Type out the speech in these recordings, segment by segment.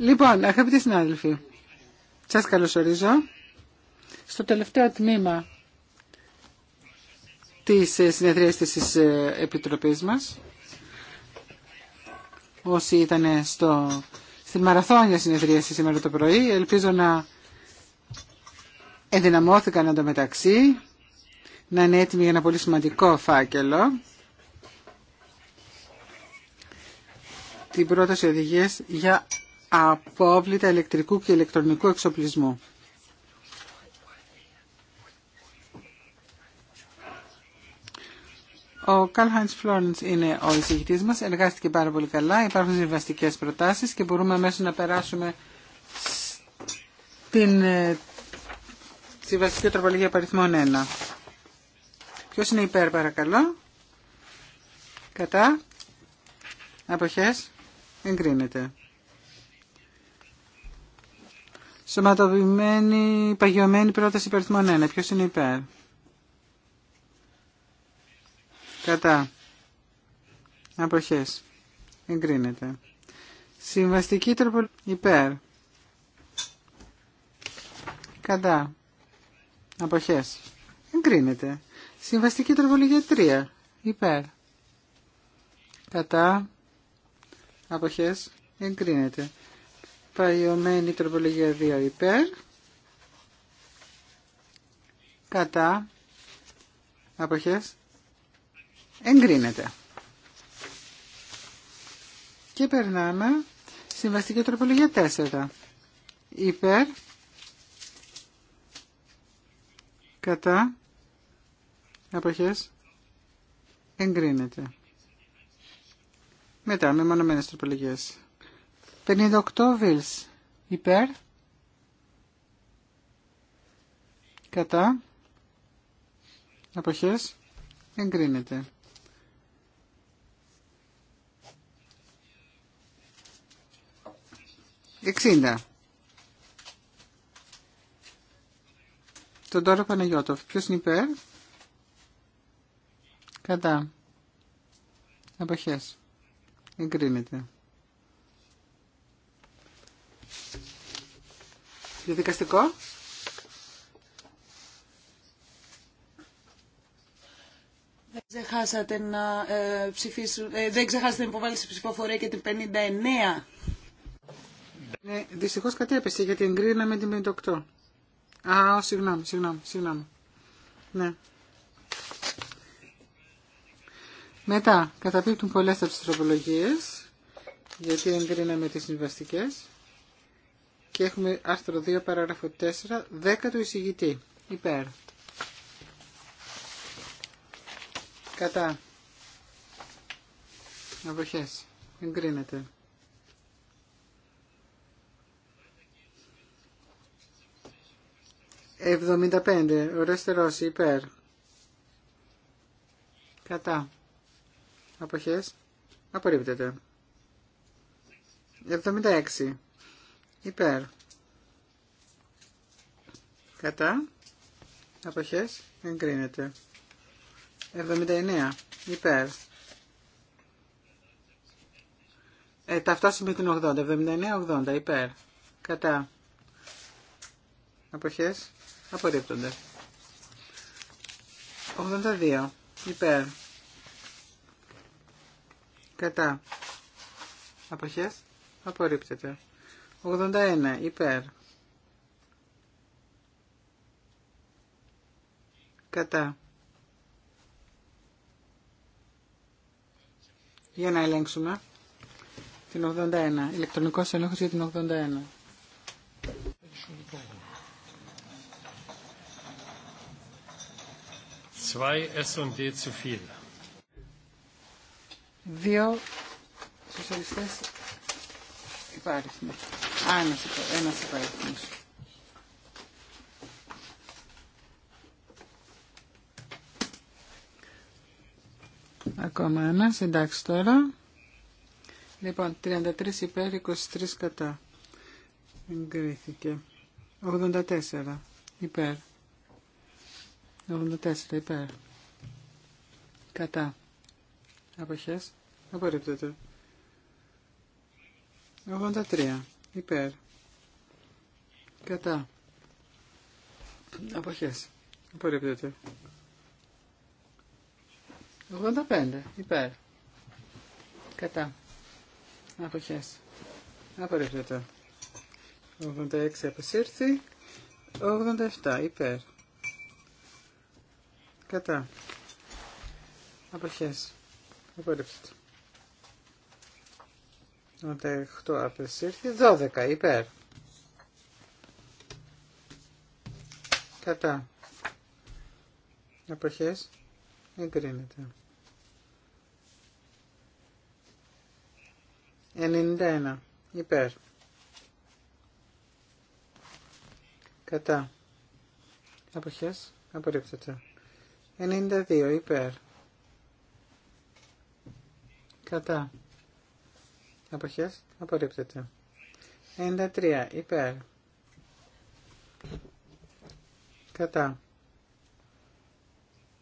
Λοιπόν, αγαπητοί συνάδελφοι, σας καλωσορίζω στο τελευταίο τμήμα της ε, συνεδρίας της ε, Επιτροπής μας. Όσοι ήταν στο, στην μαραθώνια συνεδρία σήμερα το πρωί, ελπίζω να ενδυναμώθηκαν μεταξύ, να είναι έτοιμοι για ένα πολύ σημαντικό φάκελο. την πρόταση οδηγίες για απόβλητα ηλεκτρικού και ηλεκτρονικού εξοπλισμού. Ο Χάιντ Φλόρεντ είναι ο εισηγητή μα, εργάστηκε πάρα πολύ καλά, υπάρχουν συμβαστικέ προτάσεις και μπορούμε αμέσω να περάσουμε στην ε, συμβαστική τροπολογία παριθμών 1. Ποιο είναι υπέρ παρακαλώ. Κατά. Αποχές. Εγκρίνεται. Σωματοποιημένη, παγιωμένη πρόταση υπερθμών 1. Ποιος είναι υπέρ. Κατά. Αποχές. Εγκρίνεται. Συμβαστική τροπολογία. Υπέρ. Κατά. Αποχές. Εγκρίνεται. Συμβαστική τροπολογία 3. Υπέρ. Κατά. Αποχές. Εγκρίνεται. Παλιωμένη τροπολογία 2 υπέρ. Κατά. Αποχές. Εγκρίνεται. Και περνάμε συμβαστική τροπολογία 4. Υπέρ. Κατά. Αποχές. Εγκρίνεται. Μετά, με μονομένες τροπολογίες. 58 Βίλς. Υπέρ. Κατά. Αποχές. Εγκρίνεται. Εξήντα. Τον τώρα Παναγιώτοφ. Ποιος είναι υπέρ. Κατά. Αποχές. Εγκρίνεται. Διαδικαστικό. Δεν ξεχάσατε να ε, ε, δεν ξεχάσατε να υποβάλλετε ψηφοφορία και την 59. Ναι, ε, δυστυχώς κατέπεσε γιατί εγκρίναμε την 58. Α, συγγνώμη, συγγνώμη, συγγνώμη. Ναι. Μετά, καταπίπτουν πολλές από τις τροπολογίες, γιατί εγκρίναμε τις συμβαστικές και έχουμε άρθρο 2 παράγραφο 4 10 του εισηγητή υπέρ κατά αποχές εγκρίνεται Εβδομήντα πέντε, ο υπέρ. Κατά. Αποχές. Απορρίπτεται. Εβδομήντα έξι υπέρ κατά αποχές εγκρίνεται 79 υπέρ ε, τα φτάσουμε την 80 79-80 υπέρ κατά αποχές απορρίπτονται 82 υπέρ κατά αποχές απορρίπτεται 81 υπέρ. Κατά. Για να ελέγξουμε. Την 81. Ηλεκτρονικός ελέγχος για την 81. Δύο σοσιαλιστές υπάρχουν. Ένα ένας Ακόμα ένα, εντάξει τώρα. Λοιπόν, 33 υπέρ, 23 κατά. Εγκρίθηκε. 84 υπέρ. 84 υπέρ. Κατά. Αποχές. Απορρίπτεται. 83 υπέρ κατά αποχές απορρίπτεται 85 υπέρ κατά αποχές απορρίπτεται 86 αποσύρθη 87 υπέρ κατά αποχές απορρίπτεται άπλες απεσύρθη. 12 υπέρ. Κατά. Εποχές. Εγκρίνεται. 91 υπέρ. Κατά. Εποχές. Απορρίπτεται. 92 υπέρ. Κατά. Αποχές. Απορρίπτεται. 93. Υπέρ. Κατά.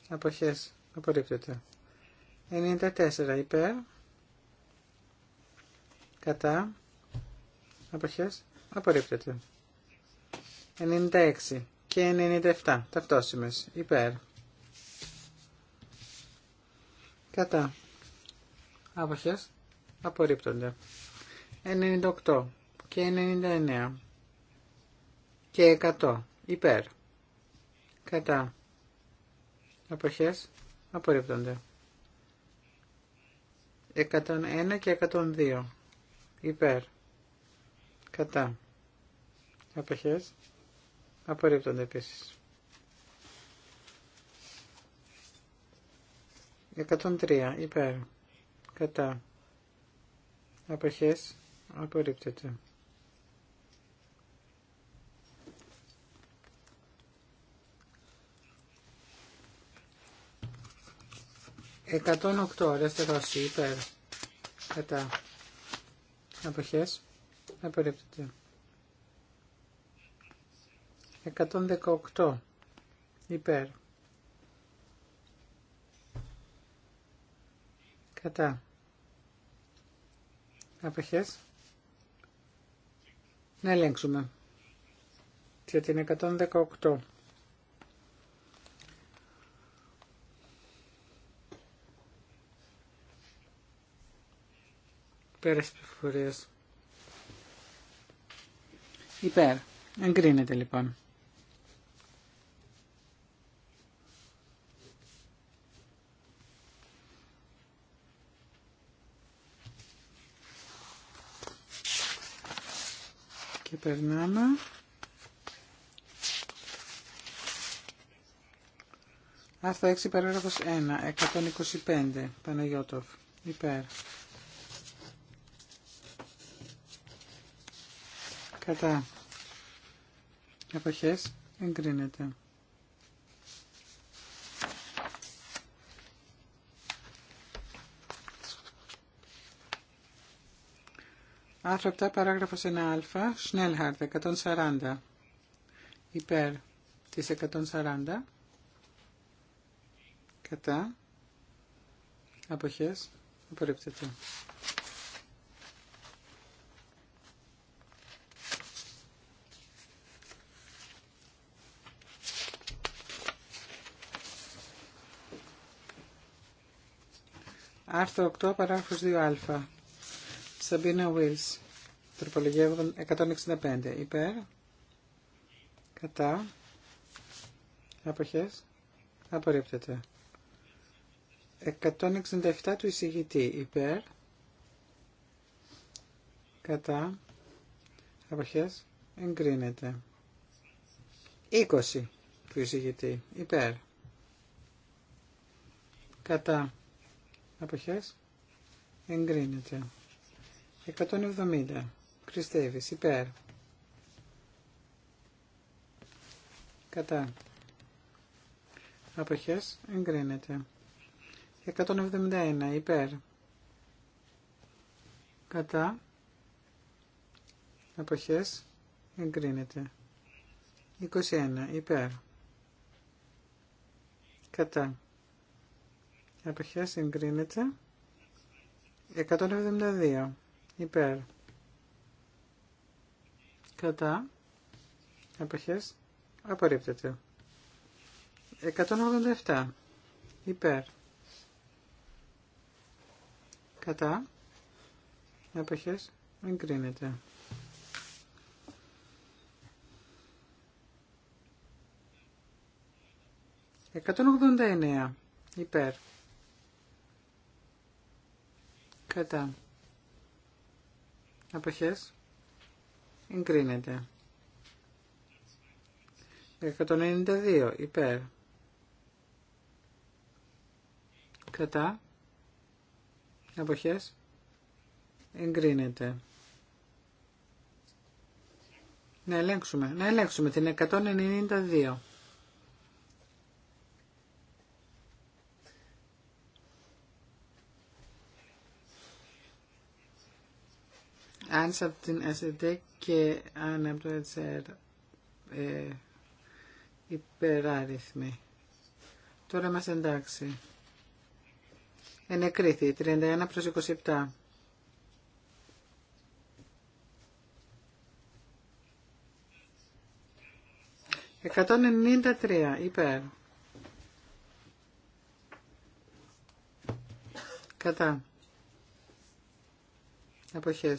Αποχές. Απορρίπτεται. 94. Υπέρ. Κατά. Αποχές. Απορρίπτεται. 96 και 97. Ταυτόσιμες. Υπέρ. Κατά. Αποχές απορρίπτονται. 98 και 99 και 100 υπέρ κατά αποχές απορρίπτονται. 101 και 102 υπέρ κατά αποχές απορρίπτονται επίσης. 103 υπέρ κατά αποχές απορρίπτεται. Εκατόν οκτώ αριστερός υπέρ κατά αποχές απορρίπτεται. δεκαοκτώ υπέρ κατά απεχές να ελέγξουμε για την 118 πέρας πληροφορίες υπέρ εγκρίνεται λοιπόν περνάμε. Άρθρο 6 παράγραφος 1, 125, Παναγιώτοφ, υπέρ. Κατά. Εποχές εγκρίνεται. Άρθρο 7, παράγραφος 1α, Σνέλχαρτ, 140. Υπέρ τη 140. Κατά. αποχέ. Απορρίπτεται. Άρθρο 8, παράγραφος 2α. Σαμπίνα Βίλς, τροπολογία 165, υπέρ, κατά, αποχές, απορρίπτεται. 167 του εισηγητή, υπέρ, κατά, αποχές, εγκρίνεται. 20 του εισηγητή, υπέρ, κατά, αποχές, εγκρίνεται. 170. Χριστέβη, υπέρ. Κατά. Αποχέ εγκρίνεται. 171, υπέρ. Κατά. Αποχέ. εγκρίνεται. 21, υπέρ. Κατά. Αποχές, εγκρίνεται. 172 υπέρ κατά εποχές απορρίπτεται 187 υπέρ κατά εποχές εγκρίνεται Εκατόν ογδόντα υπέρ κατά αποχές εγκρίνεται 192 υπέρ κατά αποχές εγκρίνεται να ελέγξουμε, να ελέγξουμε την 192 Άνς από την SD και άν από το ΕΤΣΕΡ ε, υπεράριθμη. Τώρα είμαστε εντάξει. Ενεκρίθη 31 προς 27. Εκατόν τρία, υπέρ. Κατά. εποχέ.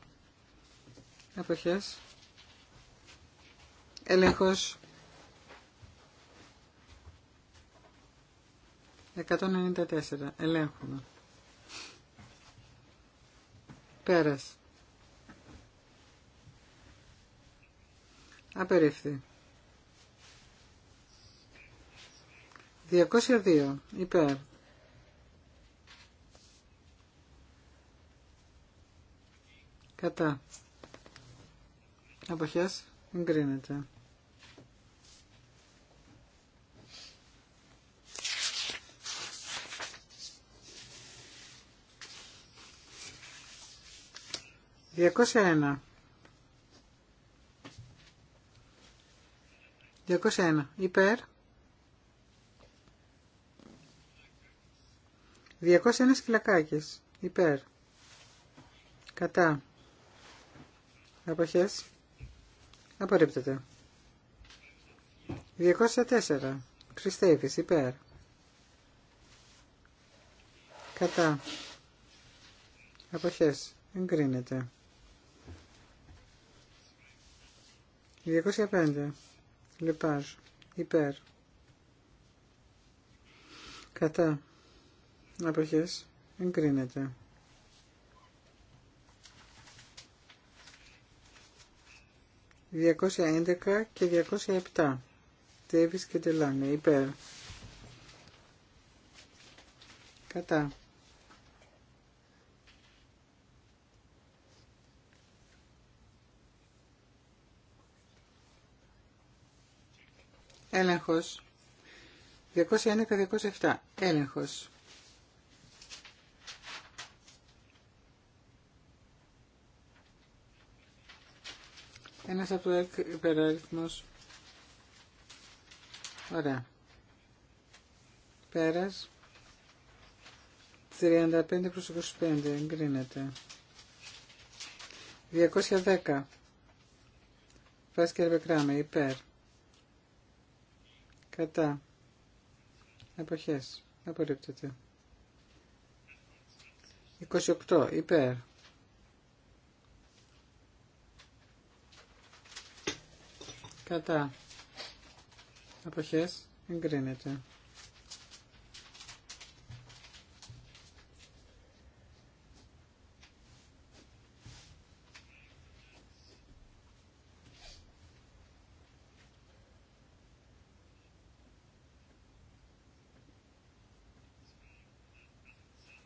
αποχές έλεγχος 194 ελέγχουμε πέρας απερίφθη 202 υπέρ κατά αποχές εγκρίνεται. 201. 201. Υπέρ. 201 σκυλακάκες. Υπέρ. Κατά. Αποχές. Απορρίπτεται. 204. Χριστέφης υπέρ. Κατά. Αποχές. Εγκρίνεται. 205. Λεπάζ. Υπέρ. Κατά. Αποχές. Εγκρίνεται. 211 και 207. Davis και τελάνε. υπερ Υπέρ. Κατά. Έλεγχος. 211-207. Έλεγχος. Ένα από το υπεράριθμο. Ωραία. Πέρα. 35 προς 25. Εγκρίνεται. 210. Βάσκερ Βεκράμε, Υπέρ. Κατά. Εποχές. Απορρίπτεται. 28. Υπέρ. Κατά. Αποχές. Εγκρίνεται.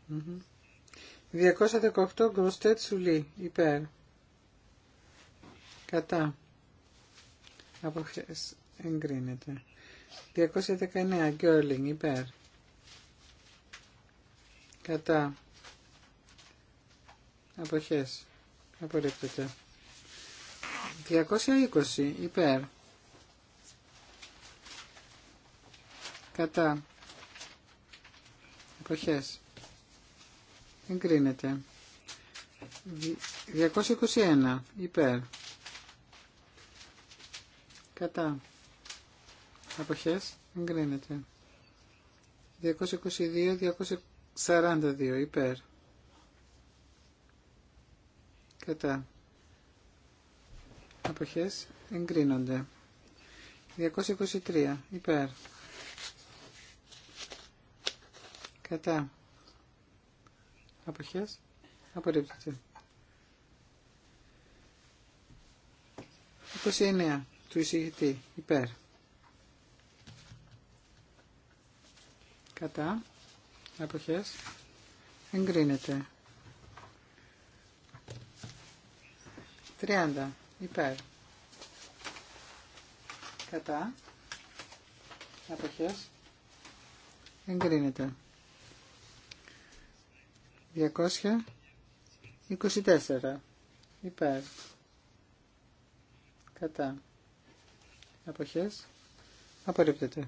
Mm -hmm. 218 γκροστέτ σουλή, υπέρ. Κατά αποχές εγκρίνεται. 219 Γκέρλινγκ υπέρ κατά αποχές απορρίπτεται. 220 υπέρ κατά αποχές εγκρίνεται. 221 υπέρ κατά αποχές εγκρίνεται 222-242 υπέρ κατά αποχές εγκρίνονται 223 υπέρ κατά αποχές απορρίπτεται 29 του εισηγητή. Υπέρ. Κατά. Αποχές. Εγκρίνεται. 30. Υπέρ. Κατά. Αποχές. Εγκρίνεται. 224. Υπέρ. Κατά αποχές απορρίπτεται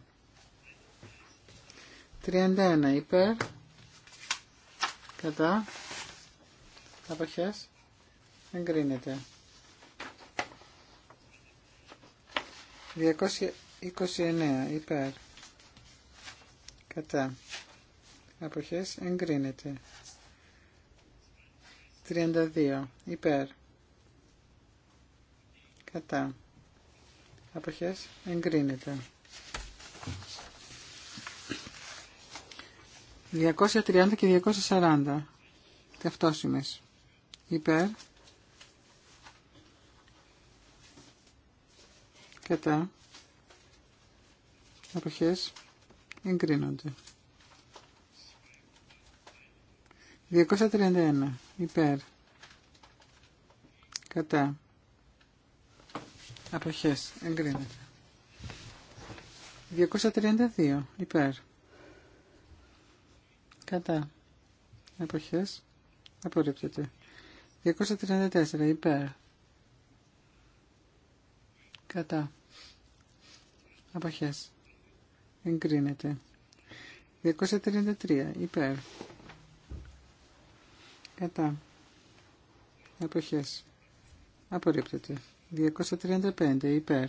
31 υπέρ κατά αποχές εγκρίνεται 229 υπέρ κατά αποχές εγκρίνεται 32 υπέρ κατά αποχές εγκρίνεται. 230 και 240 ταυτόσημες υπέρ κατά αποχές εγκρίνονται. 231 υπέρ κατά Αποχές. Εγκρίνεται. 232. Υπέρ. Κατά. Αποχές. Απορρίπτεται. 234. Υπέρ. Κατά. Αποχές. Εγκρίνεται. 233. Υπέρ. Κατά. Αποχές. Απορρίπτεται. 235 υπέρ.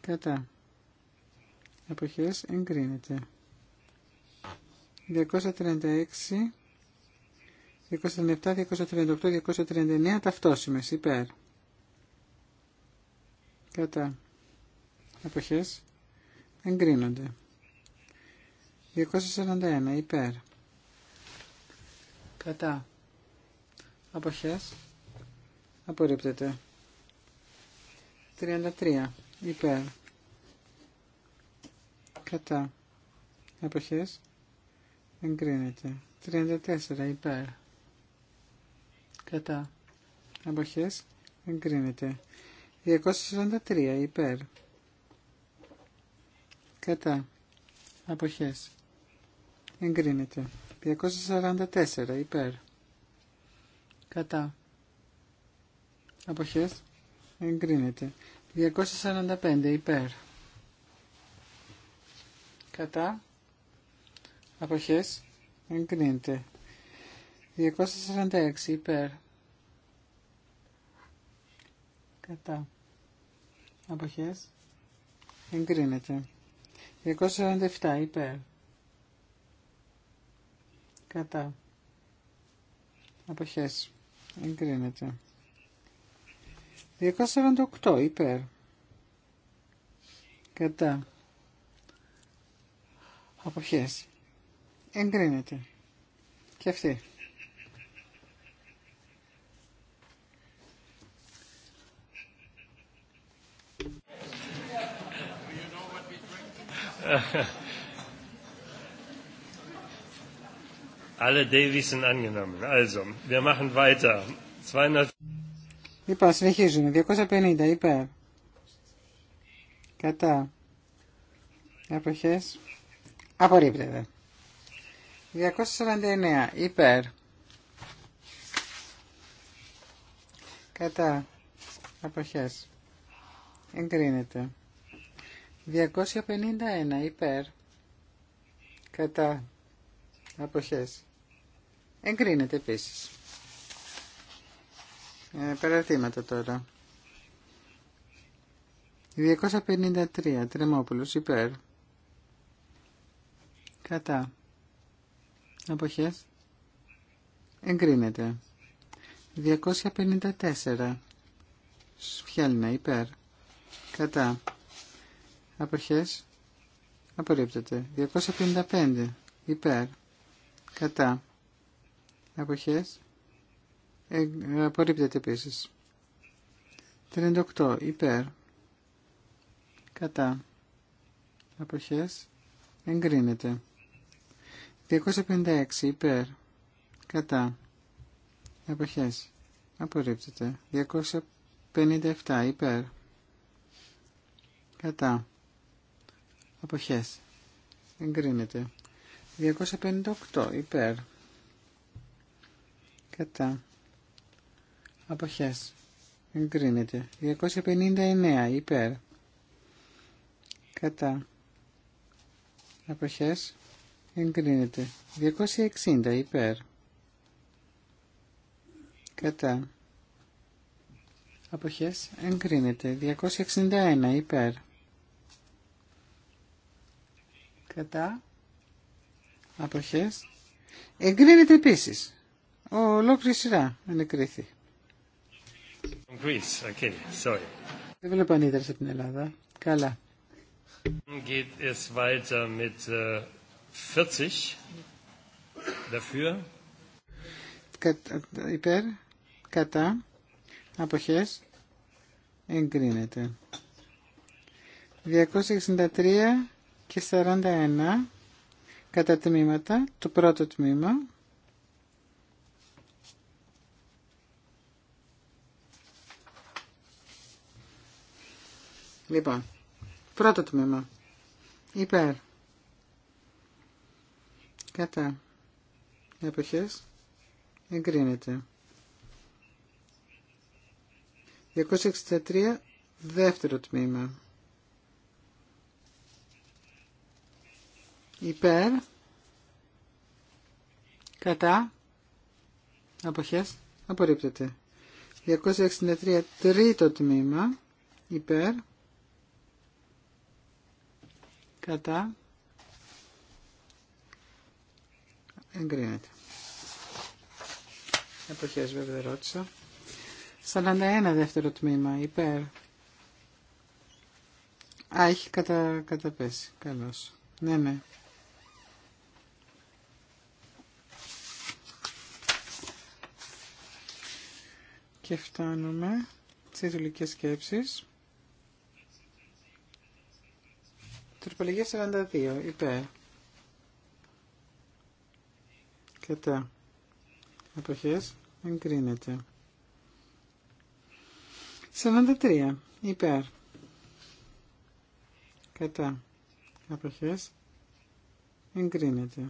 Κατά. Αποχές εγκρίνεται. 236, 237, 238, 239 ταυτόσιμες υπέρ. Κατά. Αποχές εγκρίνονται. 241 υπέρ. Κατά. Αποχές Απορρίπτεται. 33. Υπέρ. Κατά. Εποχές. Εγκρίνεται. 34. Υπέρ. Κατά. Εποχές. Εγκρίνεται. 243. Υπέρ. Κατά. Αποχές. Εγκρίνεται. 244. Υπέρ. Κατά αποχές εγκρίνεται 245 υπέρ κατά αποχές εγκρίνεται 246 υπέρ κατά αποχές εγκρίνεται 247 υπέρ κατά αποχές εγκρίνεται 248 υπέρ. Κατά. Αποχές. Εγκρίνεται. Και αυτή. Alle Davies sind angenommen. Also, wir machen weiter. 200 Λοιπόν, συνεχίζουμε. 250 υπέρ. Κατά. Αποχές. Απορρίπτεται. 249 υπέρ. Κατά. Αποχές. Εγκρίνεται. 251 υπέρ. Κατά. Αποχές. Εγκρίνεται επίσης ε, τώρα. 253. Τρεμόπουλος υπέρ. Κατά. Αποχές. Εγκρίνεται. 254. Σφιέλνα υπέρ. Κατά. Αποχές. Απορρίπτεται. 255. Υπέρ. Κατά. Αποχές. Ε, απορρίπτεται επίση. 38 υπέρ κατά αποχές εγκρίνεται. 256 υπέρ κατά αποχές απορρίπτεται. 257 υπέρ κατά αποχές εγκρίνεται. 258 υπέρ κατά αποχές εγκρίνεται 259 υπέρ κατά αποχές εγκρίνεται 260 υπέρ κατά αποχές εγκρίνεται 261 υπέρ κατά αποχές εγκρίνεται επίσης ολόκληρη σειρά ενεκρίθη δεν βλέπω αν από την Ελλάδα. Καλά. 40 äh, υπέρ, κατά, αποχές, εγκρίνεται. 263 και 41 κατά τμήματα, το πρώτο τμήμα. Λοιπόν, πρώτο τμήμα. Υπέρ. Κατά. Εποχές. Εγκρίνεται. 263 δεύτερο τμήμα. Υπέρ. Κατά. εποχές, Απορρίπτεται. 263 τρίτο τμήμα. Υπέρ κατά εγκρίνεται. Εποχές βέβαια ρώτησα. 41 δεύτερο τμήμα, υπέρ. Α, έχει κατα... καταπέσει. Καλώς. Ναι, ναι. Και φτάνουμε στις ειδουλικές σκέψεις. Τροπολογία 42. Υπέρ. Κατά. Αποχές. Εγκρίνεται. 43. Υπέρ. Κατά. Αποχές. Εγκρίνεται.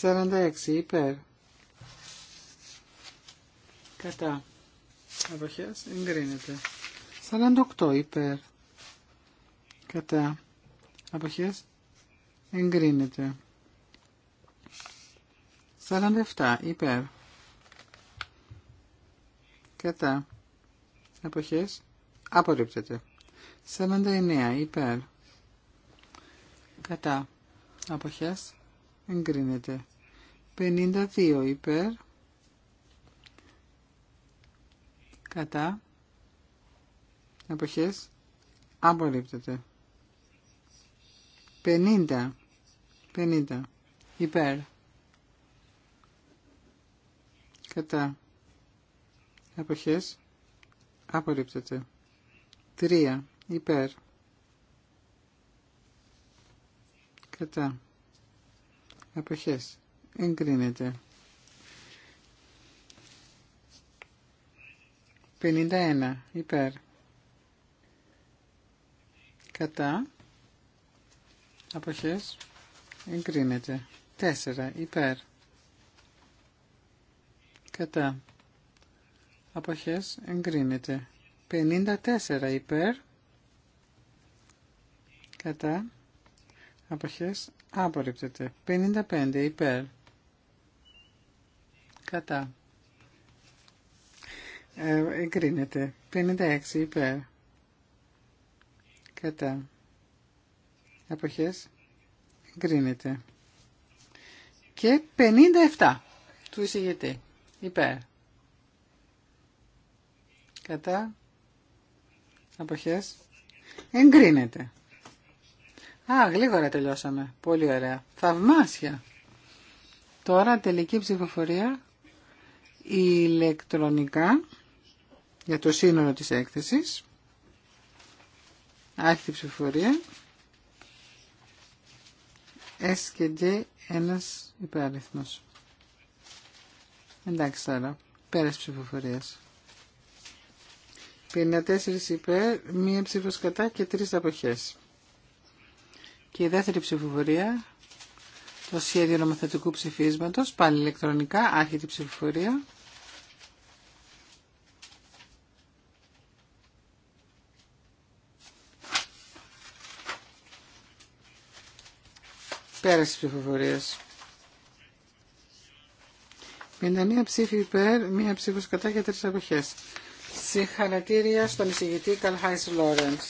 46. Υπέρ. Κατά. Αποχέ, Εγκρίνεται. 48 υπέρ κατά αποχές εγκρίνεται 47 υπέρ κατά αποχές απορρίπτεται 49 υπέρ κατά αποχές εγκρίνεται 52 υπέρ κατά εποχές απορρίπτεται 50 50 υπέρ κατά εποχές απορρίπτεται 3 υπέρ κατά εποχές εγκρίνεται 51 υπέρ κατά αποχές εγκρίνεται 4 υπέρ κατά αποχές εγκρίνεται 54 υπέρ κατά αποχές απορρίπτεται 55 υπέρ κατά ε, εγκρίνεται 56 υπέρ κατά εποχές εγκρίνεται και 57 του εισηγητή υπέρ κατά αποχές εγκρίνεται Α, γλίγορα τελειώσαμε. Πολύ ωραία. Θαυμάσια. Τώρα τελική ψηφοφορία ηλεκτρονικά για το σύνολο της έκθεσης. Άρχη ψηφοφορία. S και J ένας υπεράριθμος. Εντάξει τώρα. Πέρας ψηφοφορίας. 54 υπέρ, μία ψήφος κατά και τρεις αποχές. Και η δεύτερη ψηφοφορία, το σχέδιο νομοθετικού ψηφίσματος, πάλι ηλεκτρονικά, άρχιτη ψηφοφορία. Πέρασε ψηφοφορίες. 51 ψήφοι υπέρ, μία ψήφος κατά και τρεις αποχές. Συγχαρητήρια στον εισηγητή Καλχάης Λόρενς.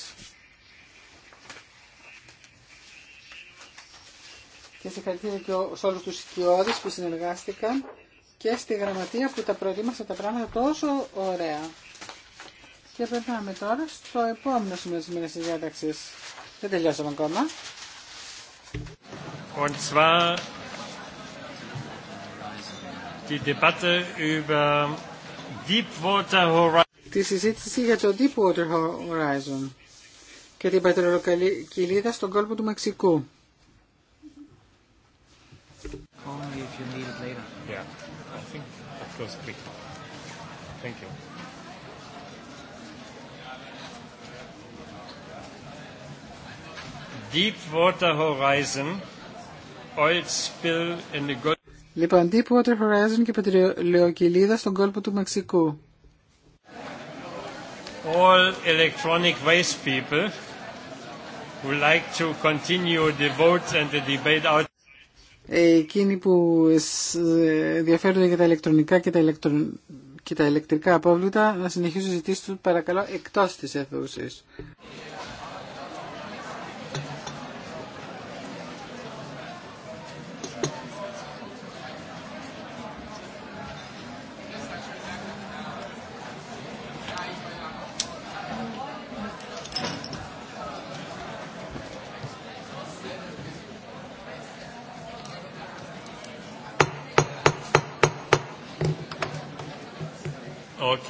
Και συγχαρητήρια και σε όλους τους οικειώδεις που συνεργάστηκαν και στη γραμματεία που τα προετοίμασαν τα πράγματα τόσο ωραία. Και περνάμε τώρα στο επόμενο σημείο της της διάταξης. Δεν τελειώσαμε ακόμα. Und zwar die Debatte über Deepwater Horizon. Τη συζήτηση για το Deepwater Horizon και την πατρελοκυλίδα στον κόλπο του Μεξικού. Deepwater Horizon Λοιπόν, Deepwater Horizon και πετρελαιοκυλίδα στον κόλπο του Μεξικού. All electronic waste people who like to continue the votes and the debate out. Ε, εκείνοι που ενδιαφέρονται για τα ηλεκτρονικά και τα, ηλεκτρο... και τα ηλεκτρικά απόβλητα να συνεχίσουν συζητήσεις του παρακαλώ εκτός της αιθούσης.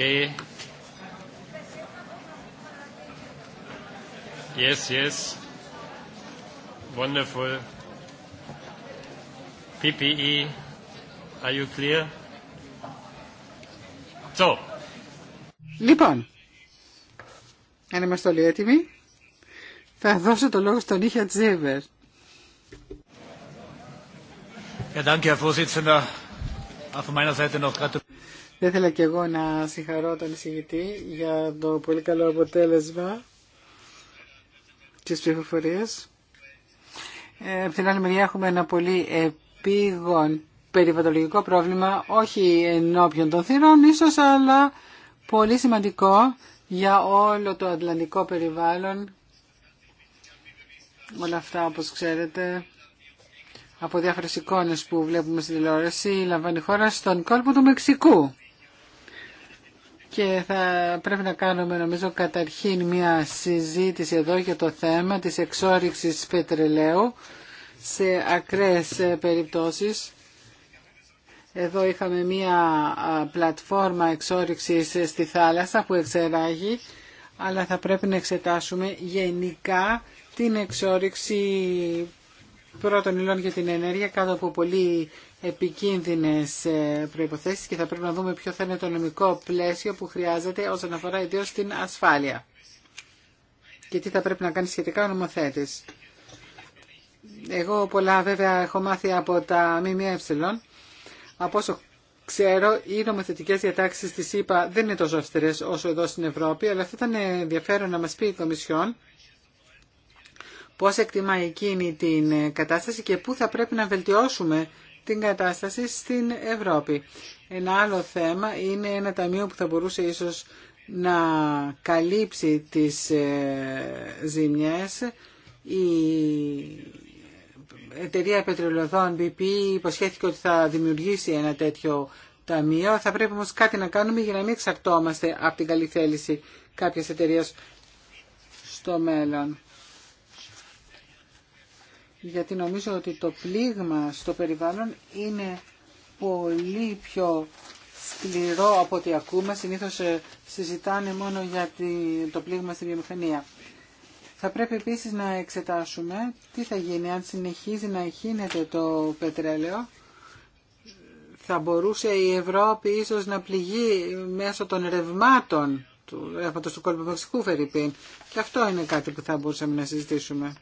okay? Yes, yes. Wonderful. PPE, are you clear? So. Λοιπόν, αν είμαστε όλοι έτοιμοι, θα δώσω το λόγο στον Νίχια Τζίβερ. Ja, danke, Herr Vorsitzender. Auch von meiner Seite noch δεν ήθελα και εγώ να συγχαρώ τον εισηγητή για το πολύ καλό αποτέλεσμα της ψηφοφορίας. Ε, από την άλλη μεριά έχουμε ένα πολύ επίγον περιβατολογικό πρόβλημα, όχι ενώπιον των θύρων ίσως, αλλά πολύ σημαντικό για όλο το ατλαντικό περιβάλλον. Όλα αυτά, όπως ξέρετε, από διάφορες εικόνες που βλέπουμε στην τηλεόραση, λαμβάνει χώρα στον κόλπο του Μεξικού και θα πρέπει να κάνουμε νομίζω καταρχήν μια συζήτηση εδώ για το θέμα της εξόριξης πετρελαίου σε ακραίες περιπτώσεις. Εδώ είχαμε μια πλατφόρμα εξόριξης στη θάλασσα που εξεράγει, αλλά θα πρέπει να εξετάσουμε γενικά την εξόριξη πρώτων υλών για την ενέργεια κάτω από πολύ επικίνδυνες ε, προϋποθέσεις και θα πρέπει να δούμε ποιο θα είναι το νομικό πλαίσιο που χρειάζεται όσον αφορά ιδίως την ασφάλεια και τι θα πρέπει να κάνει σχετικά ο νομοθέτης. Εγώ πολλά βέβαια έχω μάθει από τα ΜΜΕ. Από όσο ξέρω, οι νομοθετικέ διατάξει τη ΕΠΑ δεν είναι τόσο αυστηρέ όσο εδώ στην Ευρώπη, αλλά αυτό ήταν ενδιαφέρον να μα πει η Κομισιόν πώ εκτιμάει εκείνη την κατάσταση και πού θα πρέπει να βελτιώσουμε την κατάσταση στην Ευρώπη. Ένα άλλο θέμα είναι ένα ταμείο που θα μπορούσε ίσως να καλύψει τις ε, ζημιές. Η εταιρεία πετρελοδών BP υποσχέθηκε ότι θα δημιουργήσει ένα τέτοιο ταμείο. Θα πρέπει όμως κάτι να κάνουμε για να μην εξαρτώμαστε από την καλή θέληση κάποιες εταιρείες στο μέλλον γιατί νομίζω ότι το πλήγμα στο περιβάλλον είναι πολύ πιο σκληρό από ό,τι ακούμε. Συνήθως ε, συζητάνε μόνο για το πλήγμα στη βιομηχανία. Θα πρέπει επίσης να εξετάσουμε τι θα γίνει αν συνεχίζει να εχύνεται το πετρέλαιο. Θα μπορούσε η Ευρώπη ίσως να πληγεί μέσω των ρευμάτων του ρεύματος του κόλπου Μεξικού Φερρυπίν. Και αυτό είναι κάτι που θα μπορούσαμε να συζητήσουμε.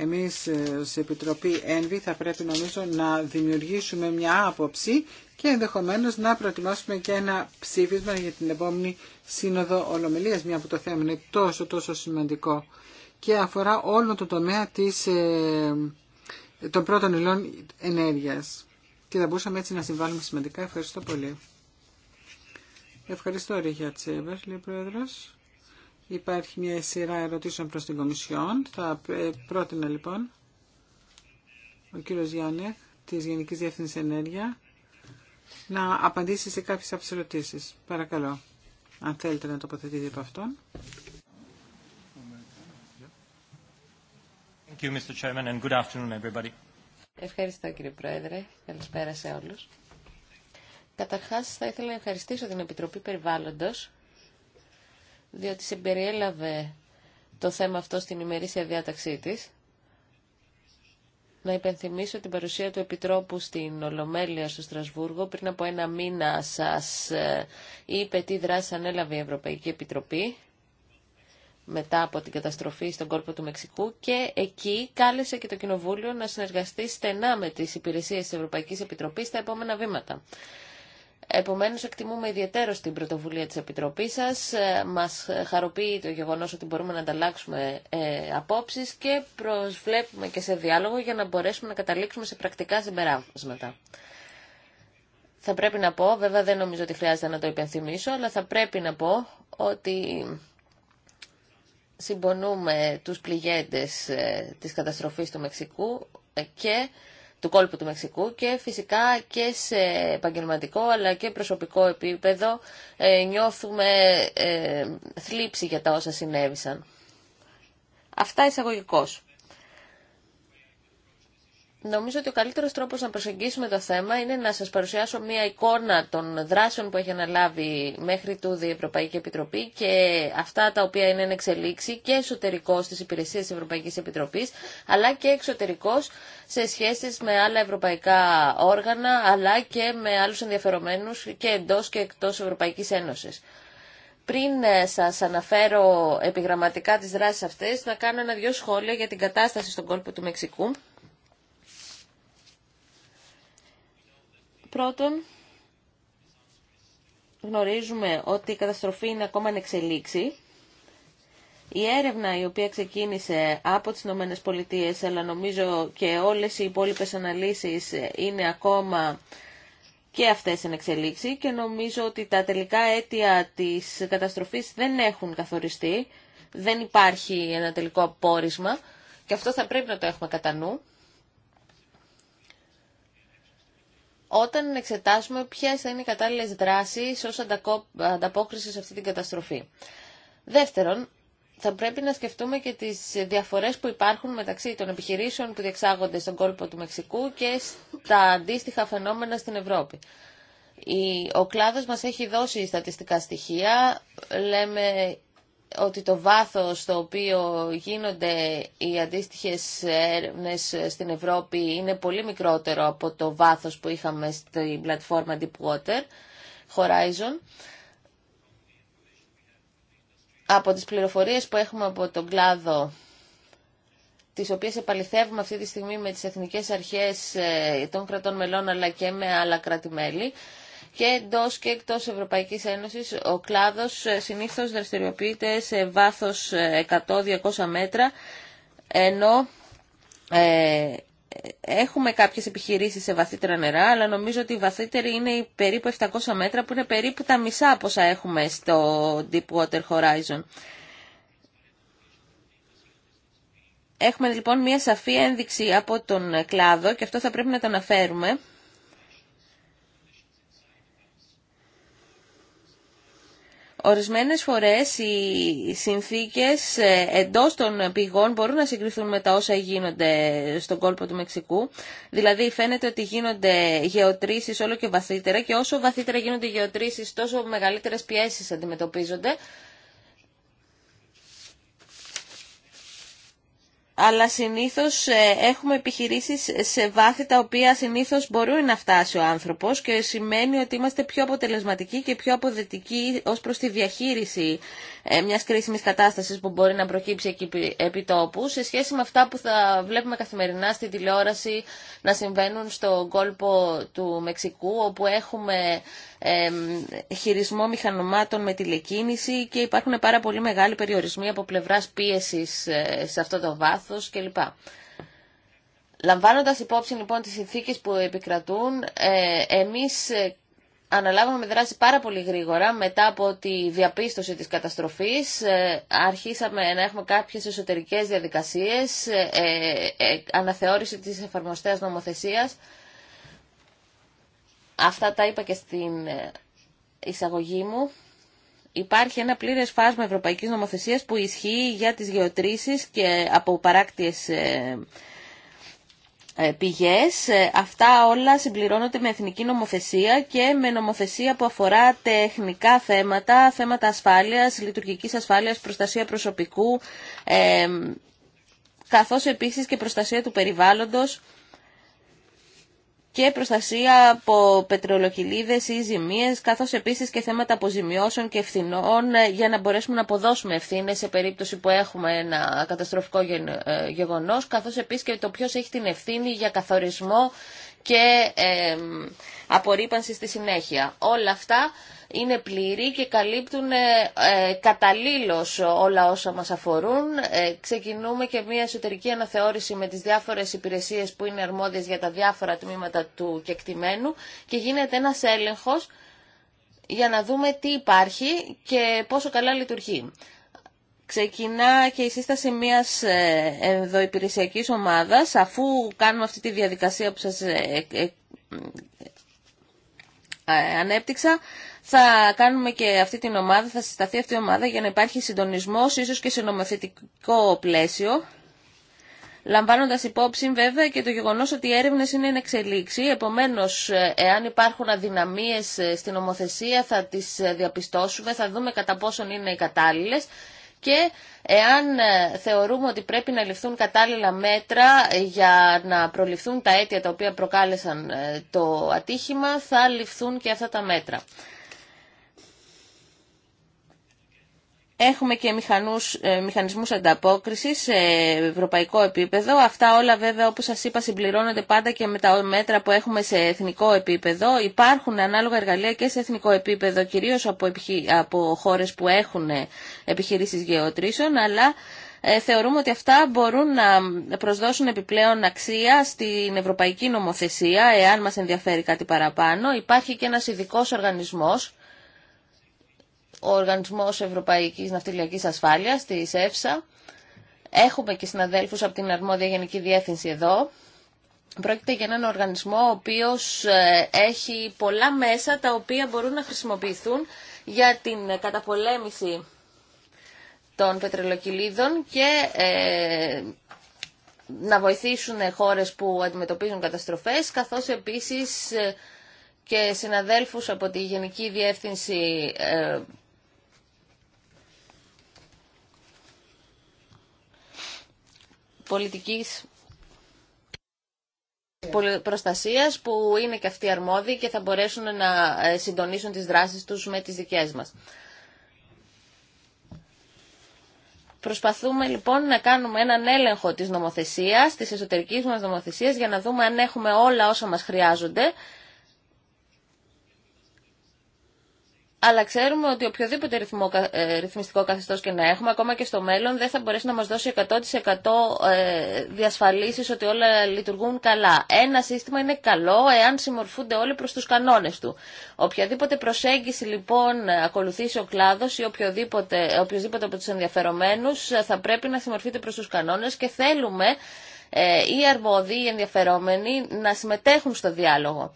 Εμείς σε Επιτροπή ΕΝΒΗ θα πρέπει νομίζω να δημιουργήσουμε μια άποψη και ενδεχομένως να προετοιμάσουμε και ένα ψήφισμα για την επόμενη σύνοδο ολομελίας, μια που το θέμα είναι τόσο τόσο σημαντικό και αφορά όλο το τομέα της, ε, των πρώτων υλών ενέργειας. Και θα μπορούσαμε έτσι να συμβάλλουμε σημαντικά. Ευχαριστώ πολύ. Ευχαριστώ, Ρίχια Τσέβερ, λέει Πρόεδρος. Υπάρχει μια σειρά ερωτήσεων προς την Κομισιόν. Θα πρότεινα λοιπόν ο κύριος Γιάννεχ της Γενικής Διεύθυνσης Ενέργεια να απαντήσει σε κάποιες από τις ερωτήσεις. Παρακαλώ, αν θέλετε να τοποθετείτε από αυτόν. Ευχαριστώ κύριε Πρόεδρε. Καλησπέρα σε όλους. Καταρχάς θα ήθελα να ευχαριστήσω την Επιτροπή Περιβάλλοντος διότι συμπεριέλαβε το θέμα αυτό στην ημερήσια διάταξή της. Να υπενθυμίσω την παρουσία του Επιτρόπου στην Ολομέλεια στο Στρασβούργο. Πριν από ένα μήνα σας ε, είπε τι δράση ανέλαβε η Ευρωπαϊκή Επιτροπή μετά από την καταστροφή στον κόρπο του Μεξικού και εκεί κάλεσε και το Κοινοβούλιο να συνεργαστεί στενά με τις υπηρεσίες της Ευρωπαϊκής Επιτροπής στα επόμενα βήματα. Επομένως, εκτιμούμε ιδιαίτερο την πρωτοβουλία της Επιτροπής σας. Ε, μας χαροποιεί το γεγονός ότι μπορούμε να ανταλλάξουμε ε, απόψεις και προσβλέπουμε και σε διάλογο για να μπορέσουμε να καταλήξουμε σε πρακτικά συμπεράσματα. Θα πρέπει να πω, βέβαια δεν νομίζω ότι χρειάζεται να το υπενθυμίσω, αλλά θα πρέπει να πω ότι συμπονούμε τους πληγέντες ε, της καταστροφής του Μεξικού ε, και του κόλπου του Μεξικού και φυσικά και σε επαγγελματικό αλλά και προσωπικό επίπεδο ε, νιώθουμε ε, θλίψη για τα όσα συνέβησαν. Αυτά εισαγωγικώς. Νομίζω ότι ο καλύτερος τρόπος να προσεγγίσουμε το θέμα είναι να σας παρουσιάσω μία εικόνα των δράσεων που έχει αναλάβει μέχρι τούδη η Ευρωπαϊκή Επιτροπή και αυτά τα οποία είναι εν εξελίξη και εσωτερικό στις υπηρεσίες της Ευρωπαϊκής Επιτροπής αλλά και εξωτερικό σε σχέσεις με άλλα ευρωπαϊκά όργανα αλλά και με άλλους ενδιαφερομένους και εντός και εκτός Ευρωπαϊκής Ένωσης. Πριν ε, σας αναφέρω επιγραμματικά τις δράσεις αυτές, να κάνω ένα-δυο σχόλια για την κατάσταση στον κόλπο του Μεξικού Πρώτον, γνωρίζουμε ότι η καταστροφή είναι ακόμα ανεξελίξη. Η έρευνα η οποία ξεκίνησε από τις Ηνωμένε Πολιτείες, αλλά νομίζω και όλες οι υπόλοιπες αναλύσεις είναι ακόμα και αυτές εν εξελίξη και νομίζω ότι τα τελικά αίτια της καταστροφής δεν έχουν καθοριστεί, δεν υπάρχει ένα τελικό απόρισμα και αυτό θα πρέπει να το έχουμε κατά νου. όταν εξετάσουμε ποιε θα είναι οι κατάλληλε δράσει ω ανταπόκριση σε αυτή την καταστροφή. Δεύτερον, θα πρέπει να σκεφτούμε και τις διαφορές που υπάρχουν μεταξύ των επιχειρήσεων που διεξάγονται στον κόλπο του Μεξικού και στα αντίστοιχα φαινόμενα στην Ευρώπη. Ο κλάδος μας έχει δώσει στατιστικά στοιχεία, λέμε ότι το βάθος στο οποίο γίνονται οι αντίστοιχες έρευνες στην Ευρώπη είναι πολύ μικρότερο από το βάθος που είχαμε στην πλατφόρμα Deepwater Horizon. Από τις πληροφορίες που έχουμε από τον κλάδο, τις οποίες επαληθεύουμε αυτή τη στιγμή με τις εθνικές αρχές ε, των κρατών μελών αλλά και με άλλα κράτη-μέλη, και εντό και εκτό Ευρωπαϊκή Ένωση ο κλάδο ε, συνήθω δραστηριοποιείται σε βάθο 100-200 ε, μέτρα, ενώ ε, έχουμε κάποιε επιχειρήσει σε βαθύτερα νερά, αλλά νομίζω ότι η βαθύτερη είναι η περίπου 700 μέτρα, που είναι περίπου τα μισά από όσα έχουμε στο Deepwater Horizon. Έχουμε λοιπόν μία σαφή ένδειξη από τον κλάδο και αυτό θα πρέπει να το αναφέρουμε Ορισμένες φορές οι συνθήκες ε, εντός των πηγών μπορούν να συγκριθούν με τα όσα γίνονται στον κόλπο του Μεξικού. Δηλαδή φαίνεται ότι γίνονται γεωτρήσεις όλο και βαθύτερα και όσο βαθύτερα γίνονται οι γεωτρήσεις τόσο μεγαλύτερες πιέσεις αντιμετωπίζονται. αλλά συνήθως ε, έχουμε επιχειρήσεις σε βάθη τα οποία συνήθως μπορούν να φτάσει ο άνθρωπος και σημαίνει ότι είμαστε πιο αποτελεσματικοί και πιο αποδετικοί ως προς τη διαχείριση ε, μιας κρίσιμης κατάστασης που μπορεί να προκύψει εκεί επί τόπου σε σχέση με αυτά που θα βλέπουμε καθημερινά στη τηλεόραση να συμβαίνουν στον κόλπο του Μεξικού όπου έχουμε χειρισμό μηχανομάτων με τηλεκίνηση και υπάρχουν πάρα πολύ μεγάλοι περιορισμοί από πλευράς πίεσης ε, σε αυτό το βάθος Λαμβάνοντα κλπ. Λαμβάνοντας υπόψη λοιπόν τις συνθήκε που επικρατούν, ε, εμείς ε, αναλάβαμε δράση πάρα πολύ γρήγορα μετά από τη διαπίστωση της καταστροφής. Ε, αρχίσαμε να έχουμε κάποιες εσωτερικές διαδικασίες, ε, ε, ε, αναθεώρηση της εφαρμοστέας νομοθεσίας. Αυτά τα είπα και στην εισαγωγή μου υπάρχει ένα πλήρες φάσμα ευρωπαϊκής νομοθεσίας που ισχύει για τις γεωτρήσει και από παράκτιες ε, ε, πηγές. Ε, αυτά όλα συμπληρώνονται με εθνική νομοθεσία και με νομοθεσία που αφορά τεχνικά θέματα, θέματα ασφάλειας, λειτουργική ασφάλειας, προστασία προσωπικού, καθώς επίσης και προστασία του περιβάλλοντος και προστασία από πετρολοκυλίδες ή ζημίες, καθώς επίσης και θέματα αποζημιώσεων και ευθυνών ε, για να μπορέσουμε να αποδώσουμε ευθύνε σε περίπτωση που έχουμε ένα καταστροφικό ε, γεγονός, καθώς επίσης και το ποιος έχει την ευθύνη για καθορισμό και ε, απορρίπανση στη συνέχεια. Όλα αυτά είναι πλήρη και καλύπτουν ε, ε, καταλήλως όλα όσα μας αφορούν. Ε, ξεκινούμε και μια εσωτερική αναθεώρηση με τις διάφορες υπηρεσίες που είναι αρμόδιες για τα διάφορα τμήματα του κεκτημένου και γίνεται ένας έλεγχος για να δούμε τι υπάρχει και πόσο καλά λειτουργεί. Ξεκινά και η σύσταση μιας ενδουπηρεσιακής ομάδας, αφού κάνουμε αυτή τη διαδικασία που σας ανέπτυξα, θα κάνουμε και αυτή την ομάδα, θα συσταθεί αυτή η ομάδα για να υπάρχει συντονισμός, ίσως και σε νομοθετικό πλαίσιο, λαμβάνοντα υπόψη βέβαια και το γεγονό ότι οι έρευνε είναι εν εξελίξη, επομένως ε, εάν υπάρχουν αδυναμίε ε, στην νομοθεσία θα τι ε, διαπιστώσουμε, θα δούμε κατά πόσον είναι οι κατάλληλε. και εάν θεωρούμε ότι πρέπει να ληφθούν κατάλληλα μέτρα για να προληφθούν τα αίτια τα οποία προκάλεσαν το ατύχημα, θα ληφθούν και αυτά τα μέτρα. Έχουμε και μηχανούς, ε, μηχανισμούς ανταπόκρισης σε ευρωπαϊκό επίπεδο. Αυτά όλα βέβαια όπως σας είπα συμπληρώνονται πάντα και με τα μέτρα που έχουμε σε εθνικό επίπεδο. Υπάρχουν ανάλογα εργαλεία και σε εθνικό επίπεδο κυρίως από, από χώρες που έχουν ε, επιχειρήσεις γεωτρήσεων αλλά ε, θεωρούμε ότι αυτά μπορούν να προσδώσουν επιπλέον αξία στην ευρωπαϊκή νομοθεσία εάν μας ενδιαφέρει κάτι παραπάνω. Υπάρχει και ένας ειδικό οργανισμός ο Οργανισμός Ευρωπαϊκής Ναυτιλιακής Ασφάλειας, της ΕΦΣΑ. Έχουμε και συναδέλφους από την Αρμόδια Γενική Διεύθυνση εδώ. Πρόκειται για έναν οργανισμό ο οποίος ε, έχει πολλά μέσα τα οποία μπορούν να χρησιμοποιηθούν για την καταπολέμηση των πετρελοκυλίδων και ε, να βοηθήσουν χώρες που αντιμετωπίζουν καταστροφές, καθώς επίσης ε, και συναδέλφους από τη Γενική Διεύθυνση πολιτικής προστασίας που είναι και αυτοί αρμόδιοι και θα μπορέσουν να ε, συντονίσουν τις δράσεις τους με τις δικές μας. Προσπαθούμε λοιπόν να κάνουμε έναν έλεγχο της νομοθεσίας, της εσωτερικής μας νομοθεσίας για να δούμε αν έχουμε όλα όσα μας χρειάζονται αλλά ξέρουμε ότι οποιοδήποτε ρυθμό, ε, ρυθμιστικό καθεστώ και να έχουμε, ακόμα και στο μέλλον, δεν θα μπορέσει να μα δώσει 100% ε, διασφαλίσει ότι όλα λειτουργούν καλά. Ένα σύστημα είναι καλό εάν συμμορφούνται όλοι προ του κανόνε του. Οποιαδήποτε προσέγγιση λοιπόν ακολουθήσει ο κλάδο ή οποιοδήποτε, οποιοδήποτε από του ενδιαφερομένου θα πρέπει να συμμορφείται προ του κανόνε και θέλουμε ε, οι αρμόδιοι, οι ενδιαφερόμενοι να συμμετέχουν στο διάλογο.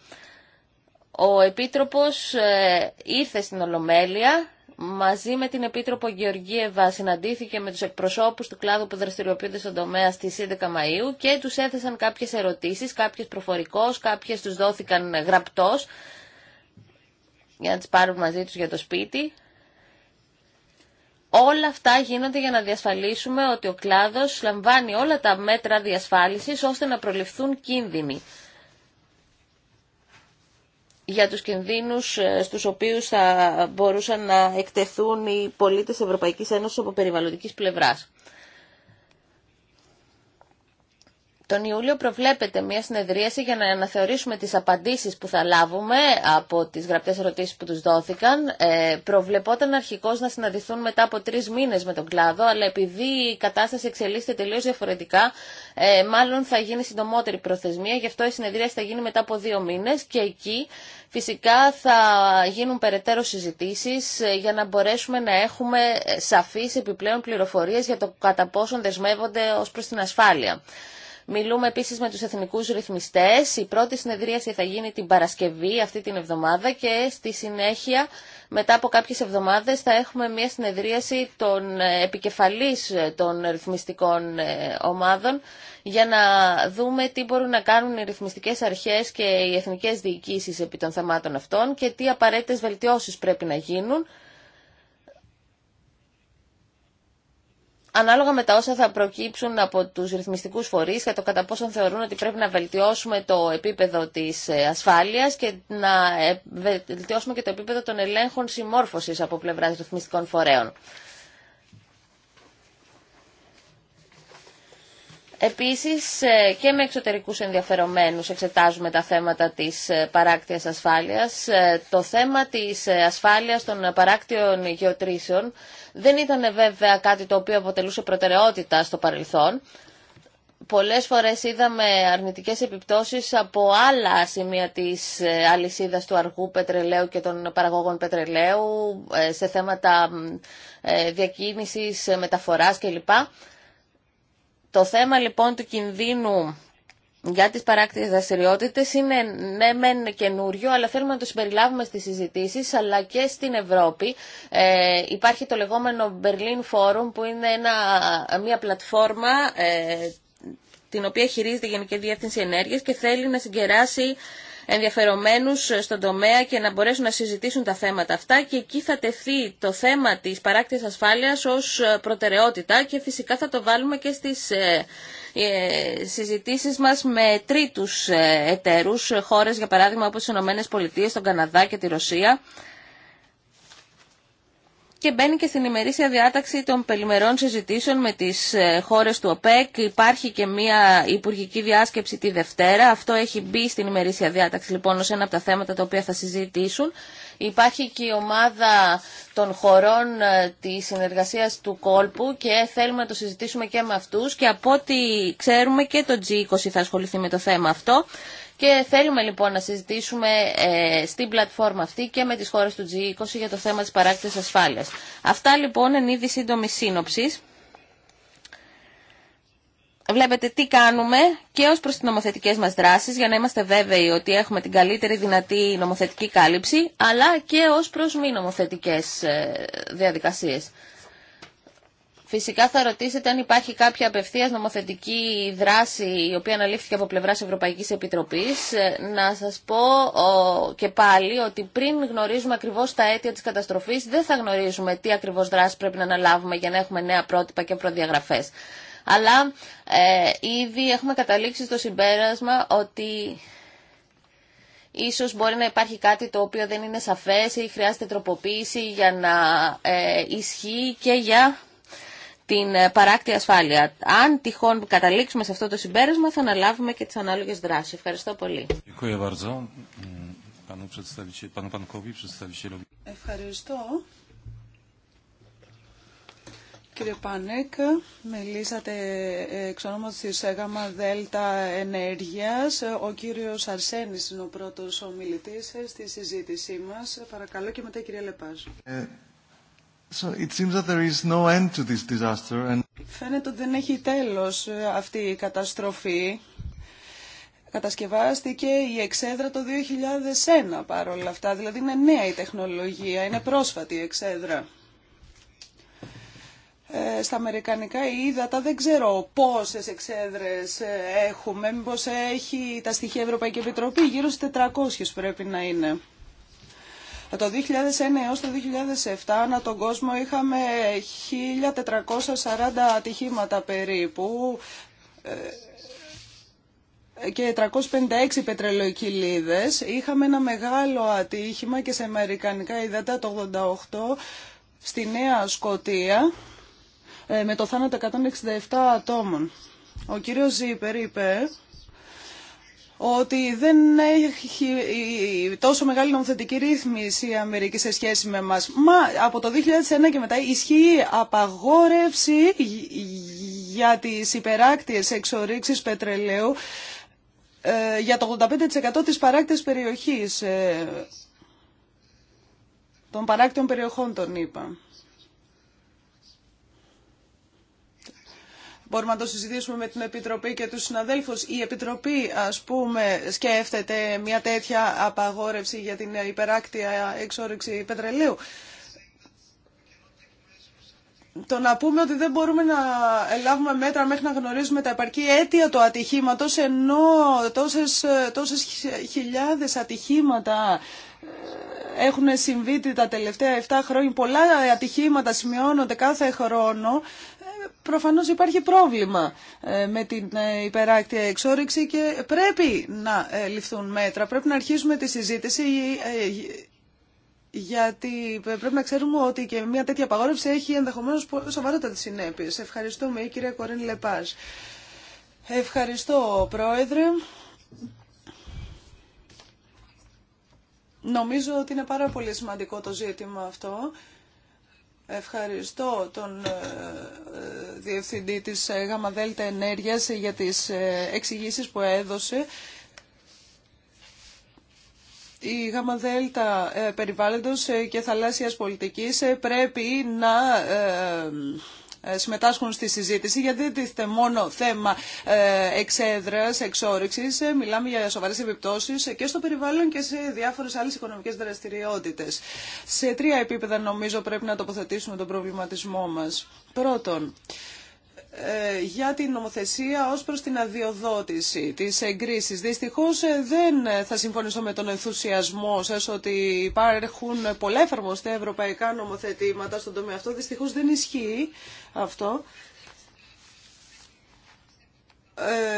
Ο Επίτροπος ε, ήρθε στην Ολομέλεια μαζί με την Επίτροπο Γεωργίευα συναντήθηκε με τους εκπροσώπους του κλάδου που δραστηριοποιούνται στον τομέα στις 11 Μαΐου και τους έθεσαν κάποιες ερωτήσεις, κάποιες προφορικώς, κάποιες τους δόθηκαν γραπτός για να τις πάρουν μαζί τους για το σπίτι. Όλα αυτά γίνονται για να διασφαλίσουμε ότι ο κλάδος λαμβάνει όλα τα μέτρα διασφάλισης ώστε να προληφθούν κίνδυνοι για τους κινδύνους ε, στους οποίους θα μπορούσαν να εκτεθούν οι πολίτες Ευρωπαϊκής Ένωσης από περιβαλλοντικής πλευράς. τον Ιούλιο προβλέπεται μια συνεδρίαση για να αναθεωρήσουμε τις απαντήσεις που θα λάβουμε από τις γραπτές ερωτήσεις που τους δόθηκαν. Ε, προβλεπόταν αρχικώς να συναντηθούν μετά από τρεις μήνες με τον κλάδο, αλλά επειδή η κατάσταση εξελίσσεται τελείως διαφορετικά, ε, μάλλον θα γίνει συντομότερη προθεσμία, γι' αυτό η συνεδρίαση θα γίνει μετά από δύο μήνες και εκεί Φυσικά θα γίνουν περαιτέρω συζητήσεις ε, για να μπορέσουμε να έχουμε ε, σαφείς επιπλέον πληροφορίες για το κατά πόσον δεσμεύονται ως προς την ασφάλεια. Μιλούμε επίσης με τους εθνικούς ρυθμιστές. Η πρώτη συνεδρίαση θα γίνει την Παρασκευή αυτή την εβδομάδα και στη συνέχεια μετά από κάποιες εβδομάδες θα έχουμε μια συνεδρίαση των ε, επικεφαλής ε, των ρυθμιστικών ε, ομάδων για να δούμε τι μπορούν να κάνουν οι ρυθμιστικές αρχές και οι εθνικές διοικήσεις επί των θεμάτων αυτών και τι απαραίτητες βελτιώσεις πρέπει να γίνουν ανάλογα με τα όσα θα προκύψουν από τους ρυθμιστικούς φορείς και το κατά πόσον θεωρούν ότι πρέπει να βελτιώσουμε το επίπεδο της ε, ασφάλειας και να ε, βελτιώσουμε και το επίπεδο των ελέγχων συμμόρφωσης από πλευράς ρυθμιστικών φορέων. Επίσης ε, και με εξωτερικούς ενδιαφερομένους εξετάζουμε τα θέματα της ε, παράκτιας ασφάλειας. Ε, το θέμα της ασφάλειας των παράκτιων γεωτρήσεων δεν ήταν βέβαια κάτι το οποίο αποτελούσε προτεραιότητα στο παρελθόν. Πολλές φορές είδαμε αρνητικές επιπτώσεις από άλλα σημεία της αλυσίδας του αργού πετρελαίου και των παραγωγών πετρελαίου σε θέματα διακίνησης, μεταφοράς κλπ. Το θέμα λοιπόν του κινδύνου για τις παράκτητες δραστηριότητε είναι ναι μεν καινούριο αλλά θέλουμε να το συμπεριλάβουμε στις συζητήσεις αλλά και στην Ευρώπη ε, υπάρχει το λεγόμενο Berlin Forum που είναι μια πλατφόρμα ε, την οποία χειρίζεται η Γενική Διεύθυνση Ενέργειας και θέλει να συγκεράσει ενδιαφερομένους στον τομέα και να μπορέσουν να συζητήσουν τα θέματα αυτά και εκεί θα τεθεί το θέμα της παράκτης ασφάλειας ως ε, προτεραιότητα και φυσικά θα το βάλουμε και στις ε, ε, συζητήσεις μας με τρίτους εταίρους, χώρες για παράδειγμα όπως οι ΗΠΑ, τον Καναδά και τη Ρωσία και μπαίνει και στην ημερήσια διάταξη των πελημερών συζητήσεων με τις ε, χώρες του ΟΠΕΚ. Υπάρχει και μία υπουργική διάσκεψη τη Δευτέρα. Αυτό έχει μπει στην ημερήσια διάταξη λοιπόν ως ένα από τα θέματα τα οποία θα συζητήσουν. Υπάρχει και η ομάδα των χωρών ε, της συνεργασίας του κόλπου και θέλουμε να το συζητήσουμε και με αυτούς και από ό,τι ξέρουμε και το G20 θα ασχοληθεί με το θέμα αυτό. Και θέλουμε λοιπόν να συζητήσουμε ε, στην πλατφόρμα αυτή και με τις χώρες του G20 για το θέμα της παράκτησης ασφάλειας. Αυτά λοιπόν εν είδη σύντομη σύνοψη. Βλέπετε τι κάνουμε και ως προς τις νομοθετικές μας δράσεις για να είμαστε βέβαιοι ότι έχουμε την καλύτερη δυνατή νομοθετική κάλυψη αλλά και ως προς μη νομοθετικές ε, διαδικασίες. Φυσικά θα ρωτήσετε αν υπάρχει κάποια απευθείας νομοθετική δράση η οποία αναλήφθηκε από πλευράς Ευρωπαϊκή Επιτροπή ε, Να σας πω και πάλι ότι πριν γνωρίζουμε ακριβώς τα αίτια της καταστροφής δεν θα γνωρίζουμε τι ακριβώς δράση πρέπει να αναλάβουμε για να έχουμε νέα πρότυπα και προδιαγραφές. Αλλά ε, ήδη έχουμε καταλήξει στο συμπέρασμα ότι ίσως μπορεί να υπάρχει κάτι το οποίο δεν είναι σαφές ή χρειάζεται τροποποίηση για να ε, ισχύει και για την ε, παράκτη ασφάλεια. Αν τυχόν καταλήξουμε σε αυτό το συμπέρασμα θα αναλάβουμε και τις ανάλογες δράσεις. Ευχαριστώ πολύ. Ευχαριστώ. Ε, Κύριε Πανέκ, μιλήσατε εξ ονόματος της ΕΓΑΜΑ ΔΕΛΤΑ Ενέργειας. Ο κύριος Αρσένης είναι ο πρώτος ομιλητής στη συζήτησή μας. Παρακαλώ και μετά η κυρία Λεπάζ. Ε, Φαίνεται ότι δεν έχει τέλος ε, αυτή η καταστροφή. Κατασκευάστηκε η εξέδρα το 2001 παρόλα αυτά, δηλαδή είναι νέα η τεχνολογία, είναι πρόσφατη η εξέδρα. Ε, στα αμερικανικά η ύδατα δεν ξέρω πόσες εξέδρες ε, έχουμε, μήπως έχει τα στοιχεία Ευρωπαϊκή Επιτροπή, γύρω στις 400 πρέπει να είναι. Ε, το 2001 έως το 2007 ανά τον κόσμο είχαμε 1440 ατυχήματα περίπου ε, και 356 πετρελοκυλίδες. Είχαμε ένα μεγάλο ατύχημα και σε αμερικανικά υδατά το 88 στη Νέα Σκοτία ε, με το θάνατο 167 ατόμων. Ο κύριος Ζήπερ είπε ότι δεν έχει τόσο μεγάλη νομοθετική ρύθμιση η Αμερική σε σχέση με μας. Μα από το 2001 και μετά ισχύει απαγόρευση για τις υπεράκτιες εξορίξεις πετρελαίου ε, για το 85% της παράκτης περιοχής, ε, των παράκτιων περιοχών τον είπα. Μπορούμε να το συζητήσουμε με την Επιτροπή και τους συναδέλφους. Η Επιτροπή, ας πούμε, σκέφτεται μια τέτοια απαγόρευση για την υπεράκτια εξόρυξη πετρελαίου. Το να πούμε ότι δεν μπορούμε να λάβουμε μέτρα μέχρι να γνωρίζουμε τα επαρκή αίτια του ατυχήματος, ενώ τόσες, τόσες χιλιάδες ατυχήματα ε, έχουν συμβεί τα τελευταία 7 χρόνια. Πολλά ατυχήματα σημειώνονται κάθε χρόνο προφανώς υπάρχει πρόβλημα ε, με την ε, υπεράκτια εξόρυξη και πρέπει να ε, ληφθούν μέτρα. Πρέπει να αρχίσουμε τη συζήτηση γιατί πρέπει να ξέρουμε ότι και μια τέτοια απαγόρευση έχει ενδεχομένως σοβαρότατες συνέπειες. Ευχαριστούμε η κυρία Κορίν Λεπάς. Ευχαριστώ Πρόεδρε. Νομίζω ότι είναι πάρα πολύ σημαντικό το ζήτημα αυτό. Ευχαριστώ τον ε, ε, Διευθυντή της ε, ΓΑΜΑΔΕΛΤΑ Ενέργειας για τις εξηγήσεις που έδωσε. Η ΓΑΜΑΔΕΛΤΑ Περιβάλλοντος και Θαλάσσιας Πολιτικής πρέπει να ε, συμμετάσχουν στη συζήτηση, γιατί δεν τίθεται μόνο θέμα ε, εξέδρας, εξόριξης, ε, μιλάμε για σοβαρές επιπτώσεις και στο περιβάλλον και σε διάφορες άλλες οικονομικές δραστηριότητες. Σε τρία επίπεδα νομίζω πρέπει να τοποθετήσουμε τον προβληματισμό μας. Πρώτον, ε, για την νομοθεσία ως προς την αδειοδότηση της εγκρίσης. Δυστυχώς ε, δεν ε, θα συμφωνήσω με τον ενθουσιασμό σας ότι υπάρχουν πολλά εφαρμοστά ευρωπαϊκά νομοθετήματα στον τομέα αυτό. Δυστυχώς δεν ισχύει αυτό.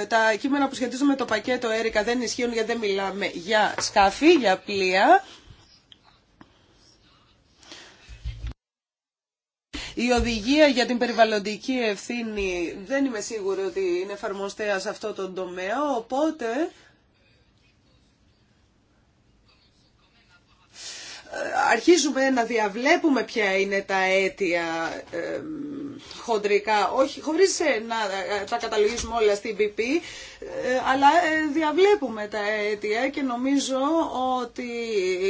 τα κείμενα που σχετίζονται με το πακέτο Έρικα δεν ισχύουν γιατί δεν μιλάμε για σκάφη, για πλοία. Η οδηγία για την περιβαλλοντική ευθύνη δεν είμαι σίγουρη ότι είναι εφαρμοστέα σε αυτό το τομέα, οπότε αρχίζουμε να διαβλέπουμε ποια είναι τα αίτια ε, χοντρικά, όχι, χωρίς να ε, τα καταλογίσουμε όλα στην BP, ε, αλλά διαβλέπουμε τα αίτια και νομίζω ότι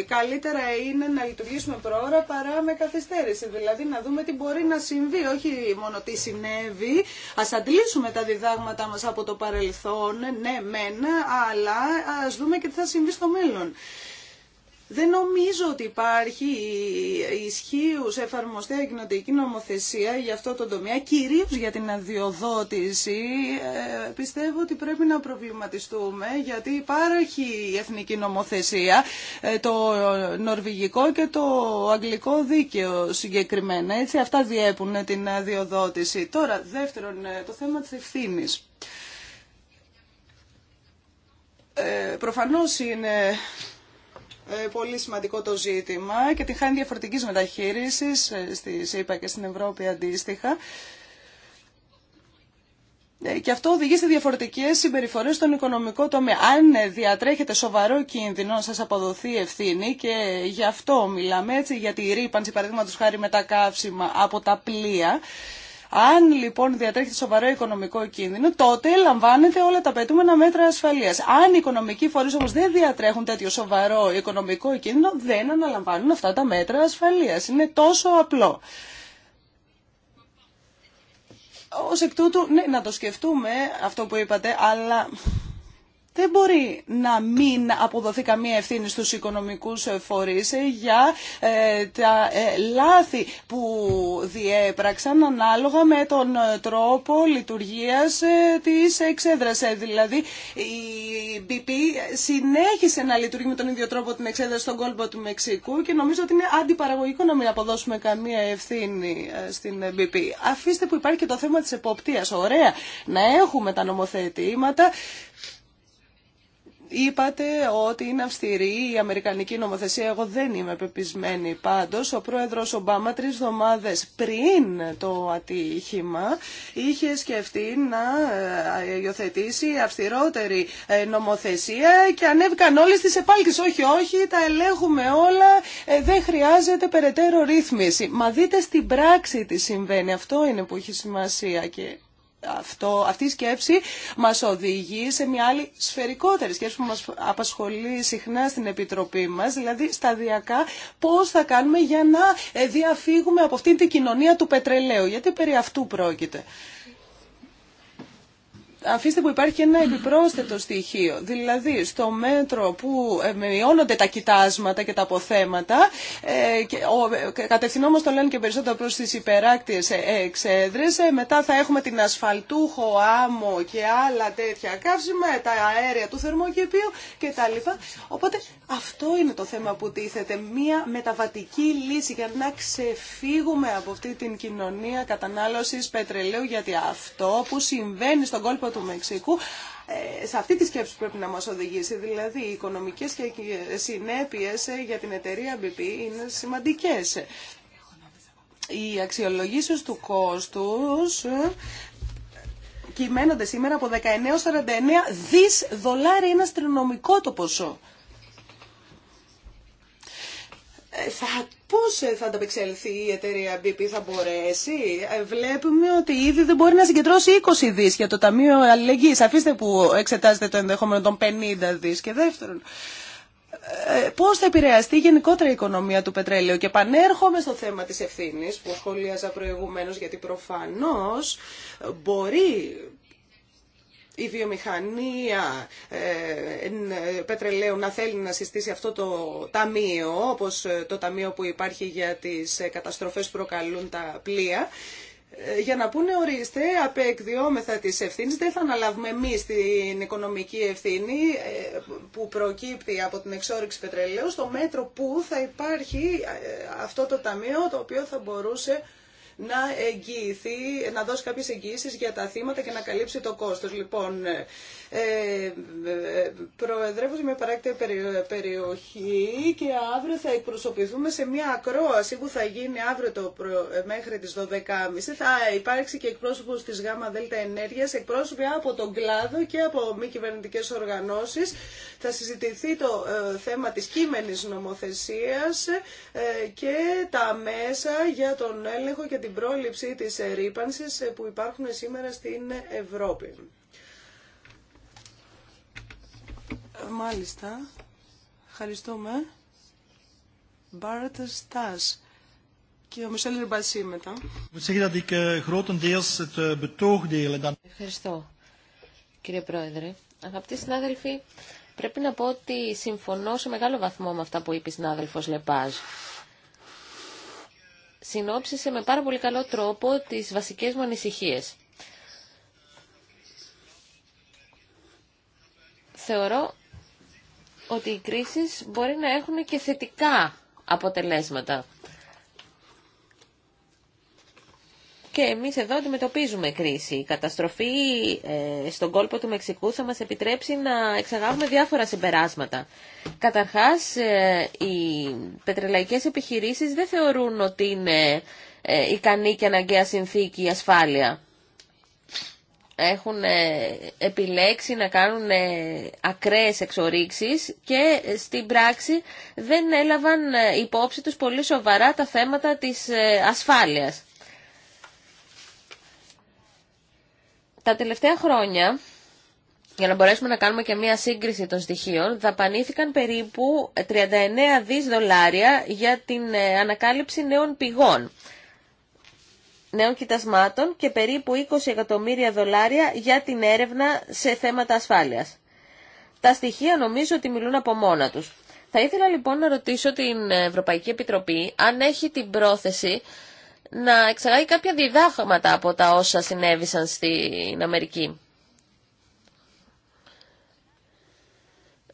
καλύτερα είναι να λειτουργήσουμε προώρα παρά με καθυστέρηση. Δηλαδή να δούμε τι μπορεί να συμβεί, όχι μόνο τι συνέβη. Ας αντλήσουμε τα διδάγματα μας από το παρελθόν, ναι μένα, αλλά ας δούμε και τι θα συμβεί στο μέλλον. Δεν νομίζω ότι υπάρχει ισχύους εφαρμοστέα κοινοτική νομοθεσία για αυτό το τομέα, κυρίως για την αδειοδότηση. Ε, πιστεύω ότι πρέπει να προβληματιστούμε, γιατί υπάρχει η εθνική νομοθεσία, ε, το νορβηγικό και το αγγλικό δίκαιο συγκεκριμένα. Έτσι, αυτά διέπουν την αδειοδότηση. Τώρα, δεύτερον, ε, το θέμα τη ευθύνη. προφανώς είναι ε, πολύ σημαντικό το ζήτημα και τη χάνει διαφορετικής μεταχείρισης ε, στη ΣΥΠΑ και στην Ευρώπη αντίστοιχα. Ε, και αυτό οδηγεί σε διαφορετικέ συμπεριφορέ στον οικονομικό τομέα. Αν διατρέχετε σοβαρό κίνδυνο, σα αποδοθεί ευθύνη και γι' αυτό μιλάμε έτσι για τη ρήπανση, παραδείγματο χάρη με τα καύσιμα από τα πλοία. Αν λοιπόν διατρέχετε σοβαρό οικονομικό κίνδυνο, τότε λαμβάνετε όλα τα πετούμενα μέτρα ασφαλεία. Αν οι οικονομικοί φορεί όμω δεν διατρέχουν τέτοιο σοβαρό οικονομικό κίνδυνο, δεν αναλαμβάνουν αυτά τα μέτρα ασφαλεία. Είναι τόσο απλό. Ω εκ τούτου, ναι, να το σκεφτούμε αυτό που είπατε, αλλά δεν μπορεί να μην αποδοθεί καμία ευθύνη στους οικονομικούς φορείς για ε, τα ε, λάθη που διέπραξαν ανάλογα με τον τρόπο λειτουργίας ε, της εξέδρας. Δηλαδή η BP συνέχισε να λειτουργεί με τον ίδιο τρόπο την εξέδραση στον κόλπο του Μεξικού και νομίζω ότι είναι αντιπαραγωγικό να μην αποδώσουμε καμία ευθύνη στην BP. Αφήστε που υπάρχει και το θέμα της εποπτείας. Ωραία να έχουμε τα νομοθετήματα Είπατε ότι είναι αυστηρή η Αμερικανική νομοθεσία. Εγώ δεν είμαι πεπισμένη πάντως. Ο πρόεδρος Ομπάμα τρεις εβδομάδε. πριν το ατύχημα είχε σκεφτεί να ε, υιοθετήσει αυστηρότερη ε, νομοθεσία και ανέβηκαν όλες τις επάλκε. Όχι, όχι, τα ελέγχουμε όλα, ε, δεν χρειάζεται περαιτέρω ρύθμιση. Μα δείτε στην πράξη τι συμβαίνει. Αυτό είναι που έχει σημασία και αυτό, αυτή η σκέψη μας οδηγεί σε μια άλλη σφαιρικότερη σκέψη που μας απασχολεί συχνά στην Επιτροπή μας, δηλαδή σταδιακά πώς θα κάνουμε για να ε, διαφύγουμε από αυτήν την κοινωνία του πετρελαίου, γιατί περί αυτού πρόκειται αφήστε που υπάρχει ένα επιπρόσθετο στοιχείο. Δηλαδή, στο μέτρο που ε, μειώνονται τα κοιτάσματα και τα αποθέματα, ε, και, ε, κατευθυνόμαστε το λένε και περισσότερο προς τις υπεράκτιες εξέδρες, μετά θα έχουμε την ασφαλτούχο, άμμο και άλλα τέτοια καύσιμα, τα αέρια του θερμοκηπίου κτλ. Οπότε αυτό είναι το θέμα που τίθεται. Μία μεταβατική λύση για να ξεφύγουμε από αυτή την κοινωνία κατανάλωσης πετρελαίου, γιατί αυτό που συμβαίνει στον κόλπο του Μεξικού. Ε, σε αυτή τη σκέψη πρέπει να μας οδηγήσει, δηλαδή οι οικονομικές και συνέπειες για την εταιρεία BP είναι σημαντικές. Οι αξιολογήσεις του κόστους ε, κυμαίνονται σήμερα από 19-49 δις δολάρια, ένα αστρονομικό το ποσό. Ε, θα πώς ε, θα ανταπεξέλθει η εταιρεία BP, θα μπορέσει. Ε, βλέπουμε ότι ήδη δεν μπορεί να συγκεντρώσει 20 δις για το Ταμείο Αλληλεγγύης. Αφήστε που εξετάζετε το ενδεχόμενο των 50 δις. Και δεύτερον, ε, πώς θα επηρεαστεί γενικότερα η οικονομία του πετρέλαιου. Και πανέρχομαι στο θέμα τη Ευθύνη, που σχολίαζα προηγουμένως, γιατί προφανώ μπορεί η βιομηχανία ε, πετρελαίου να θέλει να συστήσει αυτό το ταμείο, όπως ε, το ταμείο που υπάρχει για τις ε, καταστροφές που προκαλούν τα πλοία, για να πούνε ορίστε, απεκδιόμεθα τις ευθύνες, δεν θα αναλάβουμε εμείς την οικονομική ευθύνη που προκύπτει από την εξόριξη πετρελαίου, στο μέτρο που θα υπάρχει αυτό το ταμείο το οποίο θα μπορούσε να εγγυηθεί, να δώσει κάποιες εγγυήσεις για τα θύματα και να καλύψει το κόστος. Λοιπόν, ε, ε προεδρεύω με παράκτη περιοχή και αύριο θα εκπροσωπηθούμε σε μια ακρόαση που θα γίνει αύριο το ε, μέχρι τις 12.30. Θα υπάρξει και εκπρόσωπος της ΓΑΜΑ ΔΕΛΤΑ Ενέργειας, εκπρόσωποι από τον κλάδο και από μη κυβερνητικέ οργανώσεις. Θα συζητηθεί το ε, θέμα της κείμενης νομοθεσίας και τα μέσα για τον έλεγχο και την την πρόληψη της ρήπανσης που υπάρχουν σήμερα στην Ευρώπη. Μάλιστα. Ευχαριστούμε. Στάς και ο Μισελ Ριμπασί μετά. Eh, eh, Ευχαριστώ, κύριε Πρόεδρε. Αγαπητοί συνάδελφοι, πρέπει να πω ότι συμφωνώ σε μεγάλο βαθμό με αυτά που είπε η συνάδελφος Λεπάζ συνόψισε με πάρα πολύ καλό τρόπο τις βασικές μου ανησυχίες. Θεωρώ ότι οι κρίσεις μπορεί να έχουν και θετικά αποτελέσματα. και εμείς εδώ αντιμετωπίζουμε κρίση. Η καταστροφή ε, στον κόλπο του Μεξικού θα μας επιτρέψει να εξαγάγουμε διάφορα συμπεράσματα. Καταρχάς, ε, οι πετρελαϊκές επιχειρήσεις δεν θεωρούν ότι είναι ε, ικανή και αναγκαία συνθήκη η ασφάλεια. Έχουν επιλέξει να κάνουν ακραίες εξορίξεις και στην πράξη δεν έλαβαν υπόψη τους πολύ σοβαρά τα θέματα της ασφάλειας. Τα τελευταία χρόνια, για να μπορέσουμε να κάνουμε και μία σύγκριση των στοιχείων, δαπανήθηκαν περίπου 39 δις δολάρια για την ε, ανακάλυψη νέων πηγών, νέων κοιτασμάτων και περίπου 20 εκατομμύρια δολάρια για την έρευνα σε θέματα ασφάλειας. Τα στοιχεία νομίζω ότι μιλούν από μόνα τους. Θα ήθελα λοιπόν να ρωτήσω την Ευρωπαϊκή Επιτροπή αν έχει την πρόθεση να εξαγάγει κάποια διδάγματα από τα όσα συνέβησαν στην Αμερική.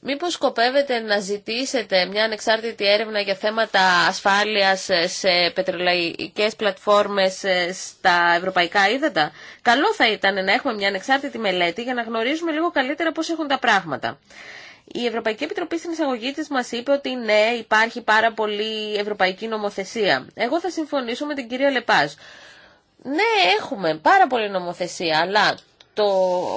Μήπως σκοπεύετε να ζητήσετε μια ανεξάρτητη έρευνα για θέματα ασφάλειας σε πετρελαϊκές πλατφόρμες ε, στα ευρωπαϊκά είδατα. Καλό θα ήταν να έχουμε μια ανεξάρτητη μελέτη για να γνωρίζουμε λίγο καλύτερα πώς έχουν τα πράγματα. Η Ευρωπαϊκή Επιτροπή στην εισαγωγή της μας είπε ότι ναι, υπάρχει πάρα πολύ ευρωπαϊκή νομοθεσία. Εγώ θα συμφωνήσω με την κυρία Λεπάς. Ναι, έχουμε πάρα πολύ νομοθεσία, αλλά το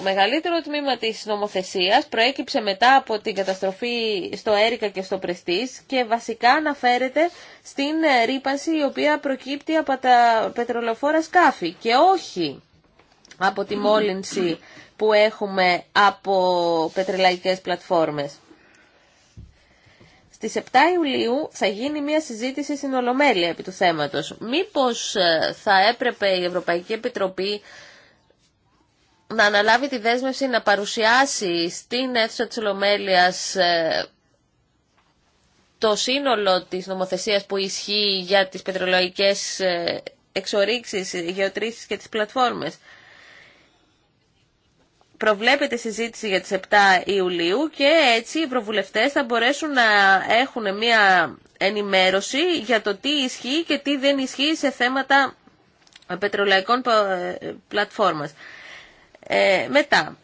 μεγαλύτερο τμήμα της νομοθεσίας προέκυψε μετά από την καταστροφή στο Έρικα και στο Πρεστής και βασικά αναφέρεται στην ρήπανση η οποία προκύπτει από τα πετρολοφόρα σκάφη και όχι από τη μόλυνση που έχουμε από πετρελαϊκές πλατφόρμες. Στις 7 Ιουλίου θα γίνει μια συζήτηση στην Ολομέλεια επί του θέματος. Μήπως ε, θα έπρεπε η Ευρωπαϊκή Επιτροπή να αναλάβει τη δέσμευση να παρουσιάσει στην αίθουσα της Ολομέλειας ε, το σύνολο της νομοθεσίας που ισχύει για τις πετρελαϊκές ε, εξορίξεις, γεωτρήσεις και τις πλατφόρμες προβλέπεται συζήτηση για τις 7 Ιουλίου και έτσι οι προβουλευτές θα μπορέσουν να έχουν μια ενημέρωση για το τι ισχύει και τι δεν ισχύει σε θέματα πετρολαϊκών πλατφόρμας. Ε, μετά,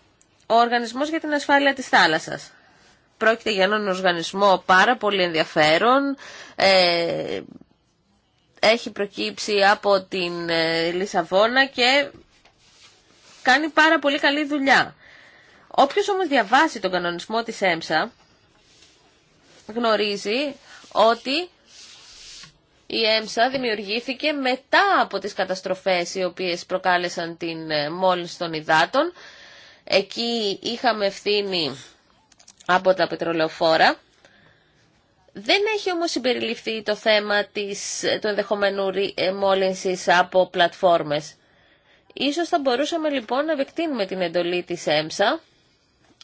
ο Οργανισμός για την Ασφάλεια της Θάλασσας. Πρόκειται για έναν οργανισμό πάρα πολύ ενδιαφέρον. Ε, έχει προκύψει από την ε, Λισαβόνα και κάνει πάρα πολύ καλή δουλειά. Όποιος όμως διαβάσει τον κανονισμό της ΕΜΣΑ γνωρίζει ότι η ΕΜΣΑ δημιουργήθηκε μετά από τις καταστροφές οι οποίες προκάλεσαν την ε, μόλυνση των υδάτων. Εκεί είχαμε ευθύνη από τα πετρολεοφόρα. Δεν έχει όμως συμπεριληφθεί το θέμα της, ε, του ενδεχομένου ε, μόλυνσης από πλατφόρμες. Ίσως θα μπορούσαμε λοιπόν να επεκτείνουμε την εντολή της ΕΜΣΑ,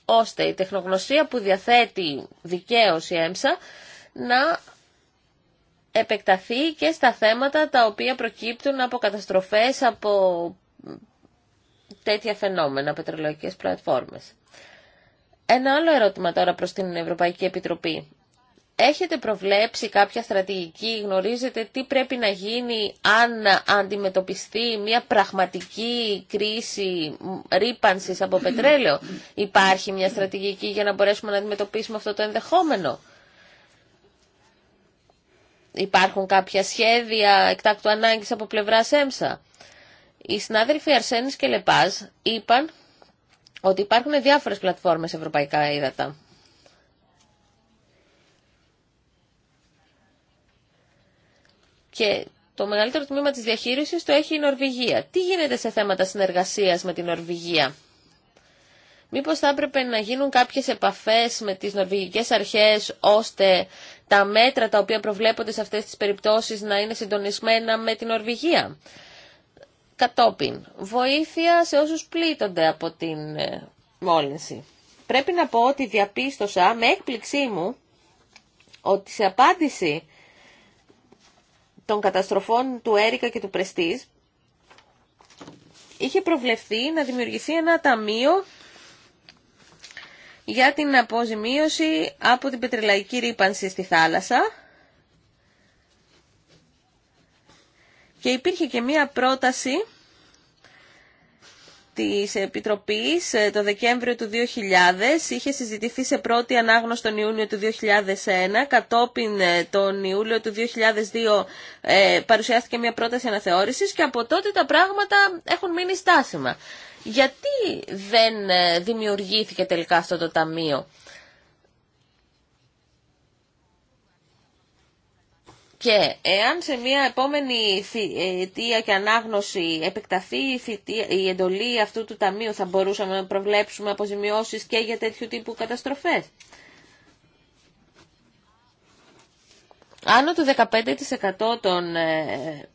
ώστε η τεχνογνωσία που διαθέτει δικαίως η ΕΜΣΑ να επεκταθεί και στα θέματα τα οποία προκύπτουν από καταστροφές, από τέτοια φαινόμενα, πετρελαϊκές πλατφόρμες. Ένα άλλο ερώτημα τώρα προς την Ευρωπαϊκή Επιτροπή. Έχετε προβλέψει κάποια στρατηγική, γνωρίζετε τι πρέπει να γίνει αν αντιμετωπιστεί μια πραγματική κρίση ρήπανσης από πετρέλαιο. Υπάρχει μια στρατηγική για να μπορέσουμε να αντιμετωπίσουμε αυτό το ενδεχόμενο. Υπάρχουν κάποια σχέδια εκτάκτου ανάγκης από πλευρά ΕΜΣΑ. Οι συνάδελφοι Αρσένης και Λεπάζ είπαν ότι υπάρχουν διάφορες πλατφόρμες ευρωπαϊκά ύδατα. Και το μεγαλύτερο τμήμα της διαχείρισης το έχει η Νορβηγία. Τι γίνεται σε θέματα συνεργασίας με την Νορβηγία. Μήπως θα έπρεπε να γίνουν κάποιες επαφές με τις νορβηγικές αρχές ώστε τα μέτρα τα οποία προβλέπονται σε αυτές τις περιπτώσεις να είναι συντονισμένα με την Νορβηγία. Κατόπιν, βοήθεια σε όσους πλήττονται από την ε, μόλυνση. Πρέπει να πω ότι διαπίστωσα με έκπληξή μου ότι σε απάντηση των καταστροφών του Έρικα και του Πρεστής, είχε προβλεφθεί να δημιουργηθεί ένα ταμείο για την αποζημίωση από την πετρελαϊκή ρήπανση στη θάλασσα και υπήρχε και μία πρόταση της Επιτροπής ε, το Δεκέμβριο του 2000 είχε συζητηθεί σε πρώτη ανάγνωση τον Ιούνιο του 2001 κατόπιν ε, τον Ιούλιο του 2002 ε, παρουσιάστηκε μια πρόταση αναθεώρησης και από τότε τα πράγματα έχουν μείνει στάσιμα. Γιατί δεν δημιουργήθηκε τελικά αυτό το ταμείο. Και εάν σε μια επόμενη θητεία ε, και ανάγνωση επεκταθεί η, η εντολή αυτού του ταμείου, θα μπορούσαμε να προβλέψουμε αποζημιώσεις και για τέτοιου τύπου καταστροφές. Άνω του 15% των ε,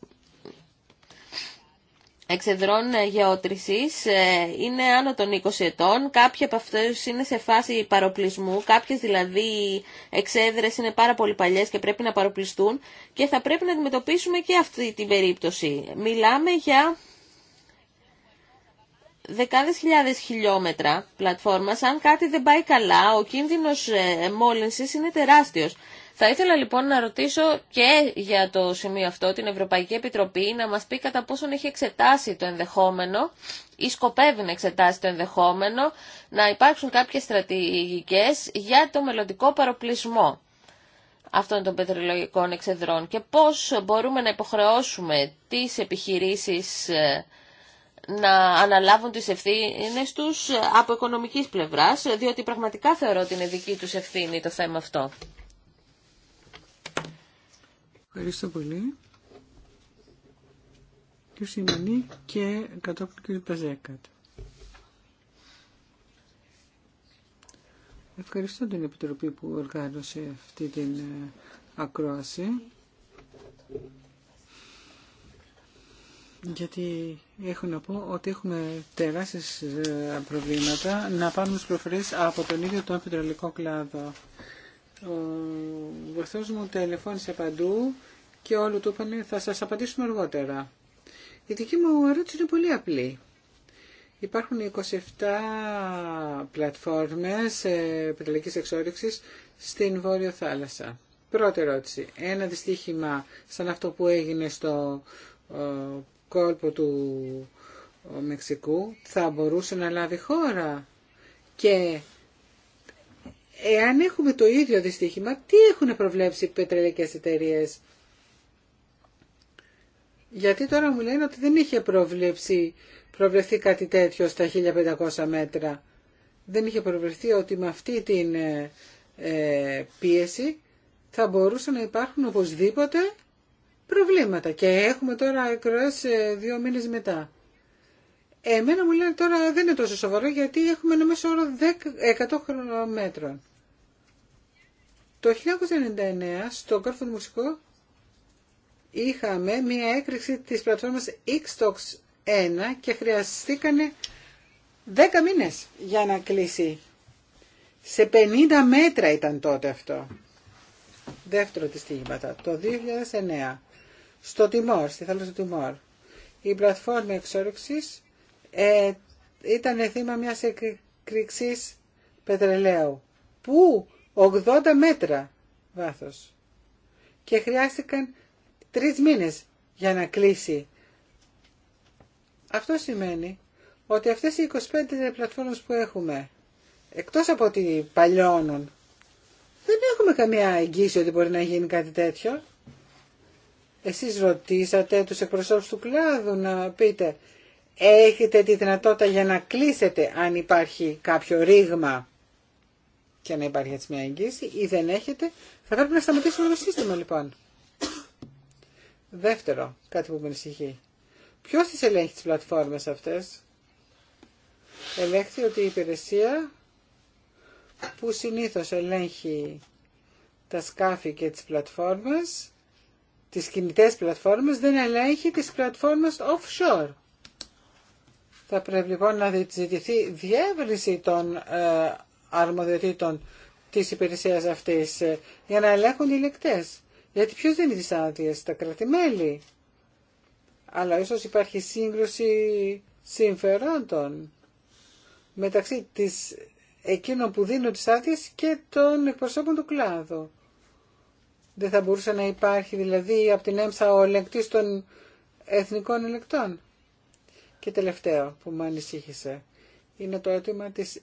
εξεδρών ε, γεώτρησης ε, είναι άνω των 20 ετών. Κάποιοι από αυτούς είναι σε φάση παροπλισμού, κάποιες δηλαδή εξέδρες είναι πάρα πολύ παλιές και πρέπει να παροπλιστούν και θα πρέπει να αντιμετωπίσουμε και αυτή την περίπτωση. Μιλάμε για δεκάδες χιλιάδες χιλιόμετρα πλατφόρμας. Αν κάτι δεν πάει καλά, ο κίνδυνος ε, μόλυνσης είναι τεράστιος. Θα ήθελα λοιπόν να ρωτήσω και για το σημείο αυτό την Ευρωπαϊκή Επιτροπή να μας πει κατά πόσον έχει εξετάσει το ενδεχόμενο ή σκοπεύει να εξετάσει το ενδεχόμενο να υπάρξουν κάποιες στρατηγικές για το μελλοντικό παροπλισμό αυτών των πετρελογικών εξεδρών και πώς μπορούμε να υποχρεώσουμε τις επιχειρήσεις ε, να αναλάβουν τις ευθύνες τους από οικονομικής πλευράς, διότι πραγματικά θεωρώ ότι είναι δική τους ευθύνη το θέμα αυτό. Ευχαριστώ πολύ. και Σιμανή και κατόπιν κ. Παζέκατ. Ευχαριστώ την Επιτροπή που οργάνωσε αυτή την ε, ακρόαση. Γιατί έχω να πω ότι έχουμε τεράστιες ε, προβλήματα να πάρουμε τις από τον ίδιο τον επιτρολικό κλάδο. Ο βοηθό μου τηλεφώνησε παντού και όλο του είπανε θα σας απαντήσουμε αργότερα. Η δική μου ερώτηση είναι πολύ απλή. Υπάρχουν 27 πλατφόρμες ε, πεταλικής εξόρυξης στην Βόρειο Θάλασσα. Πρώτη ερώτηση. Ένα δυστύχημα σαν αυτό που έγινε στο ε, κόλπο του ε, Μεξικού θα μπορούσε να λάβει χώρα και Εάν έχουμε το ίδιο δυστύχημα, τι έχουν προβλέψει οι πετρελαϊκές εταιρείε. Γιατί τώρα μου λένε ότι δεν είχε προβλέψει, προβλεφθεί κάτι τέτοιο στα 1500 μέτρα. Δεν είχε προβλεφθεί ότι με αυτή την ε, ε, πίεση θα μπορούσαν να υπάρχουν οπωσδήποτε προβλήματα. Και έχουμε τώρα ακροές ε, δύο μήνες μετά. Εμένα μου λένε τώρα δεν είναι τόσο σοβαρό γιατί έχουμε ένα μέσο όρο 100 χρονομέτρων. Το 1999 στο κόρφο μουσικό είχαμε μία έκρηξη της πλατφόρμας Xtox 1 και χρειαστήκανε 10 μήνες για να κλείσει. Σε 50 μέτρα ήταν τότε αυτό. Δεύτερο της στιγμήματα. το 2009, στο Τιμόρ, στη θάλασσα του Τιμόρ. Η πλατφόρμα εξόρυξης ε, ήταν θύμα μιας εκρηξής πετρελαίου. Πού 80 μέτρα βάθος. Και χρειάστηκαν τρεις μήνες για να κλείσει. Αυτό σημαίνει ότι αυτές οι 25 πλατφόρμες που έχουμε, εκτός από ότι παλιώνουν, δεν έχουμε καμία εγγύηση ότι μπορεί να γίνει κάτι τέτοιο. Εσείς ρωτήσατε τους εκπροσώπους του κλάδου να πείτε έχετε τη δυνατότητα για να κλείσετε αν υπάρχει κάποιο ρήγμα και να υπάρχει έτσι μια εγγύηση ή δεν έχετε, θα πρέπει να σταματήσουμε το σύστημα λοιπόν. Δεύτερο, κάτι που με ανησυχεί. Ποιο τις ελέγχει τις πλατφόρμες αυτές. Ελέγχθη ότι η υπηρεσία που συνήθως ελέγχει τα σκάφη και τις πλατφόρμες, τις κινητέ πλατφόρμες, δεν ελέγχει τις πλατφόρμες offshore. Θα πρέπει λοιπόν να ζητηθεί διεύρυνση των ε, αρμοδιοτήτων της υπηρεσίας αυτής ε, για να ελέγχουν οι λεκτές. Γιατί ποιος δίνει τις άδειες, τα κρατημέλη. Αλλά ίσως υπάρχει σύγκρουση συμφερόντων μεταξύ της, εκείνων που δίνουν τις άδειες και των εκπροσώπων του κλάδου. Δεν θα μπορούσε να υπάρχει δηλαδή από την έμψα ο ελεγκτής των εθνικών ελεκτών. Και τελευταίο που με ανησύχησε είναι το αίτημα της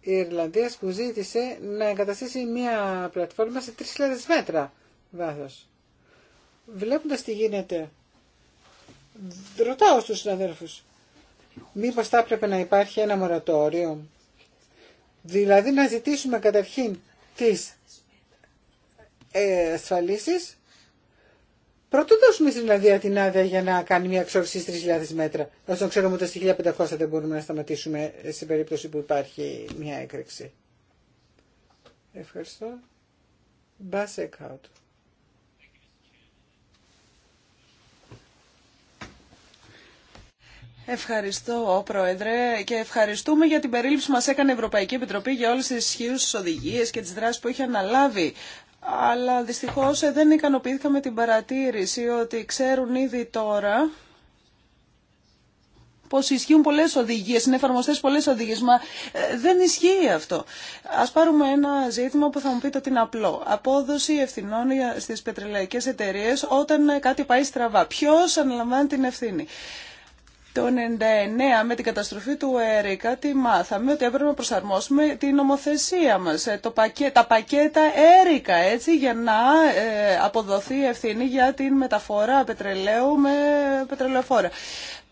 Ιρλανδίας που ζήτησε να εγκαταστήσει μια πλατφόρμα σε 3.000 μέτρα βάθος. Βλέποντας τι γίνεται, ρωτάω στους συναδέλφους, μήπως θα έπρεπε να υπάρχει ένα μορατόριο. Δηλαδή να ζητήσουμε καταρχήν τις ε, Πρώτο δώσουμε στην Ολλανδία την άδεια για να κάνει μια εξόρυξη 3.000 μέτρα. Όσο ξέρουμε ότι στη 1.500 δεν μπορούμε να σταματήσουμε ε, σε περίπτωση που υπάρχει μια έκρηξη. Ευχαριστώ. Ευχαριστώ, Πρόεδρε, και ευχαριστούμε για την περίληψη που μα έκανε η Ευρωπαϊκή Επιτροπή για όλε τι ισχύουσε οδηγίε και τι δράσει που έχει αναλάβει αλλά δυστυχώς ε, δεν ικανοποιήθηκα με την παρατήρηση ότι ξέρουν ήδη τώρα πως ισχύουν πολλές οδηγίες, είναι εφαρμοστές πολλές οδηγίες, μα ε, δεν ισχύει αυτό. Ας πάρουμε ένα ζήτημα που θα μου πείτε ότι είναι απλό. Απόδοση ευθυνών στις πετρελαϊκές εταιρείες όταν κάτι πάει στραβά. Ποιος αναλαμβάνει την ευθύνη. Το 1999 με την καταστροφή του ΕΡΙΚΑ τι μάθαμε ότι έπρεπε να προσαρμόσουμε την νομοθεσία μας, ε, πακέ, τα πακέτα ΕΡΙΚΑ έτσι για να ε, αποδοθεί ευθύνη για την μεταφορά πετρελαίου με πετρελαιοφόρα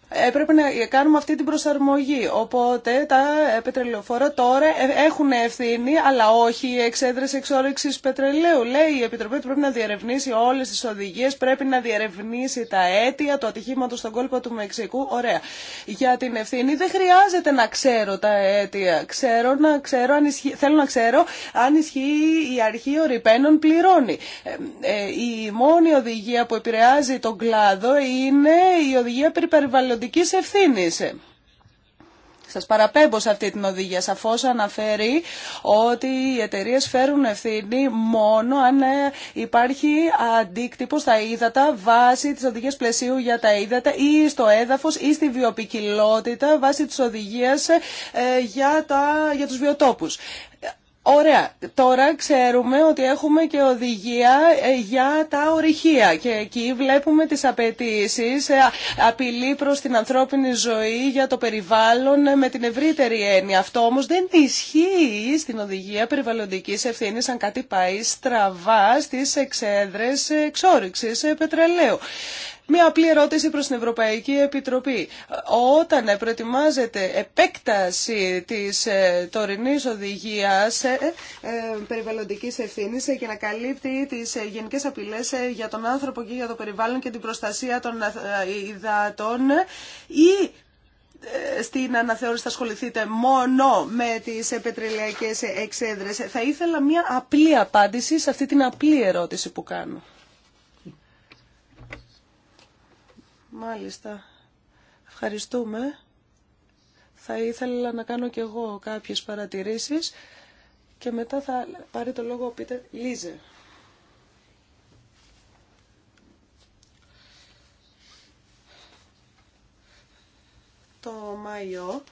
έπρεπε να κάνουμε αυτή την προσαρμογή. Οπότε τα πετρελαιοφόρα τώρα ε, έχουν ευθύνη, αλλά όχι οι εξέδρε εξόρυξη πετρελαίου. Λέει η Επιτροπή ότι πρέπει να διερευνήσει όλε τι οδηγίε, πρέπει να διερευνήσει τα αίτια του ατυχήματο στον κόλπο του Μεξικού. Ωραία. Για την ευθύνη δεν χρειάζεται να ξέρω τα αίτια. Ξέρω να ξέρω, αν ισχύει, θέλω να ξέρω αν ισχύει η αρχή ορυπαίνων πληρώνει. Ε, ε, η μόνη οδηγία που επηρεάζει τον κλάδο είναι η οδηγία περί Σα ευθύνης. Σας παραπέμπω σε αυτή την οδηγία. σαφώ αναφέρει ότι οι εταιρείε φέρουν ευθύνη μόνο αν ε, υπάρχει αντίκτυπο στα ύδατα βάσει τη οδηγία πλαισίου για τα ύδατα ή στο έδαφο ή στη βιοπικιλότητα βάσει της οδηγίας ε, για, τα, για τους βιοτόπους. Ωραία. Τώρα ξέρουμε ότι έχουμε και οδηγία ε, για τα ορυχεία και εκεί βλέπουμε τις απαιτήσει ε, απειλή προς την ανθρώπινη ζωή για το περιβάλλον ε, με την ευρύτερη έννοια. Αυτό όμως δεν ισχύει στην οδηγία περιβαλλοντικής ευθύνης αν κάτι πάει στραβά στις εξέδρες εξόριξης πετρελαίου. Μία απλή ερώτηση προς την Ευρωπαϊκή Επιτροπή. Όταν ε, προετοιμάζεται επέκταση της ε, τωρινής οδηγίας ε, περιβαλλοντικής ευθύνης και να καλύπτει τις γενικές απειλές για τον άνθρωπο και για το περιβάλλον και την προστασία των υδατών ή στην αναθεώρηση θα ασχοληθείτε μόνο με τις πετρελαϊκές εξέδρες. Θα ήθελα μια απλή απάντηση σε αυτή την απλή ερώτηση που κάνω. Μάλιστα. Ευχαριστούμε. Θα ήθελα να κάνω κι εγώ κάποιες παρατηρήσεις και μετά θα πάρει το λόγο ο Πίτερ Λίζε. Το Μάιο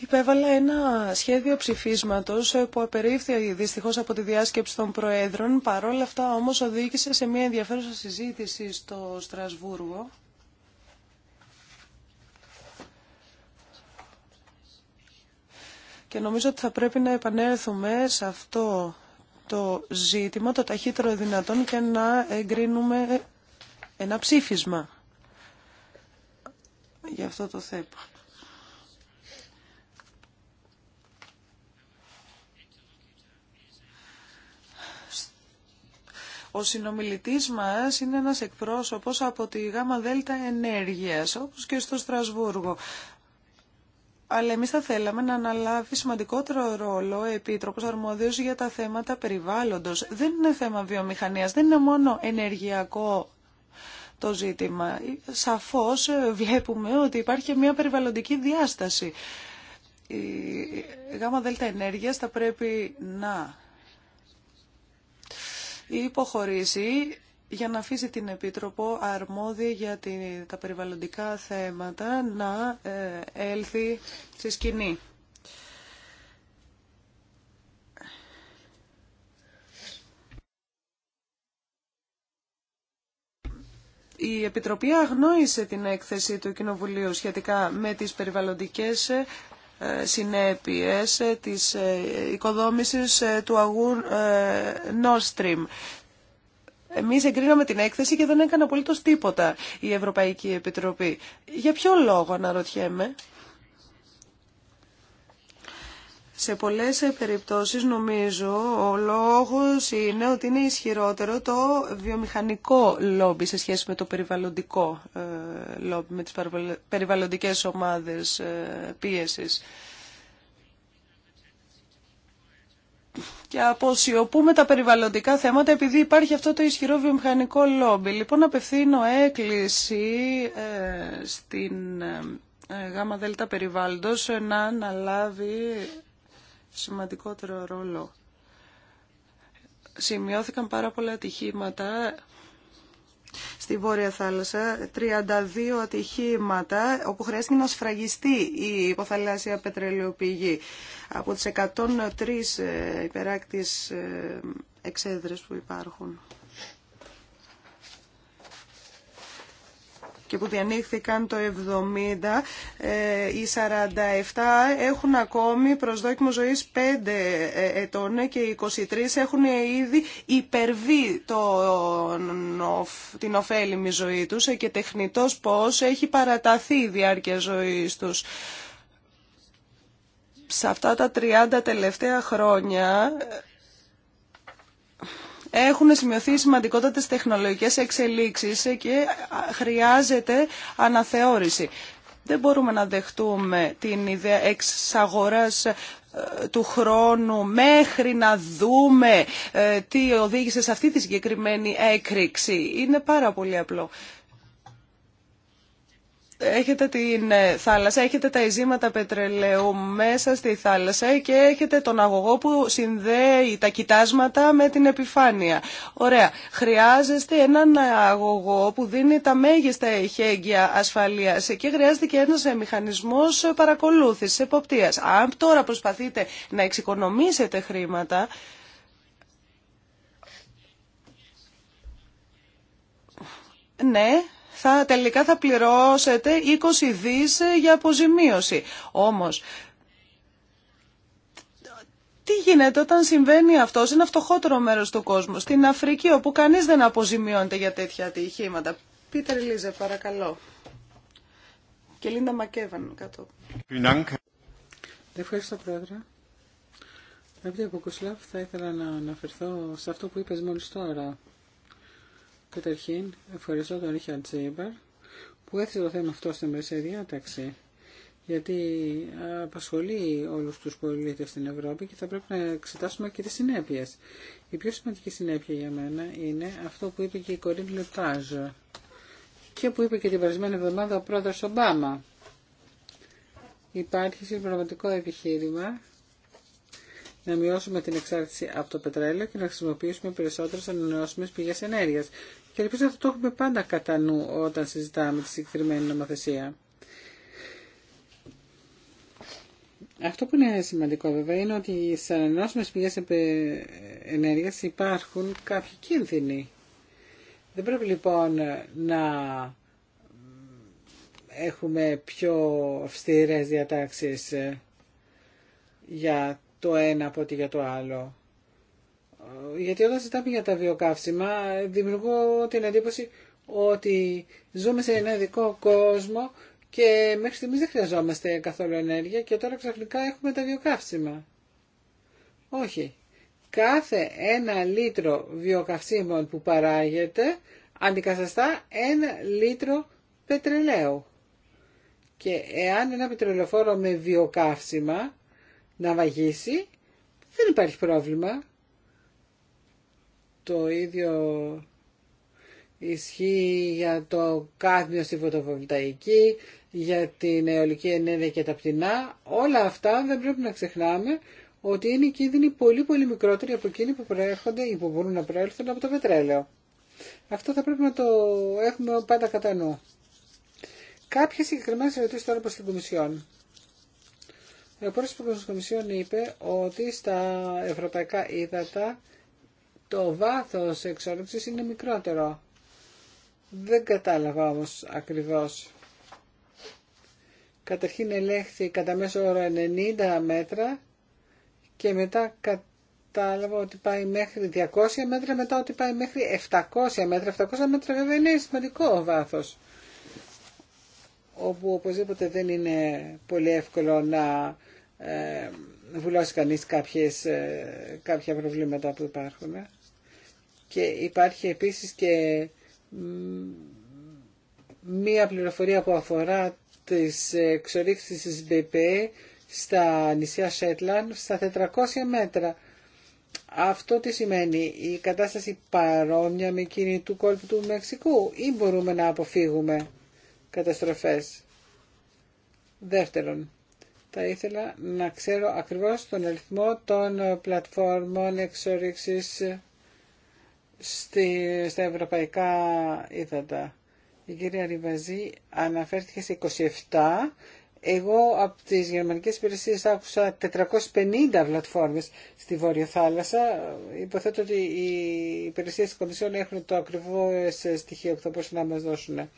υπέβαλα ένα σχέδιο ψηφίσματος που απερίφθη δυστυχώς από τη διάσκεψη των Προέδρων. Παρόλα αυτά όμως οδήγησε σε μια ενδιαφέρουσα συζήτηση στο Στρασβούργο. Και νομίζω ότι θα πρέπει να επανέλθουμε σε αυτό το ζήτημα το ταχύτερο δυνατόν και να εγκρίνουμε ένα ψήφισμα για αυτό το θέμα. Ο συνομιλητής μας είναι ένας εκπρόσωπος από τη ΓΑΜΑ ΔΕΛΤΑ Ενέργειας, όπως και στο Στρασβούργο αλλά εμείς θα θέλαμε να αναλάβει σημαντικότερο ρόλο επίτροπος αρμόδιος για τα θέματα περιβάλλοντος. Δεν είναι θέμα βιομηχανίας, δεν είναι μόνο ενεργειακό το ζήτημα. Σαφώς ε, βλέπουμε ότι υπάρχει μια περιβαλλοντική διάσταση. Η γάμα δέλτα ενέργειας θα πρέπει να υποχωρήσει για να αφήσει την Επίτροπο αρμόδια για τα περιβαλλοντικά θέματα να ε, έλθει στη σκηνή. Η Επιτροπή αγνόησε την έκθεση του Κοινοβουλίου σχετικά με τις περιβαλλοντικές ε, συνέπειες ε, της οικοδόμησης του Αγούρ Nord εμείς εγκρίναμε την έκθεση και δεν έκανε απολύτως τίποτα η Ευρωπαϊκή Επιτροπή. Για ποιο λόγο αναρωτιέμαι. Σε πολλές περιπτώσεις νομίζω ο λόγος είναι ότι είναι ισχυρότερο το βιομηχανικό λόμπι σε σχέση με το περιβαλλοντικό ε, λόμπι, με τις περιβαλλοντικές ομάδες ε, πίεσης. και αποσιωπούμε τα περιβαλλοντικά θέματα επειδή υπάρχει αυτό το ισχυρό βιομηχανικό λόμπι. Λοιπόν, απευθύνω έκκληση ε, στην ε, ε, ΓΑΜΑ ΔΕΛΤΑ Περιβάλλοντος να αναλάβει σημαντικότερο ρόλο. Σημειώθηκαν πάρα πολλά ατυχήματα στη Βόρεια Θάλασσα 32 ατυχήματα όπου χρειάστηκε να σφραγιστεί η υποθαλάσσια πετρελαιοπηγή από τις 103 ε, υπεράκτης ε, εξέδρες που υπάρχουν. και που διανύχθηκαν το 70, ε, οι 47 έχουν ακόμη προσδόκιμο ζωής 5 ε, ετών και οι 23 έχουν ήδη υπερβεί το, την ωφέλιμη ζωή τους ε, και τεχνητός πώς έχει παραταθεί η διάρκεια ζωής τους. Σε αυτά τα 30 τελευταία χρόνια έχουν σημειωθεί σημαντικότατες τεχνολογικές εξελίξεις και χρειάζεται αναθεώρηση. Δεν μπορούμε να δεχτούμε την ιδέα εξαγοράς ε, του χρόνου μέχρι να δούμε ε, τι οδήγησε σε αυτή τη συγκεκριμένη έκρηξη. Είναι πάρα πολύ απλό έχετε την ε, θάλασσα, έχετε τα ειζήματα πετρελαίου μέσα στη θάλασσα και έχετε τον αγωγό που συνδέει τα κοιτάσματα με την επιφάνεια. Ωραία. Χρειάζεστε έναν αγωγό που δίνει τα μέγιστα ηχέγγυα ασφαλείας και χρειάζεται και ένας ε, μηχανισμός παρακολούθησης, εποπτείας. Αν τώρα προσπαθείτε να εξοικονομήσετε χρήματα, ναι, θα, τελικά θα πληρώσετε 20 δις για αποζημίωση. Όμως, τι γίνεται όταν συμβαίνει αυτό σε ένα φτωχότερο μέρο του κόσμου, στην Αφρική, όπου κανείς δεν αποζημιώνεται για τέτοια ατυχήματα. Πίτερ Λίζε, παρακαλώ. Και Λίντα Μακέβαν, κάτω. Ευχαριστώ, Πρόεδρε. Αγαπητέ Κουκουσλάφ, θα ήθελα να αναφερθώ σε αυτό που είπες μόλις τώρα Καταρχήν, ευχαριστώ τον Ρίχαρτ Τζέιμπερ που έθεσε το θέμα αυτό στην μεσαία διάταξη γιατί απασχολεί όλους τους πολίτες στην Ευρώπη και θα πρέπει να εξετάσουμε και τις συνέπειες. Η πιο σημαντική συνέπεια για μένα είναι αυτό που είπε και η Κορίν Λετάζ και που είπε και την περασμένη εβδομάδα ο πρόεδρος Ομπάμα. Υπάρχει συμπληρωματικό επιχείρημα να μειώσουμε την εξάρτηση από το πετρέλαιο και να χρησιμοποιήσουμε περισσότερε ανανεώσιμε πηγέ ενέργεια. Και ελπίζω αυτό το έχουμε πάντα κατά νου όταν συζητάμε τη συγκεκριμένη νομοθεσία. Αυτό που είναι σημαντικό βέβαια είναι ότι στι ανανεώσιμε πηγέ ενέργεια υπάρχουν κάποιοι κίνδυνοι. Δεν πρέπει λοιπόν να έχουμε πιο αυστηρές διατάξεις για το ένα από ότι για το άλλο γιατί όταν συζητάμε για τα βιοκαύσιμα δημιουργώ την εντύπωση ότι ζούμε σε ένα ειδικό κόσμο και μέχρι στιγμής δεν χρειαζόμαστε καθόλου ενέργεια και τώρα ξαφνικά έχουμε τα βιοκαύσιμα. Όχι. Κάθε ένα λίτρο βιοκαυσίμων που παράγεται αντικαταστά ένα λίτρο πετρελαίου. Και εάν ένα πετρελαιοφόρο με βιοκαύσιμα να βαγίσει, δεν υπάρχει πρόβλημα. Το ίδιο ισχύει για το κάδμιο στη φωτοβολταϊκή, για την αιωλική ενέργεια και τα πτηνά. Όλα αυτά δεν πρέπει να ξεχνάμε ότι είναι κίνδυνοι πολύ πολύ μικρότεροι από εκείνοι που προέρχονται ή που μπορούν να προέλθουν από το πετρέλαιο. Αυτό θα πρέπει να το έχουμε πάντα κατά νου. Κάποιε συγκεκριμένε ερωτήσει τώρα προ την Κομισιόν. Ο πρόσωπο τη Κομισιόν είπε ότι στα ευρωπαϊκά ύδατα το βάθος εξόρυξης είναι μικρότερο. Δεν κατάλαβα όμως ακριβώς. Καταρχήν ελέγχθη κατά μέσο όρο 90 μέτρα και μετά κατάλαβα ότι πάει μέχρι 200 μέτρα, μετά ότι πάει μέχρι 700 μέτρα. 700 μέτρα βέβαια είναι σημαντικό βάθος όπου οπωσδήποτε δεν είναι πολύ εύκολο να ε, βουλώσει κανείς κάποιες, ε, κάποια προβλήματα που υπάρχουν. Και υπάρχει επίσης και μία πληροφορία που αφορά τις εξορίξεις της ΜΠΕ στα νησιά Σέτλαν στα 400 μέτρα. Αυτό τι σημαίνει, η κατάσταση παρόμοια με εκείνη του κόλπου του Μεξικού ή μπορούμε να αποφύγουμε καταστροφές. Δεύτερον, θα ήθελα να ξέρω ακριβώς τον αριθμό των πλατφόρμων εξορίξης στη, στα ευρωπαϊκά ύδατα. Η κυρία Ριβαζή αναφέρθηκε σε 27. Εγώ από τις γερμανικές υπηρεσίες άκουσα 450 πλατφόρμες στη Βόρεια Θάλασσα. Υποθέτω ότι οι υπηρεσίες της Κομισιόν έχουν το ακριβό στοιχείο που θα μπορούσαν να μας δώσουν.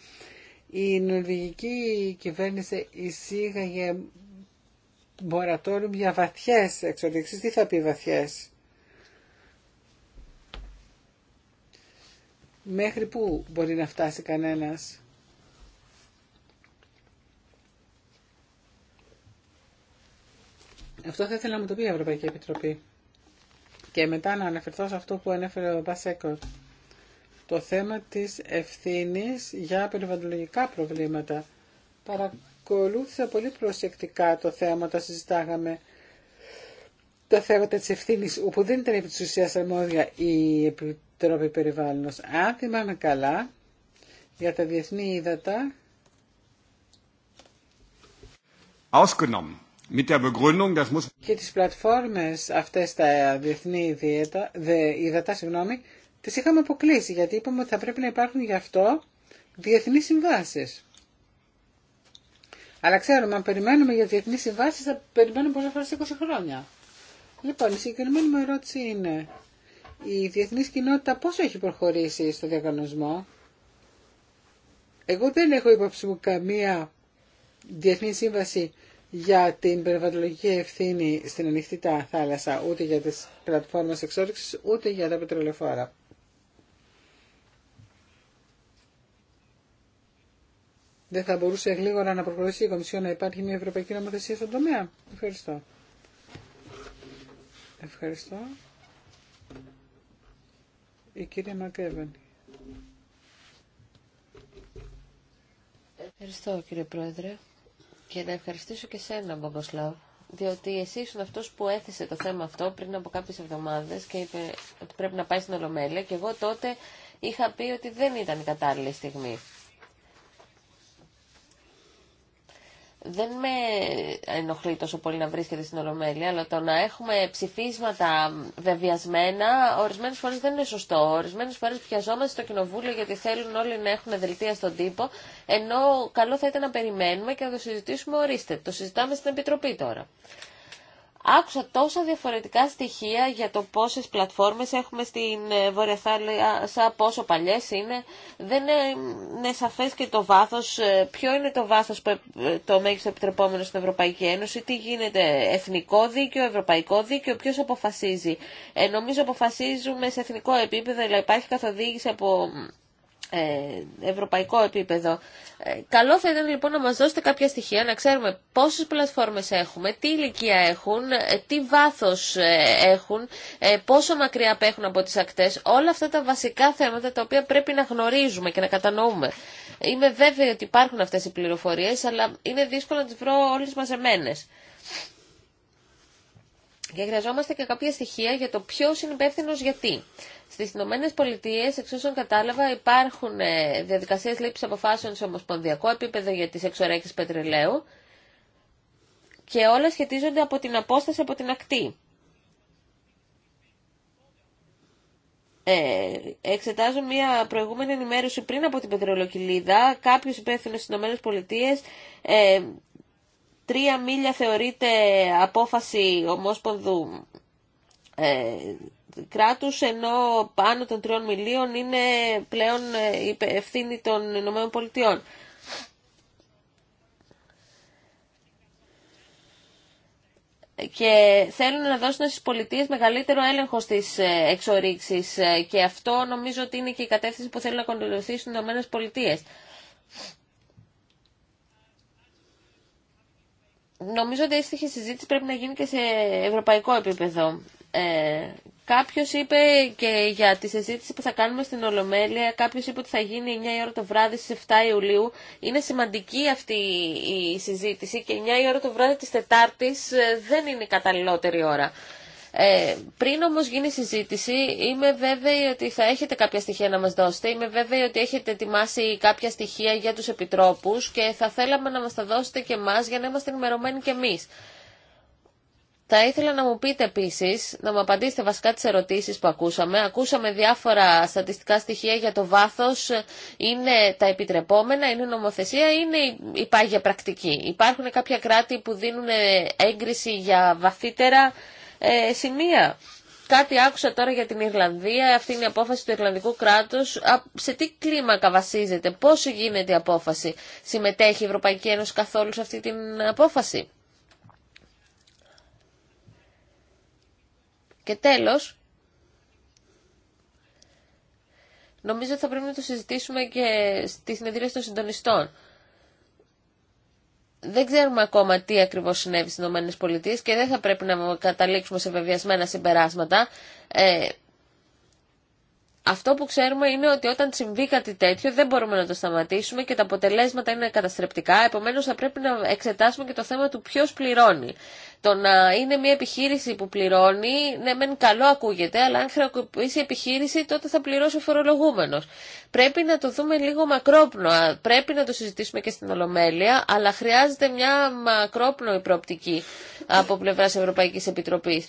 Η νορβηγική κυβέρνηση εισήγαγε μορατόριο για βαθιές εξορίξεις. Τι θα πει βαθιές. Μέχρι πού μπορεί να φτάσει κανένας. Αυτό θα ήθελα να μου το πει η Ευρωπαϊκή Επιτροπή. Και μετά να αναφερθώ σε αυτό που ανέφερε ο Μπασέκο. Το θέμα της ευθύνης για περιβαλλοντικά προβλήματα. Παρακολούθησα πολύ προσεκτικά το θέμα, όταν συζητάγαμε το θέμα τη ευθύνη όπου δεν ήταν επί τη ουσία αρμόδια η Επιτροπή Περιβάλλοντος. Αν θυμάμαι καλά, για τα διεθνή ύδατα... Και τι πλατφόρμε αυτέ τα διεθνή ύδατα, συγγνώμη, τι είχαμε αποκλείσει, γιατί είπαμε ότι θα πρέπει να υπάρχουν γι' αυτό διεθνεί συμβάσει. Αλλά ξέρουμε, αν περιμένουμε για διεθνεί συμβάσει, θα περιμένουμε πολλέ φορέ 20 χρόνια. Λοιπόν, η συγκεκριμένη μου ερώτηση είναι η διεθνή κοινότητα πόσο έχει προχωρήσει στο διαγωνισμό. Εγώ δεν έχω υπόψη μου καμία διεθνή σύμβαση για την περιβαλλοντική ευθύνη στην ανοιχτή τα θάλασσα, ούτε για τις πλατφόρμες εξόρυξης, ούτε για τα πετρελαιοφόρα. Δεν θα μπορούσε γλίγορα να προχωρήσει η Κομισιόν να υπάρχει μια ευρωπαϊκή νομοθεσία στον τομέα. Ευχαριστώ. Ευχαριστώ. Η κυρία Μακέβεν. Ευχαριστώ κύριε Πρόεδρε και να ευχαριστήσω και σένα Μπογκοσλάβ διότι εσύ ήσουν αυτός που έθεσε το θέμα αυτό πριν από κάποιες εβδομάδες και είπε ότι πρέπει να πάει στην Ολομέλεια και εγώ τότε είχα πει ότι δεν ήταν η κατάλληλη στιγμή. δεν με ενοχλεί τόσο πολύ να βρίσκεται στην Ολομέλεια, αλλά το να έχουμε ψηφίσματα βεβιασμένα ορισμένε φορέ δεν είναι σωστό. Ορισμένε φορέ πιαζόμαστε στο κοινοβούλιο γιατί θέλουν όλοι να έχουν δελτία στον τύπο, ενώ καλό θα ήταν να περιμένουμε και να το συζητήσουμε ορίστε. Το συζητάμε στην Επιτροπή τώρα. Άκουσα τόσα διαφορετικά στοιχεία για το πόσες πλατφόρμες έχουμε στην ε, Βόρεια Θάλασσα, πόσο παλιές είναι. Δεν ε, είναι σαφές και το βάθος, ε, ποιο είναι το βάθος, το μέγιστο επιτρεπόμενο στην Ευρωπαϊκή Ένωση, τι γίνεται, εθνικό δίκαιο, ευρωπαϊκό δίκαιο, ποιο αποφασίζει. Ε, νομίζω αποφασίζουμε σε εθνικό επίπεδο, αλλά υπάρχει καθοδήγηση από ε, ευρωπαϊκό επίπεδο. Ε, καλό θα ήταν λοιπόν να μας δώσετε κάποια στοιχεία, να ξέρουμε πόσες πλατφόρμες έχουμε, τι ηλικία έχουν, ε, τι βάθος έχουν, πόσο μακριά απέχουν από τις ακτές, όλα αυτά τα βασικά θέματα τα οποία πρέπει να γνωρίζουμε και να κατανοούμε. Είμαι βέβαιη ότι υπάρχουν αυτές οι πληροφορίες, αλλά είναι δύσκολο να τις βρω όλες μαζεμένες. Και χρειαζόμαστε και κάποια στοιχεία για το ποιο είναι υπεύθυνο γιατί. Στι Ηνωμένε Πολιτείε, εξ όσων κατάλαβα, υπάρχουν ε, διαδικασίε λήψη αποφάσεων σε ομοσπονδιακό επίπεδο για τι εξορέξει πετρελαίου και όλα σχετίζονται από την απόσταση από την ακτή. Ε, εξετάζουν μια προηγούμενη ενημέρωση πριν από την πετρελοκυλίδα Κάποιο υπεύθυνο στι ε, Τρία μίλια θεωρείται απόφαση ομόσπονδου ε, κράτους, ενώ πάνω των τριών μιλίων είναι πλέον η ε, ευθύνη των Ηνωμένων Πολιτειών. και θέλουν να δώσουν στις πολιτείες μεγαλύτερο έλεγχο στις ε, εξορίξεις ε, και αυτό νομίζω ότι είναι και η κατεύθυνση που θέλουν να ακολουθήσουν οι Ηνωμένες Πολιτείες. νομίζω ότι η συζήτηση πρέπει να γίνει και σε ευρωπαϊκό επίπεδο. Ε, κάποιος είπε και για τη συζήτηση που θα κάνουμε στην Ολομέλεια, κάποιος είπε ότι θα γίνει 9 η ώρα το βράδυ στις 7 Ιουλίου. Είναι σημαντική αυτή η συζήτηση και 9 η ώρα το βράδυ της Τετάρτης ε, δεν είναι η καταλληλότερη ώρα. Ε, πριν όμως γίνει συζήτηση, είμαι βέβαιη ότι θα έχετε κάποια στοιχεία να μας δώσετε. Είμαι βέβαιη ότι έχετε ετοιμάσει κάποια στοιχεία για τους επιτρόπους και θα θέλαμε να μας τα δώσετε και εμά για να είμαστε ενημερωμένοι και εμείς. Θα ήθελα να μου πείτε επίση, να μου απαντήσετε βασικά τι ερωτήσει που ακούσαμε. Ακούσαμε διάφορα στατιστικά στοιχεία για το βάθο. Είναι τα επιτρεπόμενα, είναι νομοθεσία, είναι η πάγια πρακτική. Υπάρχουν κάποια κράτη που δίνουν έγκριση για βαθύτερα ε, σημεία. Κάτι άκουσα τώρα για την Ιρλανδία, αυτή είναι η απόφαση του Ιρλανδικού κράτους. Σε τι κλίμακα βασίζεται, πώς γίνεται η απόφαση. Συμμετέχει η Ευρωπαϊκή Ένωση καθόλου σε αυτή την απόφαση. Και τέλος, νομίζω θα πρέπει να το συζητήσουμε και στη συνεδρία των συντονιστών δεν ξέρουμε ακόμα τι ακριβώς συνέβη στις ΗΠΑ και δεν θα πρέπει να καταλήξουμε σε βεβαιασμένα συμπεράσματα. Ε, αυτό που ξέρουμε είναι ότι όταν συμβεί κάτι τέτοιο δεν μπορούμε να το σταματήσουμε και τα αποτελέσματα είναι καταστρεπτικά. Επομένως θα πρέπει να εξετάσουμε και το θέμα του ποιο πληρώνει. Το να είναι μια επιχείρηση που πληρώνει, ναι μεν καλό ακούγεται, αλλά αν χρεοκοπήσει η επιχείρηση τότε θα πληρώσει ο φορολογούμενος. Πρέπει να το δούμε λίγο μακρόπνοα, πρέπει να το συζητήσουμε και στην Ολομέλεια, αλλά χρειάζεται μια μακρόπνοη προοπτική από πλευράς Ευρωπαϊκής Επιτροπής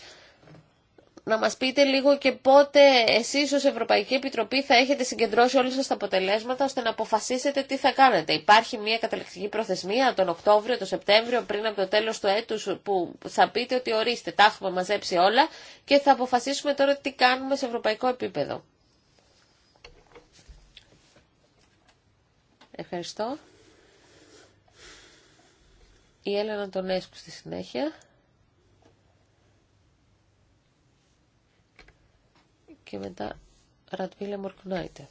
να μας πείτε λίγο και πότε εσείς ως Ευρωπαϊκή Επιτροπή θα έχετε συγκεντρώσει όλες σας τα αποτελέσματα ώστε να αποφασίσετε τι θα κάνετε. Υπάρχει μια καταληκτική προθεσμία τον Οκτώβριο, τον Σεπτέμβριο πριν από το τέλος του έτους που θα πείτε ότι ορίστε, τα έχουμε μαζέψει όλα και θα αποφασίσουμε τώρα τι κάνουμε σε ευρωπαϊκό επίπεδο. Ευχαριστώ. Η Έλενα τον έσκου στη συνέχεια. και μετά ρατβίλε Μορκουνάιτε.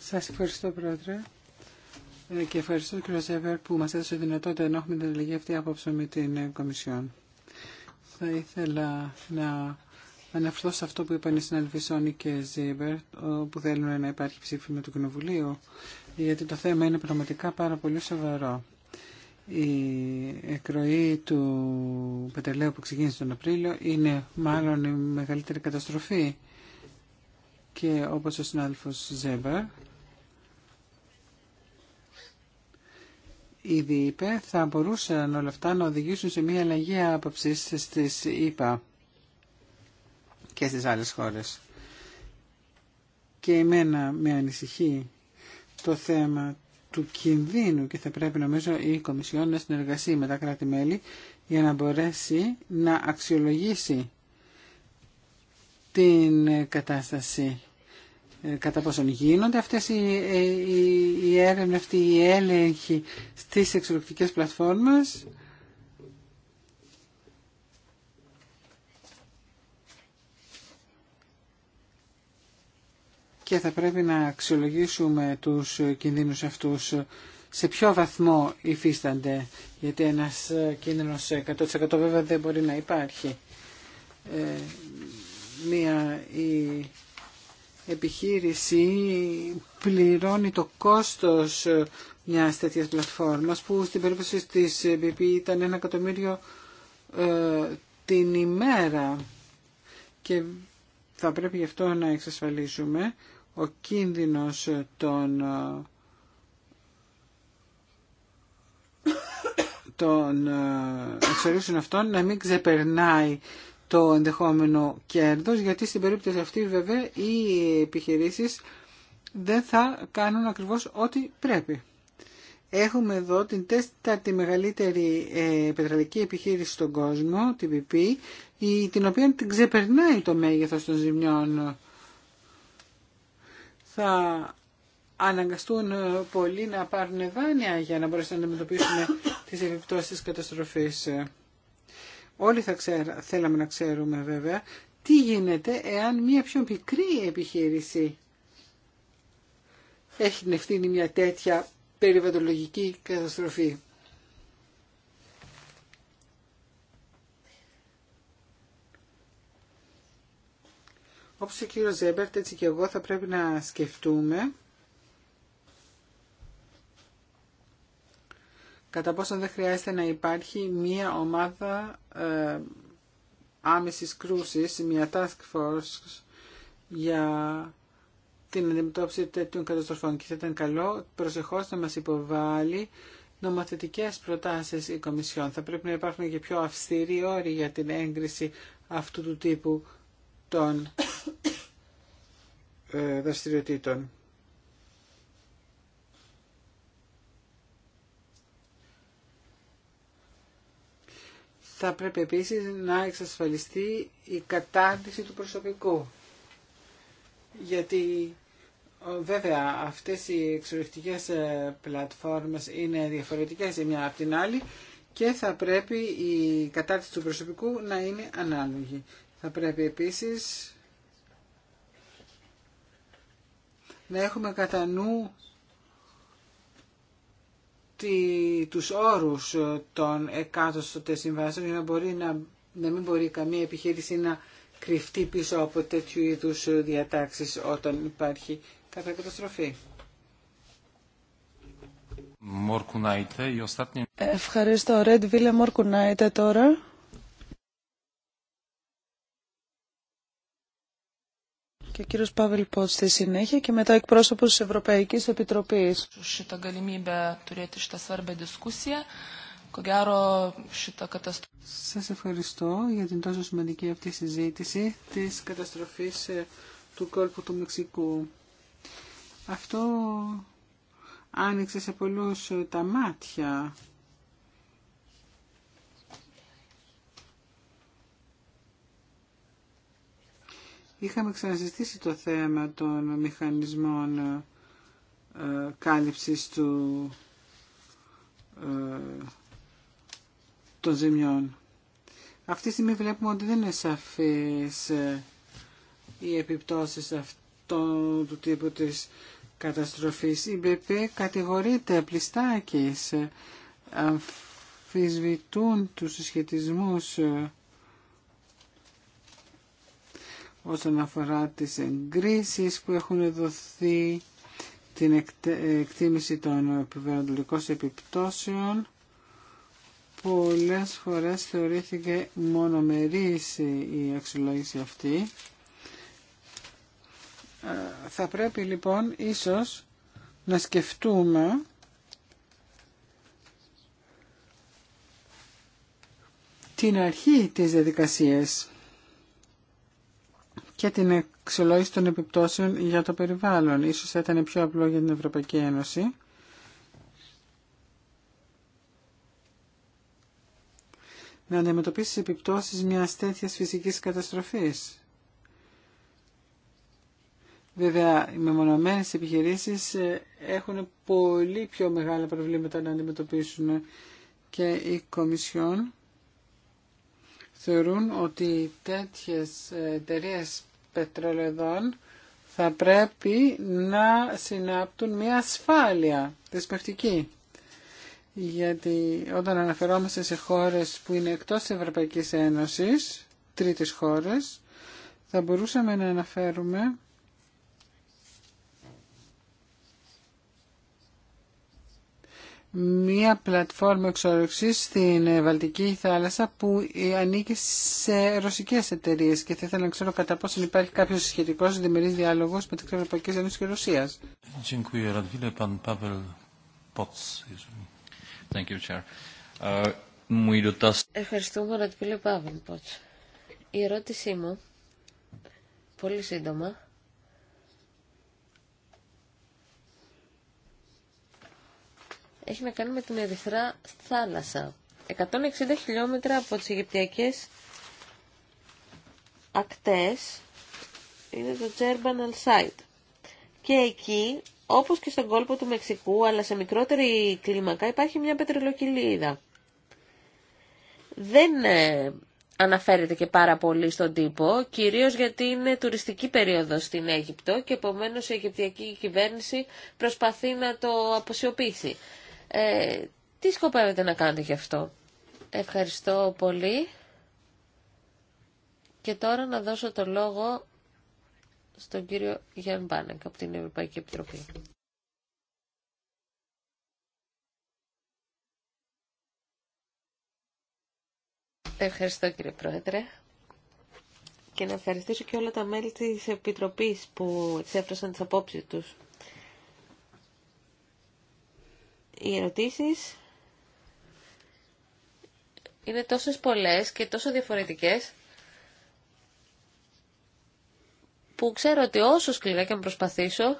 Σα ευχαριστώ, Πρόεδρε. Ε, και ευχαριστώ, κύριο Σέβερ, που μα έδωσε δυνατότητα να έχουμε την αλληλεγγύη αυτή απόψε με την ε, Κομισιόν. Θα ήθελα να αναφερθώ σε αυτό που είπαν οι συνάδελφοι Σόνι και Ζίμπερ, που θέλουν να υπάρχει ψήφισμα του Κοινοβουλίου, γιατί το θέμα είναι πραγματικά πάρα πολύ σοβαρό η εκροή του πετρελαίου που ξεκίνησε τον Απρίλιο είναι μάλλον η μεγαλύτερη καταστροφή και όπως ο συνάδελφος Ζέμπα ήδη είπε θα μπορούσαν όλα αυτά να οδηγήσουν σε μια αλλαγή άποψη στις ΗΠΑ και στις άλλες χώρες. Και εμένα με ανησυχεί το θέμα του κινδύνου και θα πρέπει νομίζω η Κομισιόν να συνεργαστεί με τα κράτη-μέλη για να μπορέσει να αξιολογήσει την κατάσταση ε, κατά πόσον γίνονται αυτές οι, ε, οι, οι έρευνες, αυτοί οι έλεγχοι στις πλατφόρμες και θα πρέπει να αξιολογήσουμε τους κινδύνους αυτούς σε ποιο βαθμό υφίστανται, γιατί ένας κίνδυνος 100% βέβαια δεν μπορεί να υπάρχει. Ε, μία η επιχείρηση πληρώνει το κόστος μιας τετοια πλατφόρμας που στην περίπτωση της BP ήταν ένα εκατομμύριο ε, την ημέρα και θα πρέπει γι' αυτό να εξασφαλίσουμε ο κίνδυνος των, των αυτών να μην ξεπερνάει το ενδεχόμενο κέρδος, γιατί στην περίπτωση αυτή βέβαια οι επιχειρήσεις δεν θα κάνουν ακριβώς ό,τι πρέπει. Έχουμε εδώ την τη μεγαλύτερη ε, επιχείρηση στον κόσμο, την BP, η, την οποία την ξεπερνάει το μέγεθος των ζημιών θα αναγκαστούν ε, πολλοί να πάρουν δάνεια για να μπορέσουν να αντιμετωπίσουν ε, τις επιπτώσεις της καταστροφής. Όλοι θα θέλαμε να ξέρουμε βέβαια τι γίνεται εάν μια πιο μικρή επιχείρηση έχει την ευθύνη μια τέτοια περιβαλλοντολογική καταστροφή. Όπως ο κύριος Ζέμπερτ, έτσι και εγώ θα πρέπει να σκεφτούμε κατά πόσο δεν χρειάζεται να υπάρχει μία ομάδα ε, άμεσης κρούσης, μία task force για την αντιμετώπιση τέτοιων καταστροφών και θα ήταν καλό προσεχώς να μας υποβάλει νομοθετικές προτάσεις η Κομισιόν. Θα πρέπει να υπάρχουν και πιο αυστηροί όροι για την έγκριση αυτού του τύπου των ε, δραστηριοτήτων. Θα πρέπει επίσης να εξασφαλιστεί η κατάρτιση του προσωπικού. Γιατί βέβαια αυτές οι εξορρυκτικές ε, πλατφόρμες είναι διαφορετικές η μια από την άλλη και θα πρέπει η κατάρτιση του προσωπικού να είναι ανάλογη. Θα πρέπει επίσης να έχουμε κατά νου τη, τους όρους των εκάστοτε συμβάσεων για να, μπορεί να, να μην μπορεί καμία επιχείρηση να κρυφτεί πίσω από τέτοιου είδους διατάξεις όταν υπάρχει κατά καταστροφή. Ευχαριστώ. Ρέντ Βίλε Μορκουνάιτε τώρα. και ο κύριο Παύλ Πότ στη συνέχεια και μετά εκπρόσωπο τη Ευρωπαϊκή Επιτροπή. Σα ευχαριστώ για την τόσο σημαντική αυτή συζήτηση τη καταστροφή ε, του κόλπου του Μεξικού. Αυτό άνοιξε σε πολλούς ε, τα μάτια Είχαμε ξαναζητήσει το θέμα των μηχανισμών ε, κάλυψης του, ε, των ζημιών. Αυτή τη στιγμή βλέπουμε ότι δεν είναι σαφές ε, οι επιπτώσεις αυτού του τύπου της καταστροφής. Η ΜΠΠ κατηγορείται πλιστάκης, ε, αμφισβητούν τους συσχετισμούς όσον αφορά τις εγκρίσεις που έχουν δοθεί, την εκτίμηση των επιβεροντολικών επιπτώσεων. Πολλές φορές θεωρήθηκε μονομερής η αξιολόγηση αυτή. Ε, θα πρέπει λοιπόν ίσως να σκεφτούμε την αρχή της διαδικασίας και την εξολόγηση των επιπτώσεων για το περιβάλλον. Ίσως θα ήταν πιο απλό για την Ευρωπαϊκή Ένωση. να αντιμετωπίσει τις επιπτώσεις μιας τέτοιας φυσικής καταστροφής. Βέβαια, οι μεμονωμένες επιχειρήσεις ε, έχουν πολύ πιο μεγάλα προβλήματα να αντιμετωπίσουν και οι Κομισιόν θεωρούν ότι τέτοιες ε, εταιρείε πετρελαιδών θα πρέπει να συνάπτουν μια ασφάλεια δεσμευτική. Γιατί όταν αναφερόμαστε σε χώρες που είναι εκτός Ευρωπαϊκής Ένωσης, τρίτες χώρες, θα μπορούσαμε να αναφέρουμε μία πλατφόρμα εξόρυξης στην ε, Βαλτική θάλασσα που ε, ανήκει σε ρωσικές εταιρείε και θα ήθελα να ξέρω κατά πόσο υπάρχει κάποιος σχετικός διμερής διάλογος μεταξύ Ευρωπαϊκή Ένωση και Ρωσίας. Ευχαριστούμε, Ραντβίλε Παύλ Πότς. Η ερώτησή μου, πολύ σύντομα, έχει να κάνει με την ερυθρά θάλασσα. 160 χιλιόμετρα από τις Αιγυπτιακές ακτές είναι το Τζέρμπαν Αλσάιτ. Και εκεί, όπως και στον κόλπο του Μεξικού, αλλά σε μικρότερη κλίμακα, υπάρχει μια πετρελοκυλίδα. Δεν ε, αναφέρεται και πάρα πολύ στον τύπο, κυρίως γιατί είναι τουριστική περίοδος στην Αίγυπτο και επομένως η Αιγυπτιακή κυβέρνηση προσπαθεί να το αποσιωπήσει. Ε, τι σκοπεύετε να κάνετε γι' αυτό. Ευχαριστώ πολύ. Και τώρα να δώσω το λόγο στον κύριο Γιάννη Μπάνεκ από την Ευρωπαϊκή Επιτροπή. Ευχαριστώ κύριε Πρόεδρε και να ευχαριστήσω και όλα τα μέλη της Επιτροπής που εξέφρασαν τις απόψεις τους. οι ερωτήσεις είναι τόσες πολλές και τόσο διαφορετικές που ξέρω ότι όσο σκληρά και αν προσπαθήσω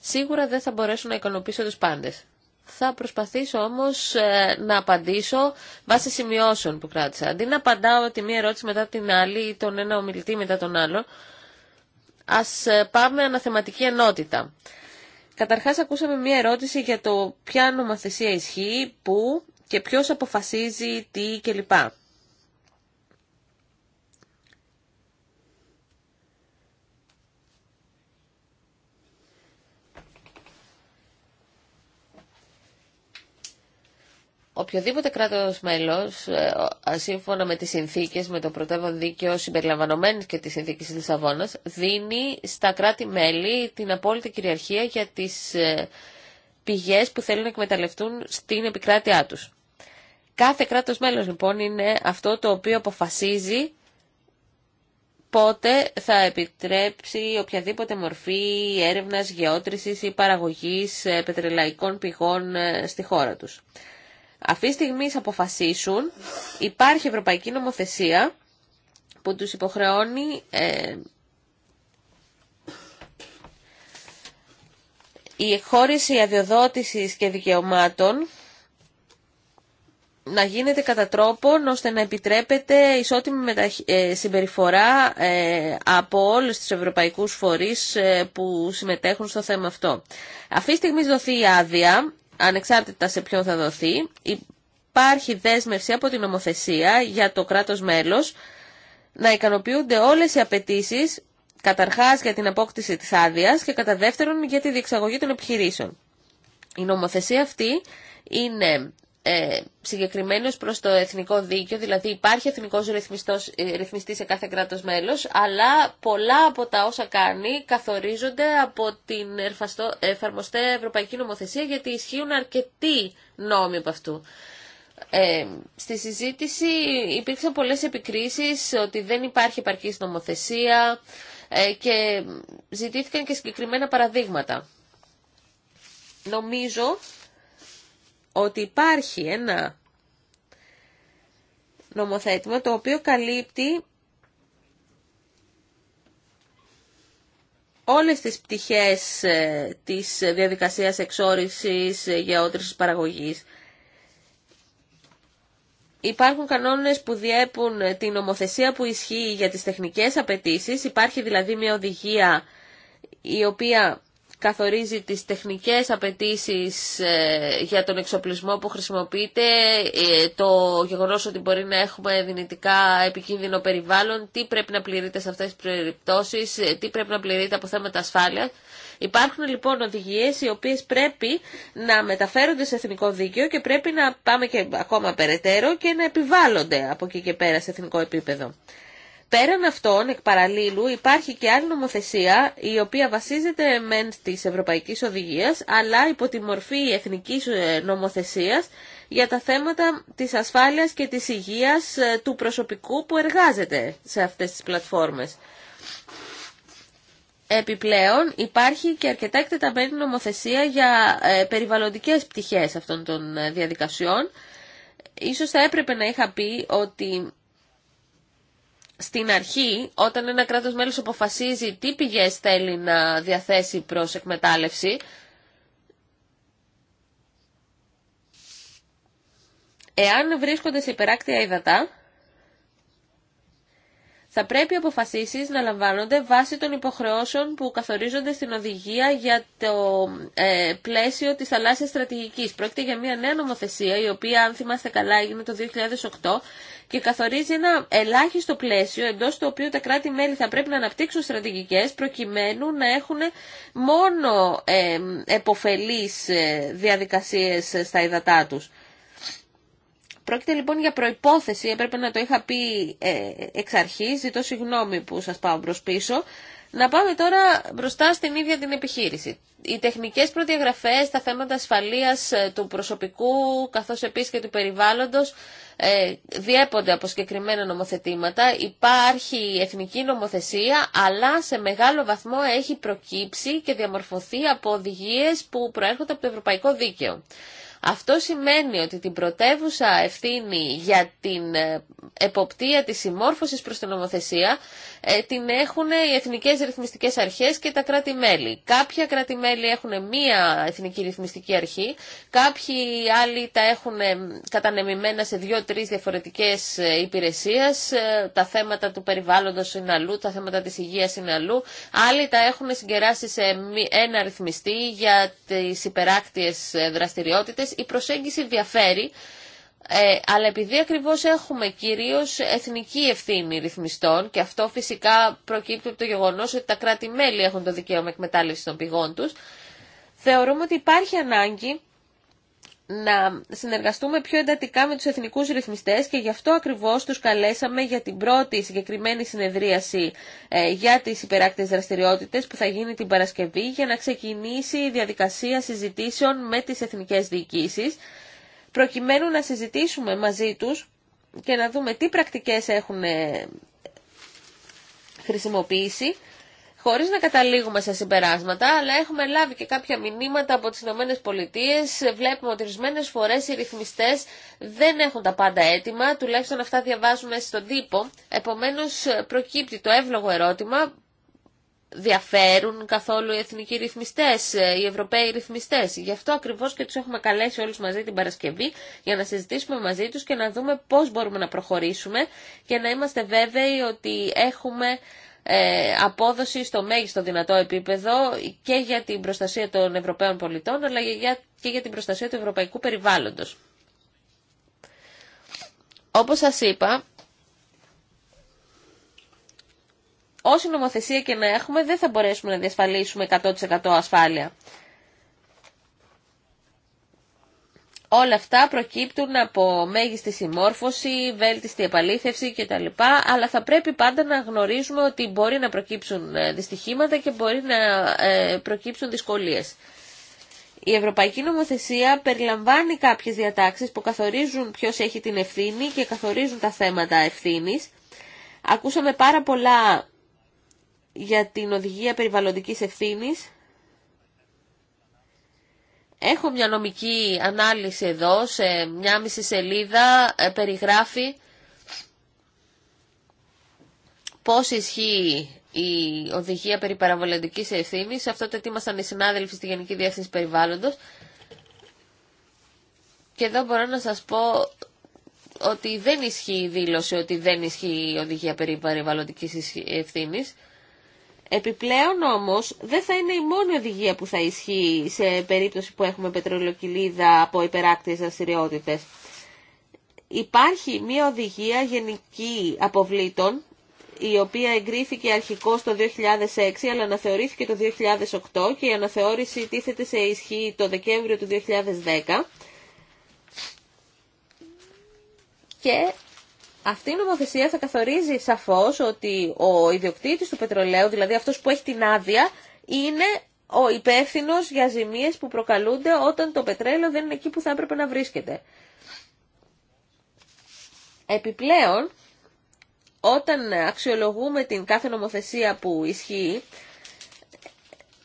σίγουρα δεν θα μπορέσω να ικανοποιήσω τους πάντες. Θα προσπαθήσω όμως ε, να απαντήσω βάσει σημειώσεων που κράτησα. Αντί να απαντάω τη μία ερώτηση μετά την άλλη ή τον ένα ομιλητή μετά τον άλλο, ας ε, πάμε αναθεματική ενότητα. Καταρχάς ακούσαμε μία ερώτηση για το ποια νομοθεσία ισχύει, πού και ποιος αποφασίζει τι κλπ. οποιοδήποτε κράτος μέλος, ε, σύμφωνα με τις συνθήκες, με το πρωτεύον δίκαιο συμπεριλαμβανομένης και της συνθήκης της Λισαβόνας, δίνει στα κράτη-μέλη την απόλυτη κυριαρχία για τις ε, πηγές που θέλουν να εκμεταλλευτούν στην επικράτειά τους. Κάθε κράτος μέλος λοιπόν είναι αυτό το οποίο αποφασίζει πότε θα επιτρέψει οποιαδήποτε μορφή έρευνας, γεώτρησης ή παραγωγής ε, πετρελαϊκών πηγών στη χώρα τους αυτή τη στιγμή αποφασίσουν, υπάρχει ευρωπαϊκή νομοθεσία που τους υποχρεώνει ε, η εκχώρηση αδειοδότησης και δικαιωμάτων να γίνεται κατά τρόπον ώστε να επιτρέπεται ισότιμη ε, συμπεριφορά ε, από όλους τους ευρωπαϊκούς φορείς που συμμετέχουν στο θέμα αυτό. Αυτή τη στιγμή δοθεί η άδεια ανεξάρτητα σε ποιον θα δοθεί, υπάρχει δέσμευση από την νομοθεσία για το κράτος μέλος να ικανοποιούνται όλες οι απαιτήσει καταρχάς για την απόκτηση της άδεια και κατά δεύτερον για τη διεξαγωγή των επιχειρήσεων. Η νομοθεσία αυτή είναι ε, συγκεκριμένος προς το εθνικό δίκαιο, δηλαδή υπάρχει εθνικός ε, ρυθμιστή ρυθμιστής σε κάθε κράτος μέλος, αλλά πολλά από τα όσα κάνει καθορίζονται από την εφαρμοστέ ευρωπαϊκή νομοθεσία γιατί ισχύουν αρκετοί νόμοι από αυτού. Ε, στη συζήτηση υπήρξαν πολλές επικρίσεις ότι δεν υπάρχει επαρκής νομοθεσία ε, και ζητήθηκαν και συγκεκριμένα παραδείγματα. Νομίζω ότι υπάρχει ένα νομοθέτημα το οποίο καλύπτει όλες τις πτυχές ε, της διαδικασίας εξόρισης ε, γεώτρησης παραγωγής. Υπάρχουν κανόνες που διέπουν ε, την νομοθεσία που ισχύει για τις τεχνικές απαιτήσεις. Υπάρχει δηλαδή μια οδηγία η οποία καθορίζει τις τεχνικές απαιτήσεις ε, για τον εξοπλισμό που χρησιμοποιείται, ε, το γεγονός ότι μπορεί να έχουμε δυνητικά επικίνδυνο περιβάλλον, τι πρέπει να πληρείται σε αυτές τις περιπτώσεις, ε, τι πρέπει να πληρείται από θέματα ασφάλειας. Υπάρχουν λοιπόν οδηγίες οι οποίες πρέπει να μεταφέρονται σε εθνικό δίκαιο και πρέπει να πάμε και ακόμα περαιτέρω και να επιβάλλονται από εκεί και πέρα σε εθνικό επίπεδο. Πέραν αυτών, εκ παραλίλου, υπάρχει και άλλη νομοθεσία η οποία βασίζεται μεν τη Ευρωπαϊκή οδηγία, αλλά υπό τη μορφή εθνικής ε, νομοθεσίας για τα θέματα της ασφάλειας και της υγείας ε, του προσωπικού που εργάζεται σε αυτέ τις πλατφόρμες. Επιπλέον υπάρχει και αρκετά εκτεταμένη νομοθεσία για ε, περιβαλλοντικές πτυχές αυτών των διαδικασιών. Ίσως θα έπρεπε να είχα πει ότι στην αρχή, όταν ένα κράτος μέλος αποφασίζει τι πηγέ θέλει να διαθέσει προς εκμετάλλευση, εάν βρίσκονται σε υπεράκτια υδατά, θα πρέπει οι αποφασίσεις να λαμβάνονται βάσει των υποχρεώσεων που καθορίζονται στην οδηγία για το ε, πλαίσιο της θαλάσσιας στρατηγικής. Πρόκειται για μια νέα νομοθεσία, η οποία, αν θυμάστε καλά, έγινε το 2008 και καθορίζει ένα ελάχιστο πλαίσιο εντό του οποίου τα κράτη-μέλη θα πρέπει να αναπτύξουν στρατηγικές προκειμένου να έχουν μόνο ε, εποφελείς διαδικασίες στα υδατά τους. Πρόκειται λοιπόν για προϋπόθεση, έπρεπε να το είχα πει ε, εξ αρχής, ζητώ συγγνώμη που σας πάω προς πίσω, να πάμε τώρα μπροστά στην ίδια την επιχείρηση. Οι τεχνικές προδιαγραφές, τα θέματα ασφαλείας ε, του προσωπικού καθώς επίσης και του περιβάλλοντος ε, διέπονται από συγκεκριμένα νομοθετήματα. Υπάρχει εθνική νομοθεσία αλλά σε μεγάλο βαθμό έχει προκύψει και διαμορφωθεί από οδηγίες που προέρχονται από το ευρωπαϊκό δίκαιο. Αυτό σημαίνει ότι την πρωτεύουσα ευθύνη για την ε, εποπτεία της συμμόρφωσης προς την νομοθεσία ε, την έχουν οι εθνικές ρυθμιστικές αρχές και τα κράτη-μέλη. Κάποια κράτη-μέλη έχουν μία εθνική ρυθμιστική αρχή, κάποιοι άλλοι τα έχουν ε, κατανεμημένα σε δύο-τρεις διαφορετικές υπηρεσίες, τα θέματα του περιβάλλοντος είναι αλλού, τα θέματα της υγείας είναι αλλού, άλλοι τα έχουν συγκεράσει σε ένα ρυθμιστή για τις υπεράκτιες δραστηριότητες η προσέγγιση διαφέρει. Ε, αλλά επειδή ακριβώς έχουμε κυρίως εθνική ευθύνη ρυθμιστών και αυτό φυσικά προκύπτει από το γεγονός ότι τα κράτη-μέλη έχουν το δικαίωμα εκμετάλλευση των πηγών τους, θεωρούμε ότι υπάρχει ανάγκη να συνεργαστούμε πιο εντατικά με τους εθνικούς ρυθμιστές και γι' αυτό ακριβώς τους καλέσαμε για την πρώτη συγκεκριμένη συνεδρίαση ε, για τις υπεράκτες δραστηριότητες που θα γίνει την Παρασκευή για να ξεκινήσει η διαδικασία συζητήσεων με τις εθνικές διοικήσεις προκειμένου να συζητήσουμε μαζί τους και να δούμε τι πρακτικές έχουν ε, χρησιμοποιήσει χωρίς να καταλήγουμε σε συμπεράσματα, αλλά έχουμε λάβει και κάποια μηνύματα από τις Ηνωμένες Πολιτείες. Βλέπουμε ότι ορισμένε φορές οι ρυθμιστές δεν έχουν τα πάντα έτοιμα, τουλάχιστον αυτά διαβάζουμε στον τύπο. Επομένως προκύπτει το εύλογο ερώτημα, διαφέρουν καθόλου οι εθνικοί ρυθμιστές, οι ευρωπαίοι ρυθμιστές. Γι' αυτό ακριβώς και τους έχουμε καλέσει όλους μαζί την Παρασκευή για να συζητήσουμε μαζί τους και να δούμε πώς μπορούμε να προχωρήσουμε και να είμαστε βέβαιοι ότι έχουμε ε, απόδοση στο μέγιστο δυνατό επίπεδο και για την προστασία των Ευρωπαίων πολιτών αλλά και για την προστασία του ευρωπαϊκού περιβάλλοντος. Όπως σας είπα, όση νομοθεσία και να έχουμε δεν θα μπορέσουμε να διασφαλίσουμε 100% ασφάλεια. Όλα αυτά προκύπτουν από μέγιστη συμμόρφωση, βέλτιστη επαλήθευση κτλ. Αλλά θα πρέπει πάντα να γνωρίζουμε ότι μπορεί να προκύψουν ε, δυστυχήματα και μπορεί να ε, προκύψουν δυσκολίες. Η Ευρωπαϊκή Νομοθεσία περιλαμβάνει κάποιες διατάξεις που καθορίζουν ποιος έχει την ευθύνη και καθορίζουν τα θέματα ευθύνης. Ακούσαμε πάρα πολλά για την οδηγία περιβαλλοντικής ευθύνης. Έχω μια νομική ανάλυση εδώ, σε μια μισή σελίδα, ε, περιγράφει πώς ισχύει η οδηγία περί παραβολαντικής Αυτό το ετοίμασαν οι συνάδελφοι στη Γενική Διεύθυνση Περιβάλλοντος. Και εδώ μπορώ να σας πω ότι δεν ισχύει η δήλωση ότι δεν ισχύει η οδηγία περί παραβολαντικής ευθύνης. Επιπλέον όμως δεν θα είναι η μόνη οδηγία που θα ισχύει σε περίπτωση που έχουμε πετρελοκυλίδα από υπεράκτιες δραστηριότητε. Υπάρχει μια οδηγία γενική αποβλήτων η οποία εγκρίθηκε αρχικώς το 2006 αλλά αναθεωρήθηκε το 2008 και η αναθεώρηση τίθεται σε ισχύ το Δεκέμβριο του 2010 και αυτή η νομοθεσία θα καθορίζει σαφώς ότι ο ιδιοκτήτης του πετρελαίου, δηλαδή αυτός που έχει την άδεια, είναι ο υπεύθυνο για ζημίες που προκαλούνται όταν το πετρέλαιο δεν είναι εκεί που θα έπρεπε να βρίσκεται. Επιπλέον, όταν αξιολογούμε την κάθε νομοθεσία που ισχύει,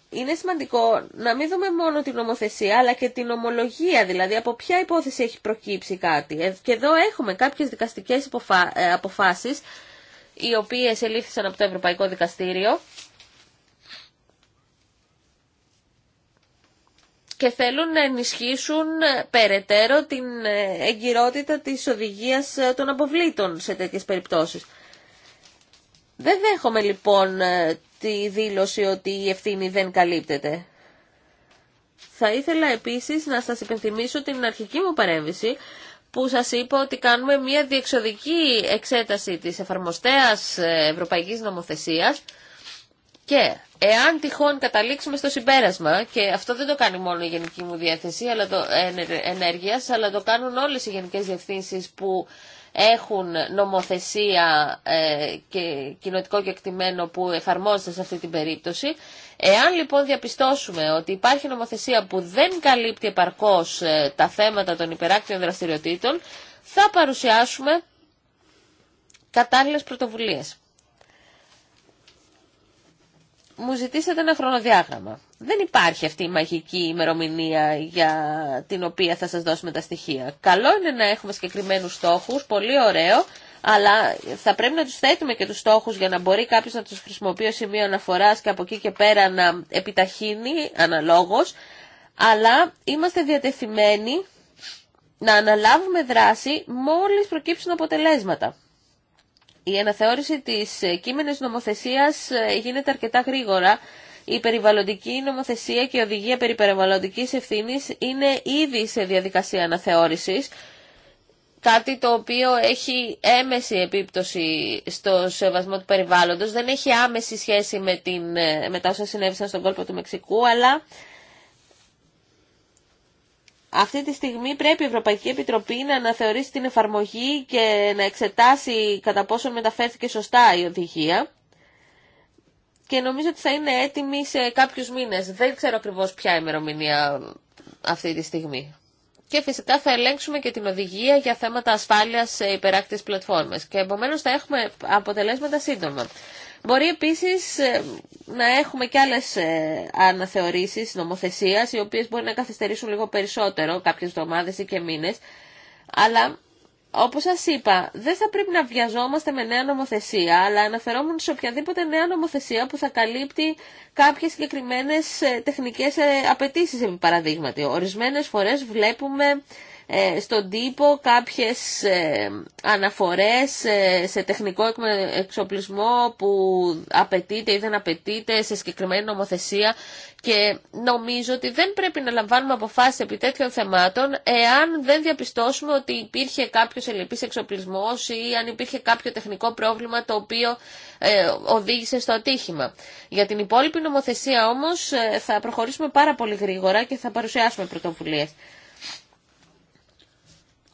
είναι σημαντικό να μην δούμε μόνο την νομοθεσία αλλά και την ομολογία, δηλαδή από ποια υπόθεση έχει προκύψει κάτι. Ε, και εδώ έχουμε κάποιες δικαστικές ε, αποφάσεις οι οποίες ελήφθησαν από το Ευρωπαϊκό Δικαστήριο και θέλουν να ενισχύσουν ε, περαιτέρω την εγκυρότητα της οδηγίας των αποβλήτων σε τέτοιες περιπτώσεις. Δεν δέχομαι λοιπόν τη δήλωση ότι η ευθύνη δεν καλύπτεται. Θα ήθελα επίσης να σας υπενθυμίσω την αρχική μου παρέμβηση που σας είπα ότι κάνουμε μια διεξοδική εξέταση της εφαρμοστέας ευρωπαϊκής νομοθεσίας και εάν τυχόν καταλήξουμε στο συμπέρασμα, και αυτό δεν το κάνει μόνο η Γενική μου Διεύθυνση αλλά το, ε, ενεργείας, αλλά το κάνουν όλες οι Γενικές Διευθύνσεις που έχουν νομοθεσία ε, και κοινοτικό κεκτημένο που εφαρμόζεται σε αυτή την περίπτωση. Εάν λοιπόν διαπιστώσουμε ότι υπάρχει νομοθεσία που δεν καλύπτει επαρκώς ε, τα θέματα των υπεράκτιων δραστηριοτήτων, θα παρουσιάσουμε κατάλληλες πρωτοβουλίες. Μου ζητήσατε ένα χρονοδιάγραμμα. Δεν υπάρχει αυτή η μαγική ημερομηνία για την οποία θα σας δώσουμε τα στοιχεία. Καλό είναι να έχουμε συγκεκριμένους στόχους, πολύ ωραίο, αλλά θα πρέπει να τους θέτουμε και τους στόχους για να μπορεί κάποιος να τους χρησιμοποιεί ως σημείο αναφοράς και από εκεί και πέρα να επιταχύνει αναλόγως, αλλά είμαστε διατεθειμένοι να αναλάβουμε δράση μόλις προκύψουν αποτελέσματα. Η αναθεώρηση της κείμενης νομοθεσίας ε, γίνεται αρκετά γρήγορα η περιβαλλοντική νομοθεσία και η οδηγία περί περιβαλλοντικής ευθύνης είναι ήδη σε διαδικασία αναθεώρησης, κάτι το οποίο έχει έμεση επίπτωση στο σεβασμό του περιβάλλοντος, δεν έχει άμεση σχέση με, την, με τα όσα συνέβησαν στον κόλπο του Μεξικού, αλλά αυτή τη στιγμή πρέπει η Ευρωπαϊκή Επιτροπή να αναθεωρήσει την εφαρμογή και να εξετάσει κατά πόσο μεταφέρθηκε σωστά η οδηγία και νομίζω ότι θα είναι έτοιμη σε κάποιους μήνες. Δεν ξέρω ακριβώς ποια ημερομηνία αυτή τη στιγμή. Και φυσικά θα ελέγξουμε και την οδηγία για θέματα ασφάλειας σε υπεράκτητε πλατφόρμες και επομένω θα έχουμε αποτελέσματα σύντομα. Μπορεί επίσης ε, να έχουμε και άλλε ε, αναθεωρήσεις νομοθεσίας, οι οποίες μπορεί να καθυστερήσουν λίγο περισσότερο κάποιε εβδομάδε ή και μήνε, αλλά όπως σας είπα, δεν θα πρέπει να βιαζόμαστε με νέα νομοθεσία, αλλά αναφερόμουν σε οποιαδήποτε νέα νομοθεσία που θα καλύπτει κάποιες συγκεκριμένες ε, τεχνικές ε, απαιτήσεις, επί παραδείγματι. Ορισμένες φορές βλέπουμε ε, στον τύπο κάποιες ε, αναφορές ε, σε τεχνικό εξοπλισμό που απαιτείται ή δεν απαιτείται σε συγκεκριμένη νομοθεσία και νομίζω ότι δεν πρέπει να λαμβάνουμε αποφάσεις επί τέτοιων θεμάτων εάν δεν διαπιστώσουμε ότι υπήρχε κάποιος ελληπής εξοπλισμός ή αν υπήρχε κάποιο τεχνικό πρόβλημα το οποίο οδήγησε στο ατύχημα. Για την υπόλοιπη νομοθεσία όμως θα προχωρήσουμε πάρα πολύ γρήγορα και θα παρουσιάσουμε πρωτοβουλίες.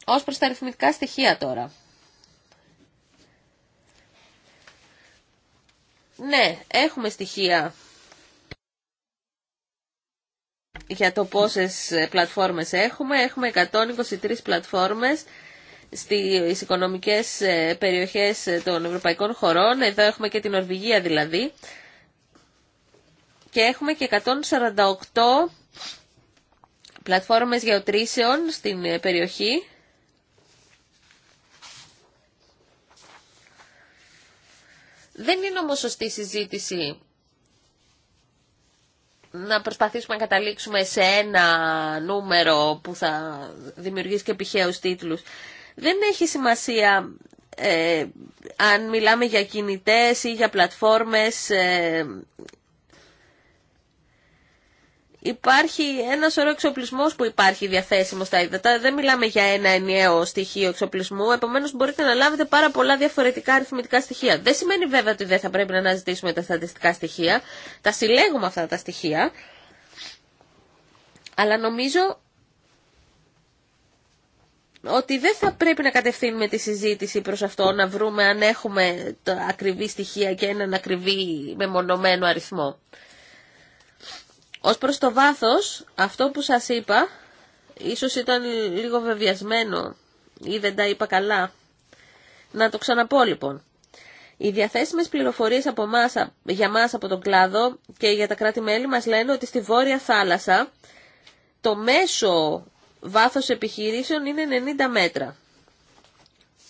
Ως προς τα αριθμητικά στοιχεία τώρα. Ναι, έχουμε στοιχεία για το πόσες ε, πλατφόρμες έχουμε. Έχουμε 123 πλατφόρμες στις οικονομικές ε, περιοχές ε, των ευρωπαϊκών χωρών. Εδώ έχουμε και την Ορβηγία δηλαδή. Και έχουμε και 148 πλατφόρμες γεωτρήσεων στην περιοχή. Δεν είναι όμως σωστή συζήτηση να προσπαθήσουμε να καταλήξουμε σε ένα νούμερο που θα δημιουργήσει και επιχαίους τίτλους. Δεν έχει σημασία ε, αν μιλάμε για κινητές ή για πλατφόρμες ε, Υπάρχει ένα σωρό εξοπλισμό που υπάρχει διαθέσιμο στα ύδατα. Δεν μιλάμε για ένα ενιαίο στοιχείο εξοπλισμού, επομένω μπορείτε να λάβετε πάρα πολλά διαφορετικά αριθμητικά στοιχεία. Δεν σημαίνει βέβαια ότι δεν θα πρέπει να αναζητήσουμε τα στατιστικά στοιχεία. Τα συλλέγουμε αυτά τα στοιχεία. Αλλά νομίζω ότι δεν θα πρέπει να κατευθύνουμε τη συζήτηση προς αυτό, να βρούμε αν έχουμε ακριβή στοιχεία και έναν ακριβή μεμονωμένο αριθμό. Ως προς το βάθος, αυτό που σας είπα, ίσως ήταν λίγο βεβιασμένο ή δεν τα είπα καλά. Να το ξαναπώ λοιπόν. Οι διαθέσιμες πληροφορίες από μας, για μας από τον κλάδο και για τα κράτη-μέλη μας λένε ότι στη Βόρεια Θάλασσα το μέσο βάθος επιχειρήσεων είναι 90 μέτρα.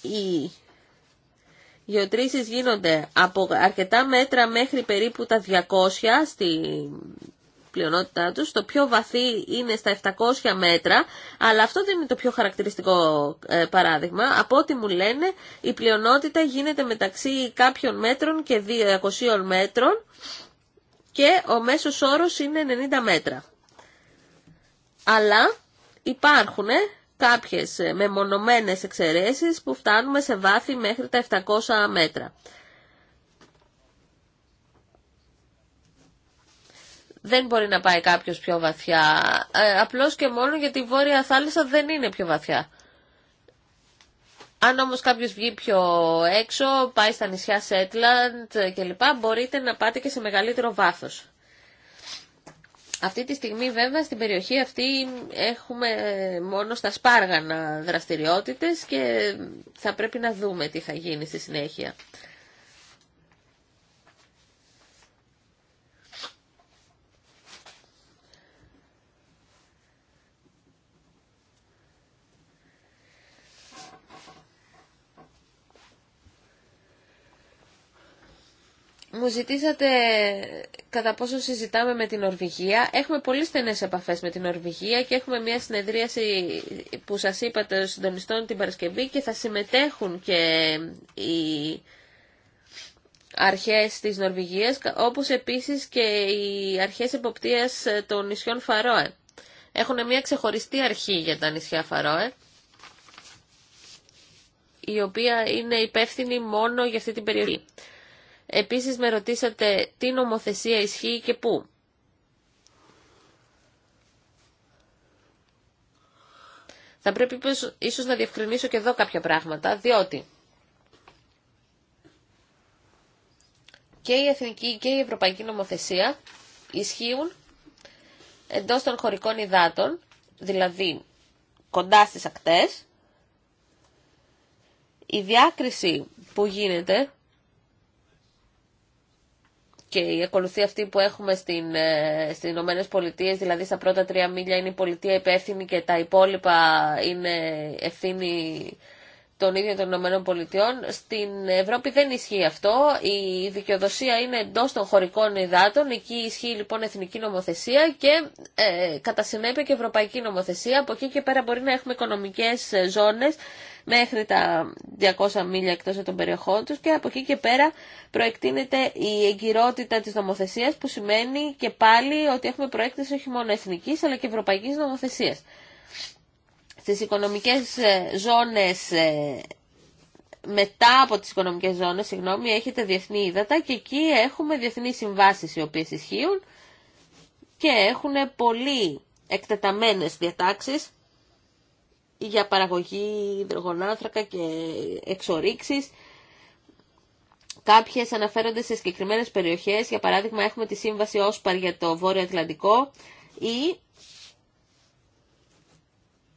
Οι γεωτρήσεις γίνονται από αρκετά μέτρα μέχρι περίπου τα 200 στη πλειονότητά τους. Το πιο βαθύ είναι στα 700 μέτρα, αλλά αυτό δεν είναι το πιο χαρακτηριστικό ε, παράδειγμα. Από ό,τι μου λένε, η πλειονότητα γίνεται μεταξύ κάποιων μέτρων και 200 μέτρων και ο μέσος όρος είναι 90 μέτρα. Αλλά υπάρχουν ε, κάποιες ε, μεμονωμένες εξαιρέσεις που φτάνουμε σε βάθη μέχρι τα 700 μέτρα. δεν μπορεί να πάει κάποιος πιο βαθιά, ε, απλώς και μόνο γιατί η Βόρεια Θάλασσα δεν είναι πιο βαθιά. Αν όμως κάποιος βγει πιο έξω, πάει στα νησιά Σέτλαντ κλπ, μπορείτε να πάτε και σε μεγαλύτερο βάθος. Αυτή τη στιγμή βέβαια στην περιοχή αυτή έχουμε μόνο στα Σπάργανα δραστηριότητες και θα πρέπει να δούμε τι θα γίνει στη συνέχεια. Μου ζητήσατε κατά πόσο συζητάμε με την Νορβηγία. Έχουμε πολύ στενές επαφές με την Νορβηγία και έχουμε μια συνεδρίαση που σας είπατε των συντονιστών την Παρασκευή και θα συμμετέχουν και οι αρχές της Νορβηγίας, όπως επίσης και οι αρχές εποπτείας των νησιών Φαρόε. Έχουν μια ξεχωριστή αρχή για τα νησιά Φαρόε, η οποία είναι υπεύθυνη μόνο για αυτή την περιοχή. Επίσης με ρωτήσατε τι νομοθεσία ισχύει και πού. Θα πρέπει ίσως να διευκρινίσω και εδώ κάποια πράγματα, διότι και η εθνική και η ευρωπαϊκή νομοθεσία ισχύουν εντός των χωρικών υδάτων, δηλαδή κοντά στις ακτές, η διάκριση που γίνεται και η ακολουθία αυτή που έχουμε στην, ε, στις Ηνωμένες Πολιτείες, δηλαδή στα πρώτα τρία μίλια είναι η πολιτεία υπεύθυνη και τα υπόλοιπα είναι ευθύνη των ίδιων των Ηνωμένων Πολιτειών. Στην Ευρώπη δεν ισχύει αυτό. Η δικαιοδοσία είναι εντό των χωρικών υδάτων. Εκεί ισχύει λοιπόν εθνική νομοθεσία και ε, κατά συνέπεια και ευρωπαϊκή νομοθεσία. Από εκεί και πέρα μπορεί να έχουμε οικονομικές ζώνες μέχρι τα 200 μίλια εκτός των περιοχών τους και από εκεί και πέρα προεκτείνεται η εγκυρότητα της νομοθεσίας που σημαίνει και πάλι ότι έχουμε προέκτηση όχι μόνο εθνικής αλλά και ευρωπαϊκής νομοθεσίας στις οικονομικές ε, ζώνες ε, μετά από τις οικονομικές ζώνες, συγγνώμη, έχετε διεθνή ύδατα και εκεί έχουμε διεθνή συμβάσεις οι οποίες ισχύουν και έχουν πολύ εκτεταμένες διατάξεις για παραγωγή υδρογονάνθρακα και εξορίξεις. Κάποιες αναφέρονται σε συγκεκριμένες περιοχές, για παράδειγμα έχουμε τη σύμβαση Όσπαρ για το Βόρειο Ατλαντικό ή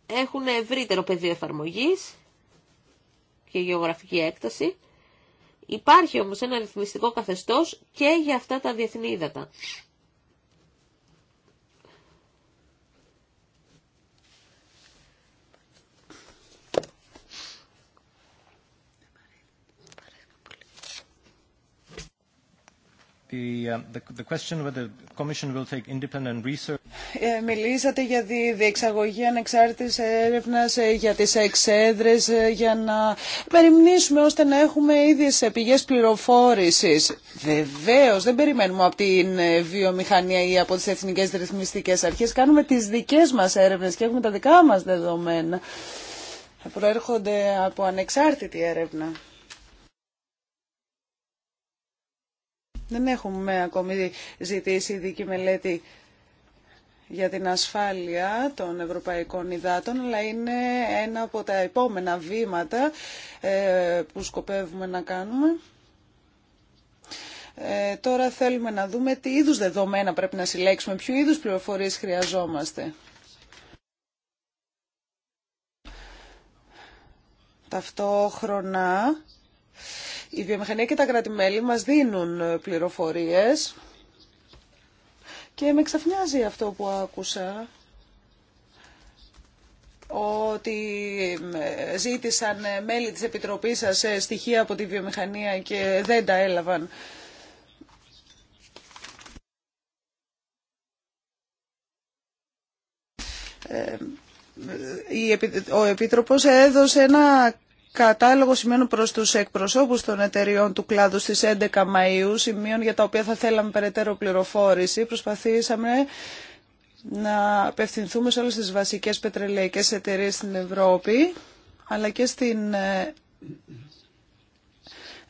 έχουν ευρύτερο πεδίο εφαρμογής και γεωγραφική έκταση. Υπάρχει όμως ένα ρυθμιστικό καθεστώς και για αυτά τα διεθνή Μιλήσατε για τη διεξαγωγή ανεξάρτητης έρευνας ε, για τις εξέδρες ε, για να περιμνήσουμε ώστε να έχουμε ίδιες πηγέ πληροφόρηση. Βεβαίω δεν περιμένουμε από την ε, βιομηχανία ή από τις εθνικές ρυθμιστικές αρχές. Κάνουμε τις δικές μας έρευνες και έχουμε τα δικά μας δεδομένα. Προέρχονται από ανεξάρτητη έρευνα. Δεν έχουμε ακόμη ζητήσει ειδική μελέτη για την ασφάλεια των ευρωπαϊκών υδάτων, αλλά είναι ένα από τα επόμενα βήματα ε, που σκοπεύουμε να κάνουμε. Ε, τώρα θέλουμε να δούμε τι είδους δεδομένα πρέπει να συλλέξουμε, ποιο είδους πληροφορίες χρειαζόμαστε. Ταυτόχρονα η βιομηχανία και τα κρατη μας δίνουν ε, πληροφορίες και με ξαφνιάζει αυτό που άκουσα ότι ε, ζήτησαν ε, μέλη της Επιτροπής σας στοιχεία από τη βιομηχανία και δεν τα έλαβαν. Ο Επίτροπος έδωσε ένα κατάλογο σημαίνουν προς τους εκπροσώπους των εταιριών του κλάδου στις 11 Μαΐου, σημείων για τα οποία θα θέλαμε περαιτέρω πληροφόρηση. Προσπαθήσαμε να απευθυνθούμε σε όλες τις βασικές πετρελαϊκές εταιρείες στην Ευρώπη, αλλά και στην ε,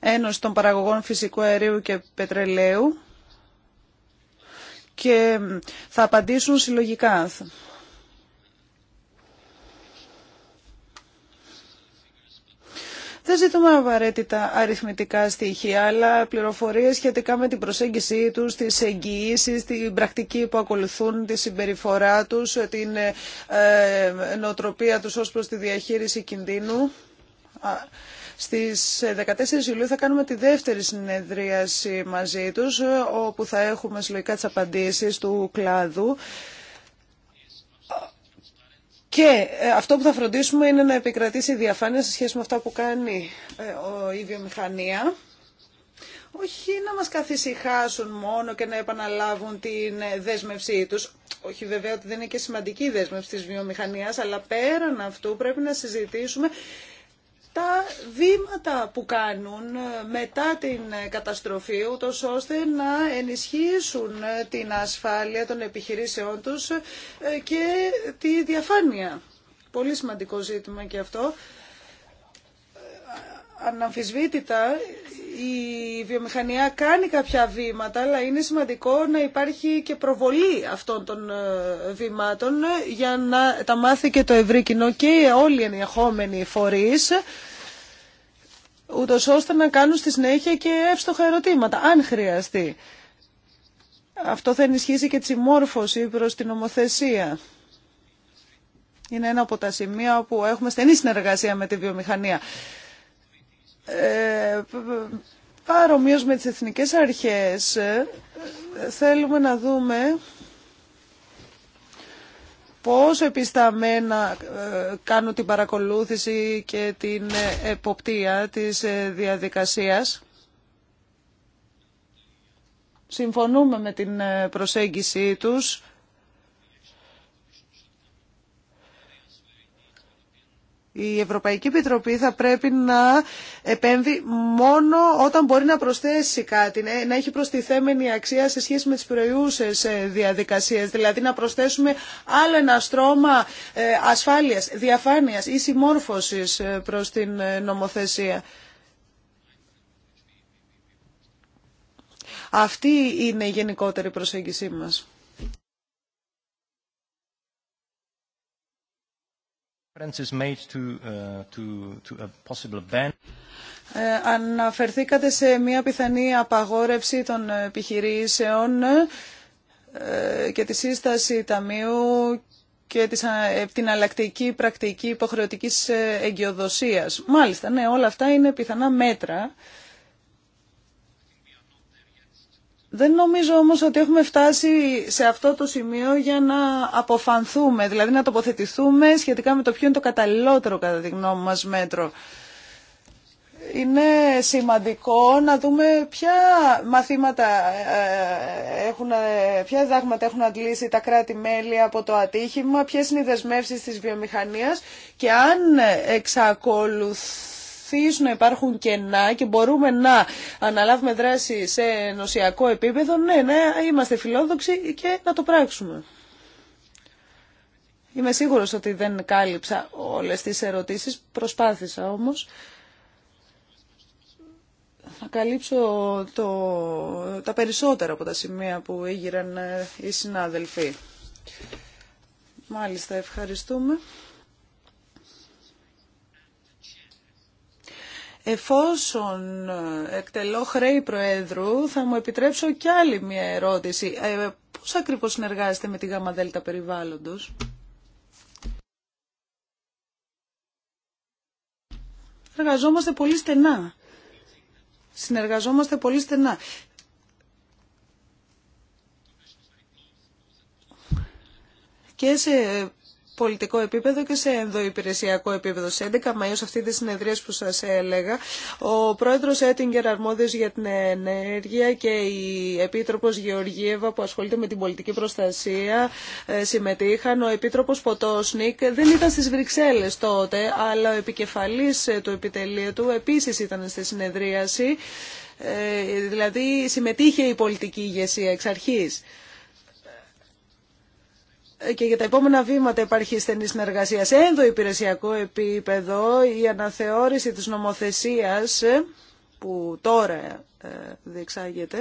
Ένωση των Παραγωγών Φυσικού Αερίου και Πετρελαίου και ε, θα απαντήσουν συλλογικά. Δεν ζητούμε απαραίτητα αριθμητικά στοιχεία, αλλά πληροφορίες σχετικά με την προσέγγιση τους, τι εγγυήσει, την πρακτική που ακολουθούν, τη συμπεριφορά τους, την ε, νοοτροπία του ω προς τη διαχείριση κινδύνου. Στις 14 ε, Ιουλίου θα κάνουμε τη δεύτερη συνεδρίαση μαζί τους, ε, όπου θα έχουμε συλλογικά τι απαντήσει του κλάδου. Και ε, αυτό που θα φροντίσουμε είναι να επικρατήσει η διαφάνεια σε σχέση με αυτά που κάνει ε, η βιομηχανία. Όχι να μας καθησυχάσουν μόνο και να επαναλάβουν την ε, δέσμευσή τους. Όχι βέβαια ότι δεν είναι και σημαντική η δέσμευση της βιομηχανίας, αλλά πέραν αυτού πρέπει να συζητήσουμε τα βήματα που κάνουν ε, μετά την ε, καταστροφή, ούτως ώστε να ενισχύσουν ε, την ασφάλεια των επιχειρήσεών τους και τη διαφάνεια. Πολύ σημαντικό ζήτημα και αυτό αναμφισβήτητα η βιομηχανία κάνει κάποια βήματα, αλλά είναι σημαντικό να υπάρχει και προβολή αυτών των ε, βήματων για να τα μάθει και το ευρύ κοινό και όλοι οι ενεχόμενοι φορείς, ούτως ώστε να κάνουν στη συνέχεια και εύστοχα ερωτήματα, αν χρειαστεί. Αυτό θα ενισχύσει και τη συμμόρφωση προς την ομοθεσία. Είναι ένα από τα σημεία που έχουμε στενή συνεργασία με τη βιομηχανία παρομοίως με τις εθνικές αρχές ε, θέλουμε να δούμε πώς επισταμένα ε, κάνουν την παρακολούθηση και την ε, εποπτεία της διαδικασίας. Συμφωνούμε με την προσέγγιση τους Η Ευρωπαϊκή Επιτροπή θα πρέπει να επέμβει μόνο όταν μπορεί να προσθέσει κάτι, να έχει προστιθέμενη αξία σε σχέση με τις προϊούσες ε, διαδικασίες, δηλαδή να προσθέσουμε άλλο ένα στρώμα ε, ασφάλειας, διαφάνειας ή συμμόρφωσης ε, προς την νομοθεσία. Αυτή είναι η γενικότερη προσέγγισή μας. Uh, ε, αναφερθήκατε σε μια πιθανή απαγόρευση των επιχειρήσεων ε, και τη σύσταση ταμείου και ε, την αλλακτική πρακτική υποχρεωτικής εγκυοδοσίας. Μάλιστα, ναι, όλα αυτά είναι πιθανά μέτρα Δεν νομίζω όμως ότι έχουμε φτάσει σε αυτό το σημείο για να αποφανθούμε, δηλαδή να τοποθετηθούμε σχετικά με το ποιο είναι το καταλληλότερο κατά τη γνώμη μας μέτρο. Είναι σημαντικό να δούμε ποια μαθήματα ε, ε, έχουν, ε, ποια διδάγματα έχουν αντλήσει τα κράτη-μέλη από το ατύχημα, ποιες είναι οι δεσμεύσεις της βιομηχανίας και αν εξακολουθούν ευθύς να υπάρχουν κενά και μπορούμε να αναλάβουμε δράση σε νοσιακό επίπεδο, ναι, ναι, είμαστε φιλόδοξοι και να το πράξουμε. Είμαι σίγουρος ότι δεν κάλυψα όλες τις ερωτήσεις, προσπάθησα όμως. Θα καλύψω το, τα περισσότερα από τα σημεία που έγιραν ε, οι συνάδελφοι. Μάλιστα, ευχαριστούμε. Εφόσον ε, εκτελώ χρέη Προέδρου, θα μου επιτρέψω κι άλλη μια ερώτηση. Ε, πώς ακριβώς συνεργάζεστε με τη ΓΑΜΑ ΔΕΛΤΑ Περιβάλλοντος. Συνεργαζόμαστε πολύ στενά. Συνεργαζόμαστε πολύ στενά. Και σε πολιτικό επίπεδο και σε ενδοϊπηρεσιακό επίπεδο. Σε 11 Μαΐου, σε αυτή τη συνεδρία που σας έλεγα, ο πρόεδρος Έτιγκερ αρμόδιος για την ενέργεια και η Επίτροπος Γεωργίευα που ασχολείται με την πολιτική προστασία ε, συμμετείχαν. Ο Επίτροπος Ποτόσνικ δεν ήταν στις Βρυξέλλες τότε, αλλά ο επικεφαλής ε, του επιτελείου του επίσης ήταν στη συνεδρίαση. Ε, δηλαδή συμμετείχε η πολιτική ηγεσία εξ αρχής και για τα επόμενα βήματα υπάρχει στενή συνεργασία σε ενδοϊπηρεσιακό επίπεδο. Η αναθεώρηση της νομοθεσίας ε, που τώρα ε, διεξάγεται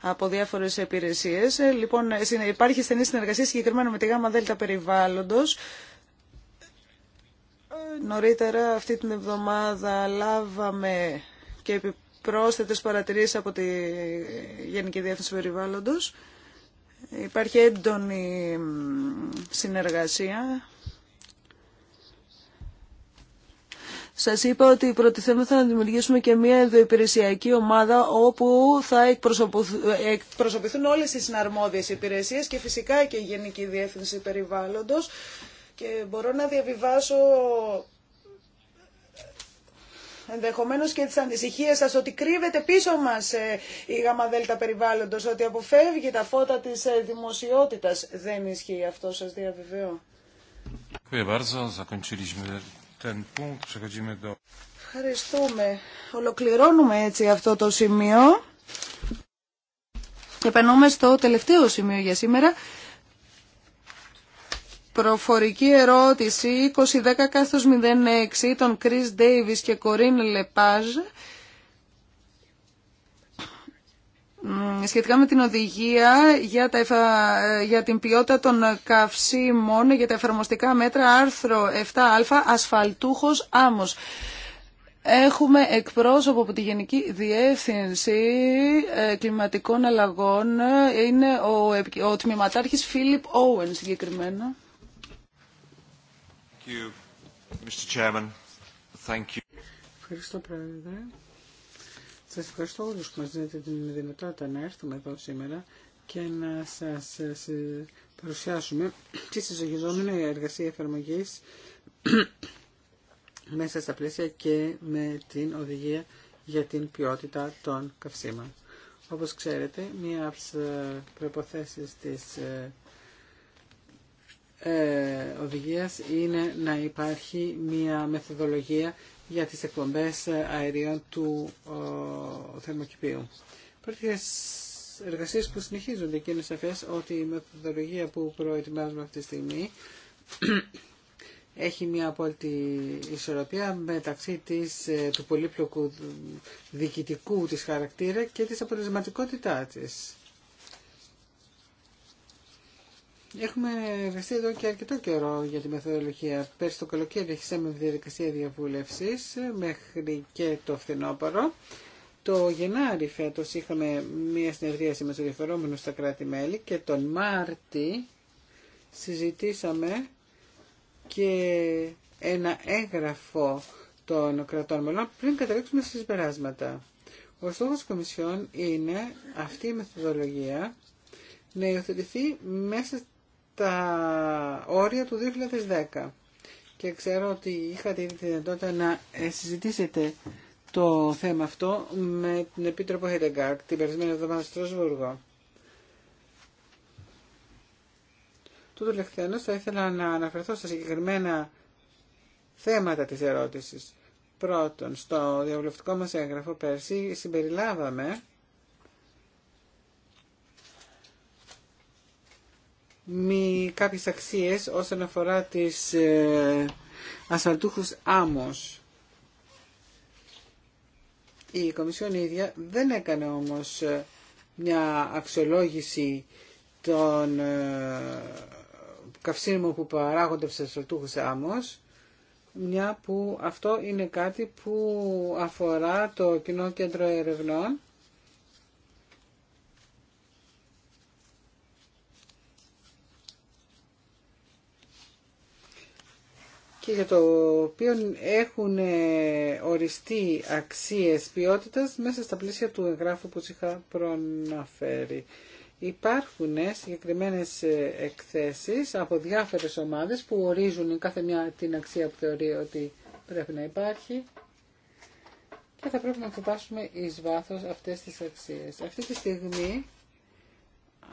από διάφορες υπηρεσίες. Ε, λοιπόν, υπάρχει στενή συνεργασία συγκεκριμένα με τη ΓΑΜΑ ΔΕΛΤΑ περιβάλλοντος. Νωρίτερα αυτή την εβδομάδα λάβαμε και επιπρόσθετες παρατηρήσεις από τη Γενική Διεύθυνση Περιβάλλοντος. Υπάρχει έντονη συνεργασία. Σας είπα ότι προτιθέμεθα να δημιουργήσουμε και μια ενδοϊπηρεσιακή ομάδα όπου θα εκπροσωπηθούν όλες οι συναρμόδιες υπηρεσίες και φυσικά και η Γενική Διεύθυνση Περιβάλλοντος και μπορώ να διαβιβάσω Ενδεχομένω και τις ανησυχία σα ότι κρύβεται πίσω μας ε, η γαμαδέλτα περιβάλλοντο, ότι αποφεύγει τα φώτα της ε, δημοσιοτητα Δεν ισχύει αυτό, σα διαβεβαιώ. Ευχαριστούμε. Ολοκληρώνουμε έτσι αυτό το σημείο. Επεννούμε στο τελευταίο σημείο για σήμερα. Προφορική ερώτηση 2010 06 των Chris Davis και Κορίν Λεπάζ σχετικά με την οδηγία για, τα, ε, για την ποιότητα των καυσίμων για τα εφαρμοστικά μέτρα άρθρο 7α ασφαλτούχος άμμος. Έχουμε εκπρόσωπο από τη Γενική Διεύθυνση ε, Κλιματικών Αλλαγών. Είναι ο, ο τμηματάρχης Φίλιπ Όουεν συγκεκριμένα. Ευχαριστώ, Πρόεδρε. Σας ευχαριστώ όλους που μα δίνετε την δυνατότητα να έρθουμε εδώ σήμερα και να σας ε, παρουσιάσουμε τι συζητιζόμενη εργασία εφαρμογή μέσα στα πλαίσια και με την οδηγία για την ποιότητα των καυσίμων. Όπως ξέρετε, μία από τις ε, προϋποθέσεις της ε, ε, οδηγίας είναι να υπάρχει μια μεθοδολογία για τις εκπομπές αερίων του θερμοκηπίου. Υπάρχουν εργασίες που συνεχίζονται και είναι σαφές ότι η μεθοδολογία που προετοιμάζουμε αυτή τη στιγμή έχει μια απόλυτη ισορροπία μεταξύ της, ε, του πολύπλοκου διοικητικού της χαρακτήρα και της αποτελεσματικότητά της. Έχουμε εργαστεί εδώ και αρκετό καιρό για τη μεθοδολογία. Πέρσι το καλοκαίρι αρχίσαμε τη διαδικασία διαβούλευση ε, μέχρι και το φθινόπωρο. Το Γενάρη φέτος είχαμε μια συνεργασία με τους ενδιαφερόμενου στα κράτη-μέλη και τον Μάρτι συζητήσαμε και ένα έγγραφο των κρατών μελών πριν καταλήξουμε στις συμπεράσματα. Ο στόχος της Κομισιόν είναι αυτή η μεθοδολογία να υιοθετηθεί μέσα τα όρια του 2010 και ξέρω ότι είχατε ήδη τη δυνατότητα να ε, συζητήσετε το θέμα αυτό με την Επίτροπο Χέντεγκάρκ την περισμένη εβδομάδα στο Στρασβούργο. Τούτου λεχθένως θα ήθελα να αναφερθώ στα συγκεκριμένα θέματα της ερώτησης. Πρώτον, στο διαβουλευτικό μας έγγραφο πέρσι συμπεριλάβαμε με κάποιες αξίες όσον αφορά τις ε, ασφαλτούχους άμμος. Η Κομισιόν ίδια δεν έκανε όμως ε, μια αξιολόγηση των ε, καυσίμων που παράγονται από ασφαλτούχους άμμος, μια που αυτό είναι κάτι που αφορά το Κοινό Κέντρο Ερευνών και για το οποίο έχουν ε, οριστεί αξίες ποιότητας μέσα στα πλήσια του εγγράφου που είχα προναφέρει. Υπάρχουν ε, συγκεκριμένες ε, εκθέσεις από διάφορες ομάδες που ορίζουν κάθε μια την αξία που θεωρεί ότι πρέπει να υπάρχει και θα πρέπει να εξετάσουμε εις βάθος αυτές τις αξίες. Αυτή τη στιγμή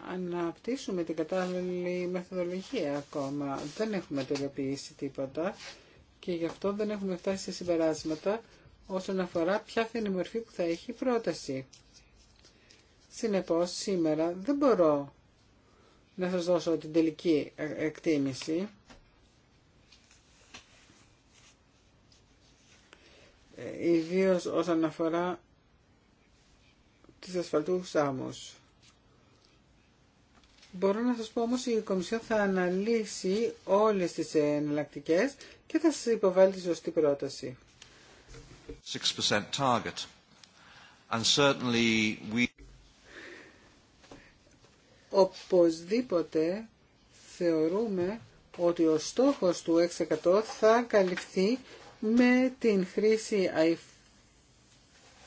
αναπτύσσουμε την κατάλληλη μεθοδολογία ακόμα. Δεν έχουμε τελειοποιήσει τίποτα και γι' αυτό δεν έχουμε φτάσει σε συμπεράσματα όσον αφορά ποια θα είναι η μορφή που θα έχει η πρόταση. Συνεπώς σήμερα δεν μπορώ να σας δώσω την τελική εκτίμηση. Ε, Ιδίω όσον αφορά τις ασφαλτούς άμμους. Μπορώ να σας πω όμως η Κομισιόν θα αναλύσει όλες τις εναλλακτικέ και θα σας υποβάλει τη σωστή πρόταση. Οπωσδήποτε θεωρούμε ότι ο στόχος του 6% θα καλυφθεί με την χρήση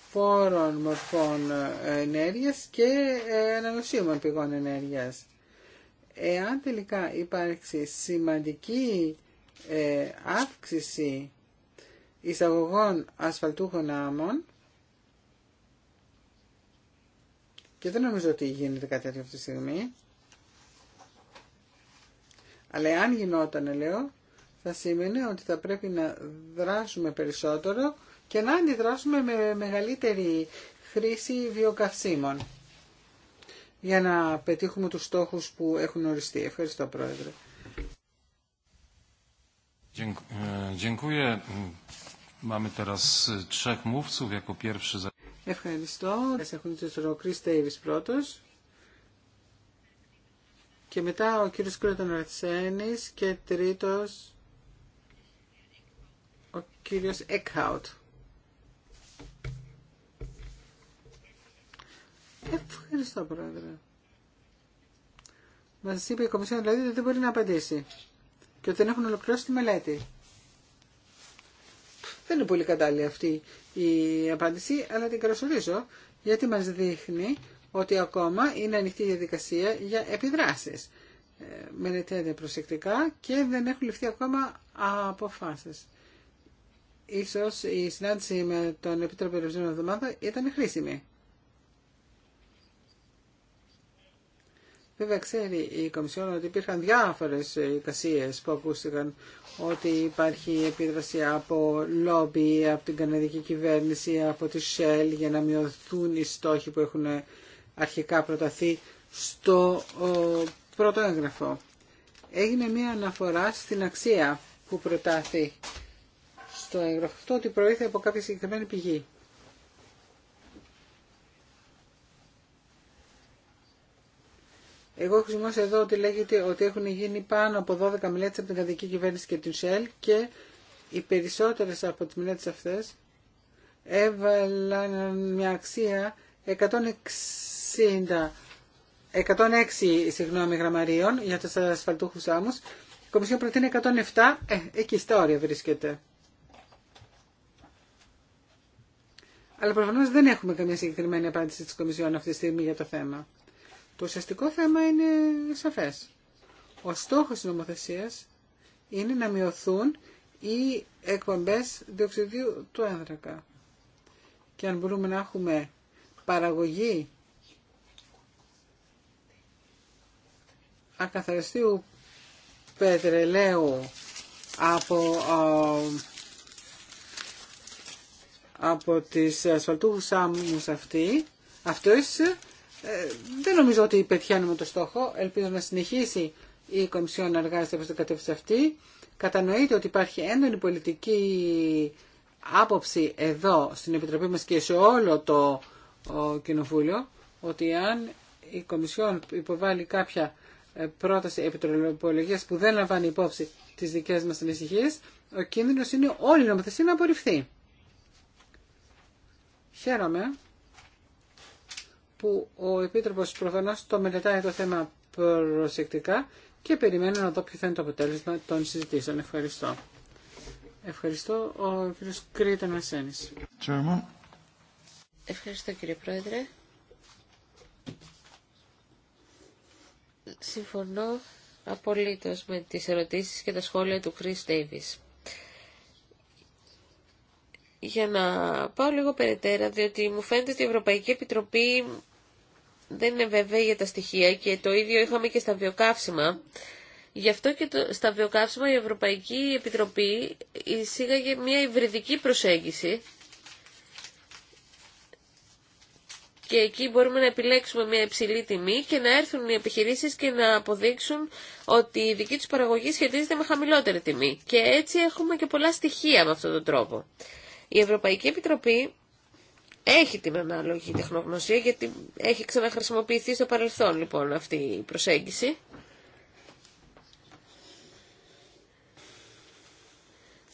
αηφόρων μορφών ενέργειας και ε, ανανοσίμων πηγών ενέργειας. Εάν τελικά υπάρξει σημαντική ε, αύξηση εισαγωγών ασφαλτούχων άμμων και δεν νομίζω ότι γίνεται κάτι αυτή τη στιγμή αλλά εάν γινόταν λέω θα σημαίνει ότι θα πρέπει να δράσουμε περισσότερο και να αντιδράσουμε με μεγαλύτερη χρήση βιοκαυσίμων για να πετύχουμε τους στόχους που έχουν οριστεί. Ευχαριστώ Πρόεδρε. Ε, e, Ευχαριστώ. Θα έχουν τον Κρίς Τέιβις πρώτος και μετά ο κύριος Κρέτον και τρίτος ο κύριος Εκχάουτ. Ευχαριστώ, Πρόεδρε. Μα είπε η Κομισιόν δηλαδή ότι δεν μπορεί να απαντήσει και ότι δεν έχουν ολοκληρώσει τη μελέτη. Δεν είναι πολύ κατάλληλη αυτή η απάντηση, αλλά την καλωσορίζω γιατί μας δείχνει ότι ακόμα είναι ανοιχτή η διαδικασία για επιδράσεις. Ε, Μελετέται προσεκτικά και δεν έχουν ληφθεί ακόμα αποφάσεις. Ίσως η συνάντηση με τον Επίτροπο Ελευθερών Εβδομάδα ήταν χρήσιμη. Βέβαια ξέρει η Κομισιόν ότι υπήρχαν διάφορες εικασίες που ακούστηκαν ότι υπάρχει επίδραση από λόμπι, από την καναδική κυβέρνηση, από τη ΣΕΛ για να μειωθούν οι στόχοι που έχουν αρχικά προταθεί στο πρώτο έγγραφο. Έγινε μία αναφορά στην αξία που προτάθη στο έγγραφο αυτό ότι προήλθε από κάποια συγκεκριμένη πηγή. Εγώ έχω σημειώσει εδώ ότι λέγεται ότι έχουν γίνει πάνω από 12 μελέτε από την κρατική κυβέρνηση και την ΣΕΛ και οι περισσότερες από τις μελέτε αυτές έβαλαν μια αξία 160 106 συγγνώμη, γραμμαρίων για τους ασφαλτούχους άμμους. Η Κομισιόν προτείνει 107. Ε, εκεί στα όρια βρίσκεται. Αλλά προφανώς δεν έχουμε καμία συγκεκριμένη απάντηση της Κομισιόν αυτή τη στιγμή για το θέμα. Το ουσιαστικό θέμα είναι σαφές. Ο στόχος της νομοθεσίας είναι να μειωθούν οι εκπομπές διοξιδίου του άνθρακα. Και αν μπορούμε να έχουμε παραγωγή ακαθαριστείου πετρελαίου από, από τις ασφαλτούχους άμμους αυτή, ε, δεν νομίζω ότι πετυχαίνουμε το στόχο. Ελπίζω να συνεχίσει η Κομισιόν να εργάζεται προς την κατεύθυνση αυτή. Κατανοείται ότι υπάρχει έντονη πολιτική άποψη εδώ στην Επιτροπή μας και σε όλο το Κοινοβούλιο ότι αν η Κομισιόν υποβάλει κάποια ε, πρόταση επιτροπολογία που δεν λαμβάνει υπόψη τις δικές μας ανησυχίε, ο κίνδυνος είναι όλη η νομοθεσία να απορριφθεί. Χαίρομαι που ο Επίτροπος προφανώς το μελετάει το θέμα προσεκτικά και περιμένω να δω ποιο θα είναι το αποτέλεσμα των συζητήσεων. Ευχαριστώ. Ευχαριστώ ο κ. Ευχαριστώ κύριε Πρόεδρε. Συμφωνώ απολύτως με τις ερωτήσεις και τα σχόλια του Chris Davis. Για να πάω λίγο περαιτέρα, διότι μου φαίνεται ότι η Ευρωπαϊκή Επιτροπή δεν είναι βέβαιοι για τα στοιχεία και το ίδιο είχαμε και στα βιοκαύσιμα. Γι' αυτό και το, στα βιοκαύσιμα η Ευρωπαϊκή Επιτροπή εισήγαγε μια υβριδική προσέγγιση και εκεί μπορούμε να επιλέξουμε μια υψηλή τιμή και να έρθουν οι επιχειρήσεις και να αποδείξουν ότι η δική τους παραγωγή σχετίζεται με χαμηλότερη τιμή. Και έτσι έχουμε και πολλά στοιχεία με αυτόν τον τρόπο. Η Ευρωπαϊκή Επιτροπή έχει την ανάλογη τεχνογνωσία γιατί έχει ξαναχρησιμοποιηθεί στο παρελθόν λοιπόν αυτή η προσέγγιση.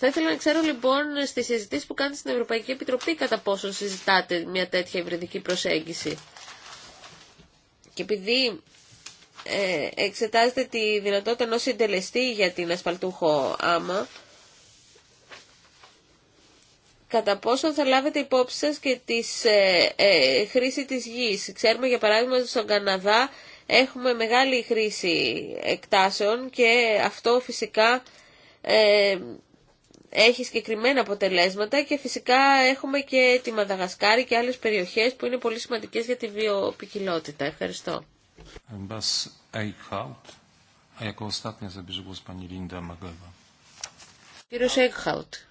Θα ήθελα να ξέρω λοιπόν στις συζητήσεις που κάνετε στην Ευρωπαϊκή Επιτροπή κατά πόσο συζητάτε μια τέτοια υβριδική προσέγγιση. Και επειδή ε, εξετάζετε τη δυνατότητα ενός συντελεστή για την ασφαλτούχο άμα, κατά πόσο θα λάβετε υπόψη σας και τη ε, ε, χρήση της γης. Ξέρουμε για παράδειγμα ότι στον Καναδά έχουμε μεγάλη χρήση εκτάσεων και αυτό φυσικά ε, έχει συγκεκριμένα αποτελέσματα και φυσικά έχουμε και τη Μαδαγασκάρη και άλλες περιοχές που είναι πολύ σημαντικές για τη βιοπικιλότητα. Ευχαριστώ. Κύριος Eichhout.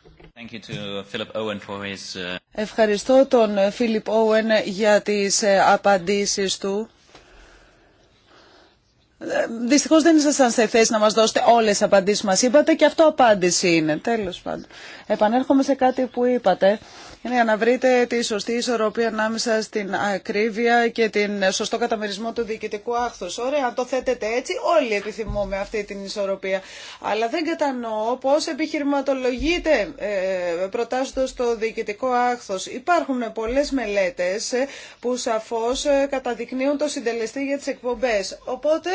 Uh, Ευχαριστώ τον Φίλιπ Όουεν για τις ε, απαντήσεις του. Δυστυχώ δεν ήσασταν σε θέση να μα δώσετε όλε τι απαντήσεις που μας είπατε και αυτό απάντηση είναι. τέλο πάντων. Επανέρχομαι σε κάτι που είπατε. Είναι να βρείτε τη σωστή ισορροπία ανάμεσα στην ακρίβεια και την σωστό καταμερισμό του διοικητικού άχθους. Ωραία, αν το θέτετε έτσι, όλοι επιθυμούμε αυτή την ισορροπία. Αλλά δεν κατανοώ πώ επιχειρηματολογείτε ε, το διοικητικό άχθο. Υπάρχουν πολλές μελέτες ε, που σαφώς ε, καταδεικνύουν το συντελεστή για τι εκπομπέ. Οπότε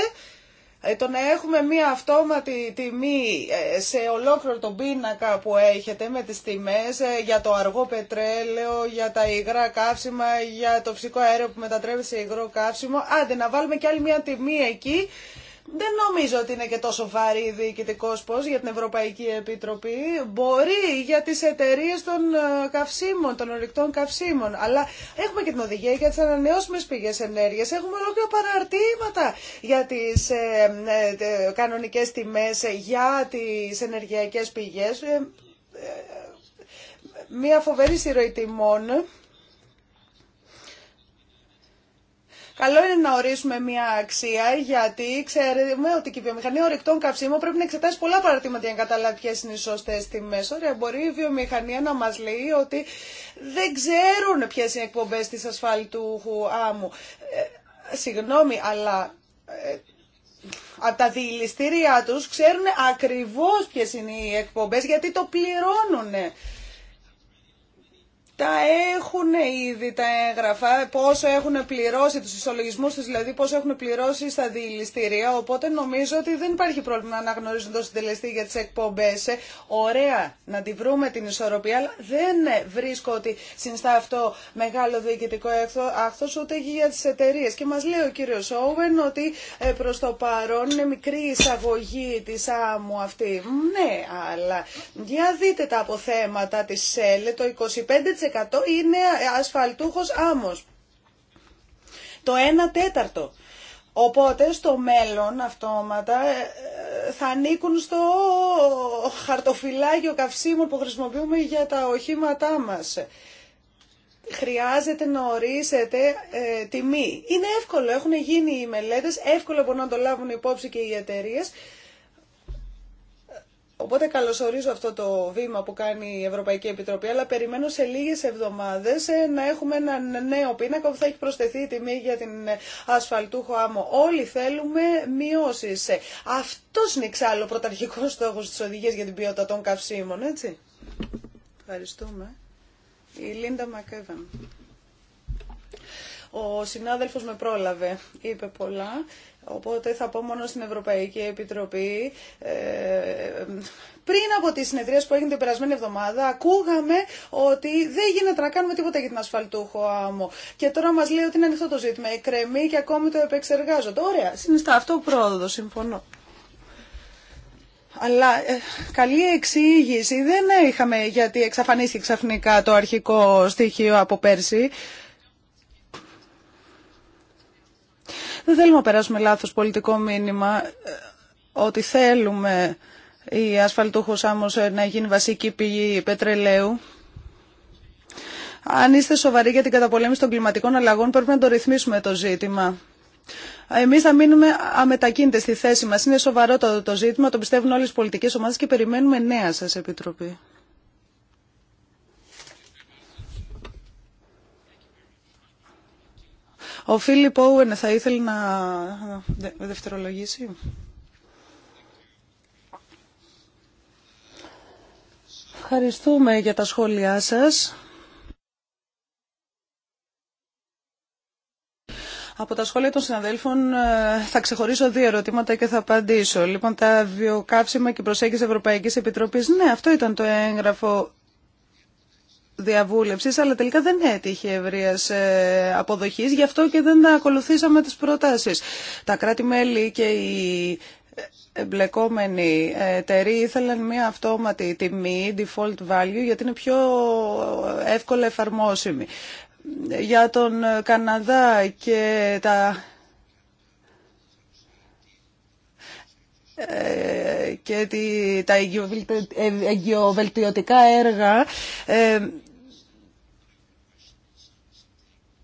ε, το να έχουμε μία αυτόματη τιμή ε, σε ολόκληρο τον πίνακα που έχετε με τις τιμές ε, για το αργό πετρέλαιο, για τα υγρά καύσιμα, για το φυσικό αέριο που μετατρέπει σε υγρό καύσιμο. Άντε να βάλουμε και άλλη μία τιμή εκεί δεν νομίζω ότι είναι και τόσο βαρύ διοικητικό πώ για την Ευρωπαϊκή Επιτροπή. Μπορεί για τι εταιρείε των ε, καυσίμων, των ορυκτών καυσίμων. Αλλά έχουμε και την οδηγία για τι ανανεώσιμε πηγέ ενέργεια. Έχουμε ολόκληρα παραρτήματα για τι ε, ε, κανονικέ τιμέ, για τι ενεργειακέ πηγέ. Μία φοβερή σειροή Καλό είναι να ορίσουμε μια αξία, γιατί ξέρουμε ότι και η βιομηχανία ορεικτών καυσίμων πρέπει να εξετάσει πολλά παρατήματα για να καταλάβει ποιε είναι οι σωστέ τιμέ. Ωραία, μπορεί η βιομηχανία να μα λέει ότι δεν ξέρουν ποιε είναι οι εκπομπέ τη ασφαλτούχου άμμου. Ε, συγγνώμη, αλλά ε, από τα διηληστήριά τους ξέρουν ακριβώς ποιες είναι οι εκπομπές γιατί το πληρώνουν. Τα έχουν ήδη τα έγγραφα, πόσο έχουν πληρώσει τους ισολογισμούς τους, δηλαδή πόσο έχουν πληρώσει στα διηληστήρια, οπότε νομίζω ότι δεν υπάρχει πρόβλημα να αναγνωρίζουν το συντελεστή για τις εκπομπές. Ε, ωραία, να τη βρούμε την ισορροπία, αλλά δεν βρίσκω ότι συνιστά αυτό μεγάλο διοικητικό άχθος ούτε για τις εταιρείε. Και μας λέει ο κύριος Όβεν ότι ε, προς το παρόν είναι μικρή εισαγωγή της άμμου αυτή. Ναι, αλλά για δείτε τα αποθέματα της ΣΕΛ, το 25% είναι ασφαλτούχος άμμος. Το 1 τέταρτο. Οπότε στο μέλλον αυτόματα ε, θα ανήκουν στο χαρτοφυλάκιο καυσίμων που χρησιμοποιούμε για τα οχήματά μας. Χρειάζεται να ορίσετε ε, τιμή. Είναι εύκολο, έχουν γίνει οι μελέτες, εύκολο μπορούν να το λάβουν υπόψη και οι εταιρείες. Οπότε καλωσορίζω αυτό το βήμα που κάνει η Ευρωπαϊκή Επιτροπή, αλλά περιμένω σε λίγες εβδομάδες ε, να έχουμε ένα νέο πίνακα που θα έχει προσθεθεί η τιμή για την ασφαλτούχο άμμο. Όλοι θέλουμε μειώσεις. Ε, αυτός είναι εξάλλου ο πρωταρχικός στόχος της οδηγίας για την ποιότητα των καυσίμων, έτσι. Ευχαριστούμε. Η Λίντα Μακέβαν. Ο συνάδελφος με πρόλαβε, είπε πολλά, οπότε θα πω μόνο στην Ευρωπαϊκή Επιτροπή. Ε, πριν από τις συνεδρίες που έγινε την περασμένη εβδομάδα, ακούγαμε ότι δεν γίνεται να κάνουμε τίποτα για την ασφαλτούχο άμμο. Και τώρα μας λέει ότι είναι ανοιχτό το ζήτημα, εκκρεμεί και ακόμη το επεξεργάζονται. Ωραία, συνιστά αυτό πρόοδο, συμφωνώ. Αλλά ε, καλή εξήγηση δεν είχαμε γιατί εξαφανίστηκε ξαφνικά το αρχικό στοιχείο από πέρσι. Δεν θέλουμε να περάσουμε λάθος πολιτικό μήνυμα ε, ότι θέλουμε η ασφαλτούχος άμμος ε, να γίνει βασική πηγή πετρελαίου. Αν είστε σοβαροί για την καταπολέμηση των κλιματικών αλλαγών πρέπει να το ρυθμίσουμε το ζήτημα. Εμεί θα μείνουμε αμετακίνητε στη θέση μα. Είναι σοβαρό το, το ζήτημα, το πιστεύουν όλε οι πολιτικέ ομάδε και περιμένουμε νέα σα επιτροπή. Ο Φίλιπ Όουεν θα ήθελε να δευτερολογήσει. Ευχαριστούμε για τα σχόλιά σας. Από τα σχόλια των συναδέλφων ε, θα ξεχωρίσω δύο ερωτήματα και θα απαντήσω. Λοιπόν, τα βιοκαύσιμα και προσέγγιση Ευρωπαϊκής Επιτροπής. Ναι, αυτό ήταν το έγγραφο διαβούλευσης, αλλά τελικά δεν έτυχε ευρεία ε, αποδοχής, γι' αυτό και δεν ακολουθήσαμε τις προτάσεις. Τα κράτη-μέλη και οι εμπλεκόμενοι εταιροί ήθελαν μια αυτόματη τιμή, default value, γιατί είναι πιο εύκολα εφαρμόσιμη. Για τον Καναδά και τα Ε, και τα εγκυοβελτιωτικά ε, έργα ε,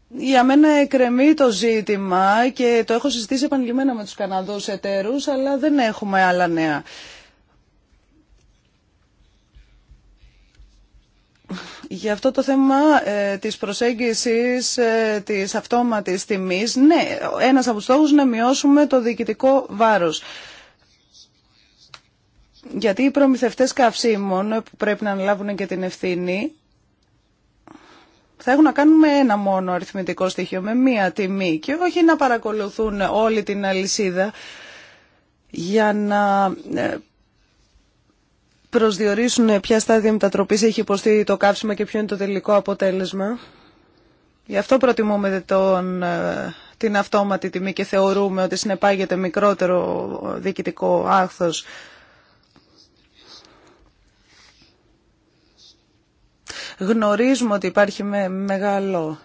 για μένα εκρεμεί το ζήτημα και το έχω συζητήσει επανειλημμένα με τους Καναδούς εταίρους, αλλά δεν έχουμε άλλα νέα. Για αυτό το θέμα της προσέγγισης της αυτόματης τιμής, ναι, ένας από τους στόχους να μειώσουμε το διοικητικό βάρος. Γιατί οι προμηθευτές καυσίμων που πρέπει να αναλάβουν και την ευθύνη θα έχουν να κάνουν με ένα μόνο αριθμητικό στοιχείο, με μία τιμή και όχι να παρακολουθούν όλη την αλυσίδα για να ε, προσδιορίσουν ποια στάδια μετατροπής έχει υποστεί το καύσιμο και ποιο είναι το τελικό αποτέλεσμα. Γι' αυτό προτιμούμε τον, ε, την αυτόματη τιμή και θεωρούμε ότι συνεπάγεται μικρότερο διοικητικό άχθος Γνωρίζουμε ότι υπάρχει μεγάλο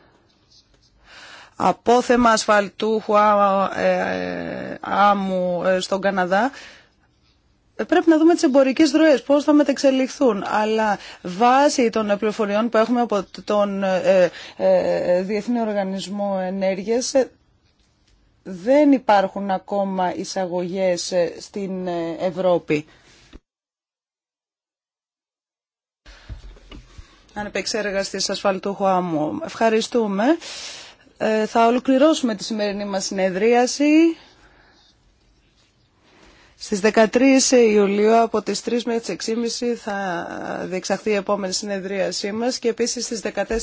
απόθεμα ασφαλτούχου ε, ε, άμμου ε, στον Καναδά. Πρέπει να δούμε τις εμπορικές δροές, πώς θα μετεξελιχθούν. Αλλά βάσει των πληροφοριών που έχουμε από τον Διεθνή Οργανισμό Ενέργειας, δεν υπάρχουν ακόμα εισαγωγές στην Ευρώπη. ανεπεξέργαστης ασφαλτούχου άμμου. Ευχαριστούμε. Ε, θα ολοκληρώσουμε τη σημερινή μας συνεδρίαση. Στις 13 Ιουλίου από τις 3 μέχρι τις 6.30 θα διεξαχθεί η επόμενη συνεδρίασή μας και επίσης στις 14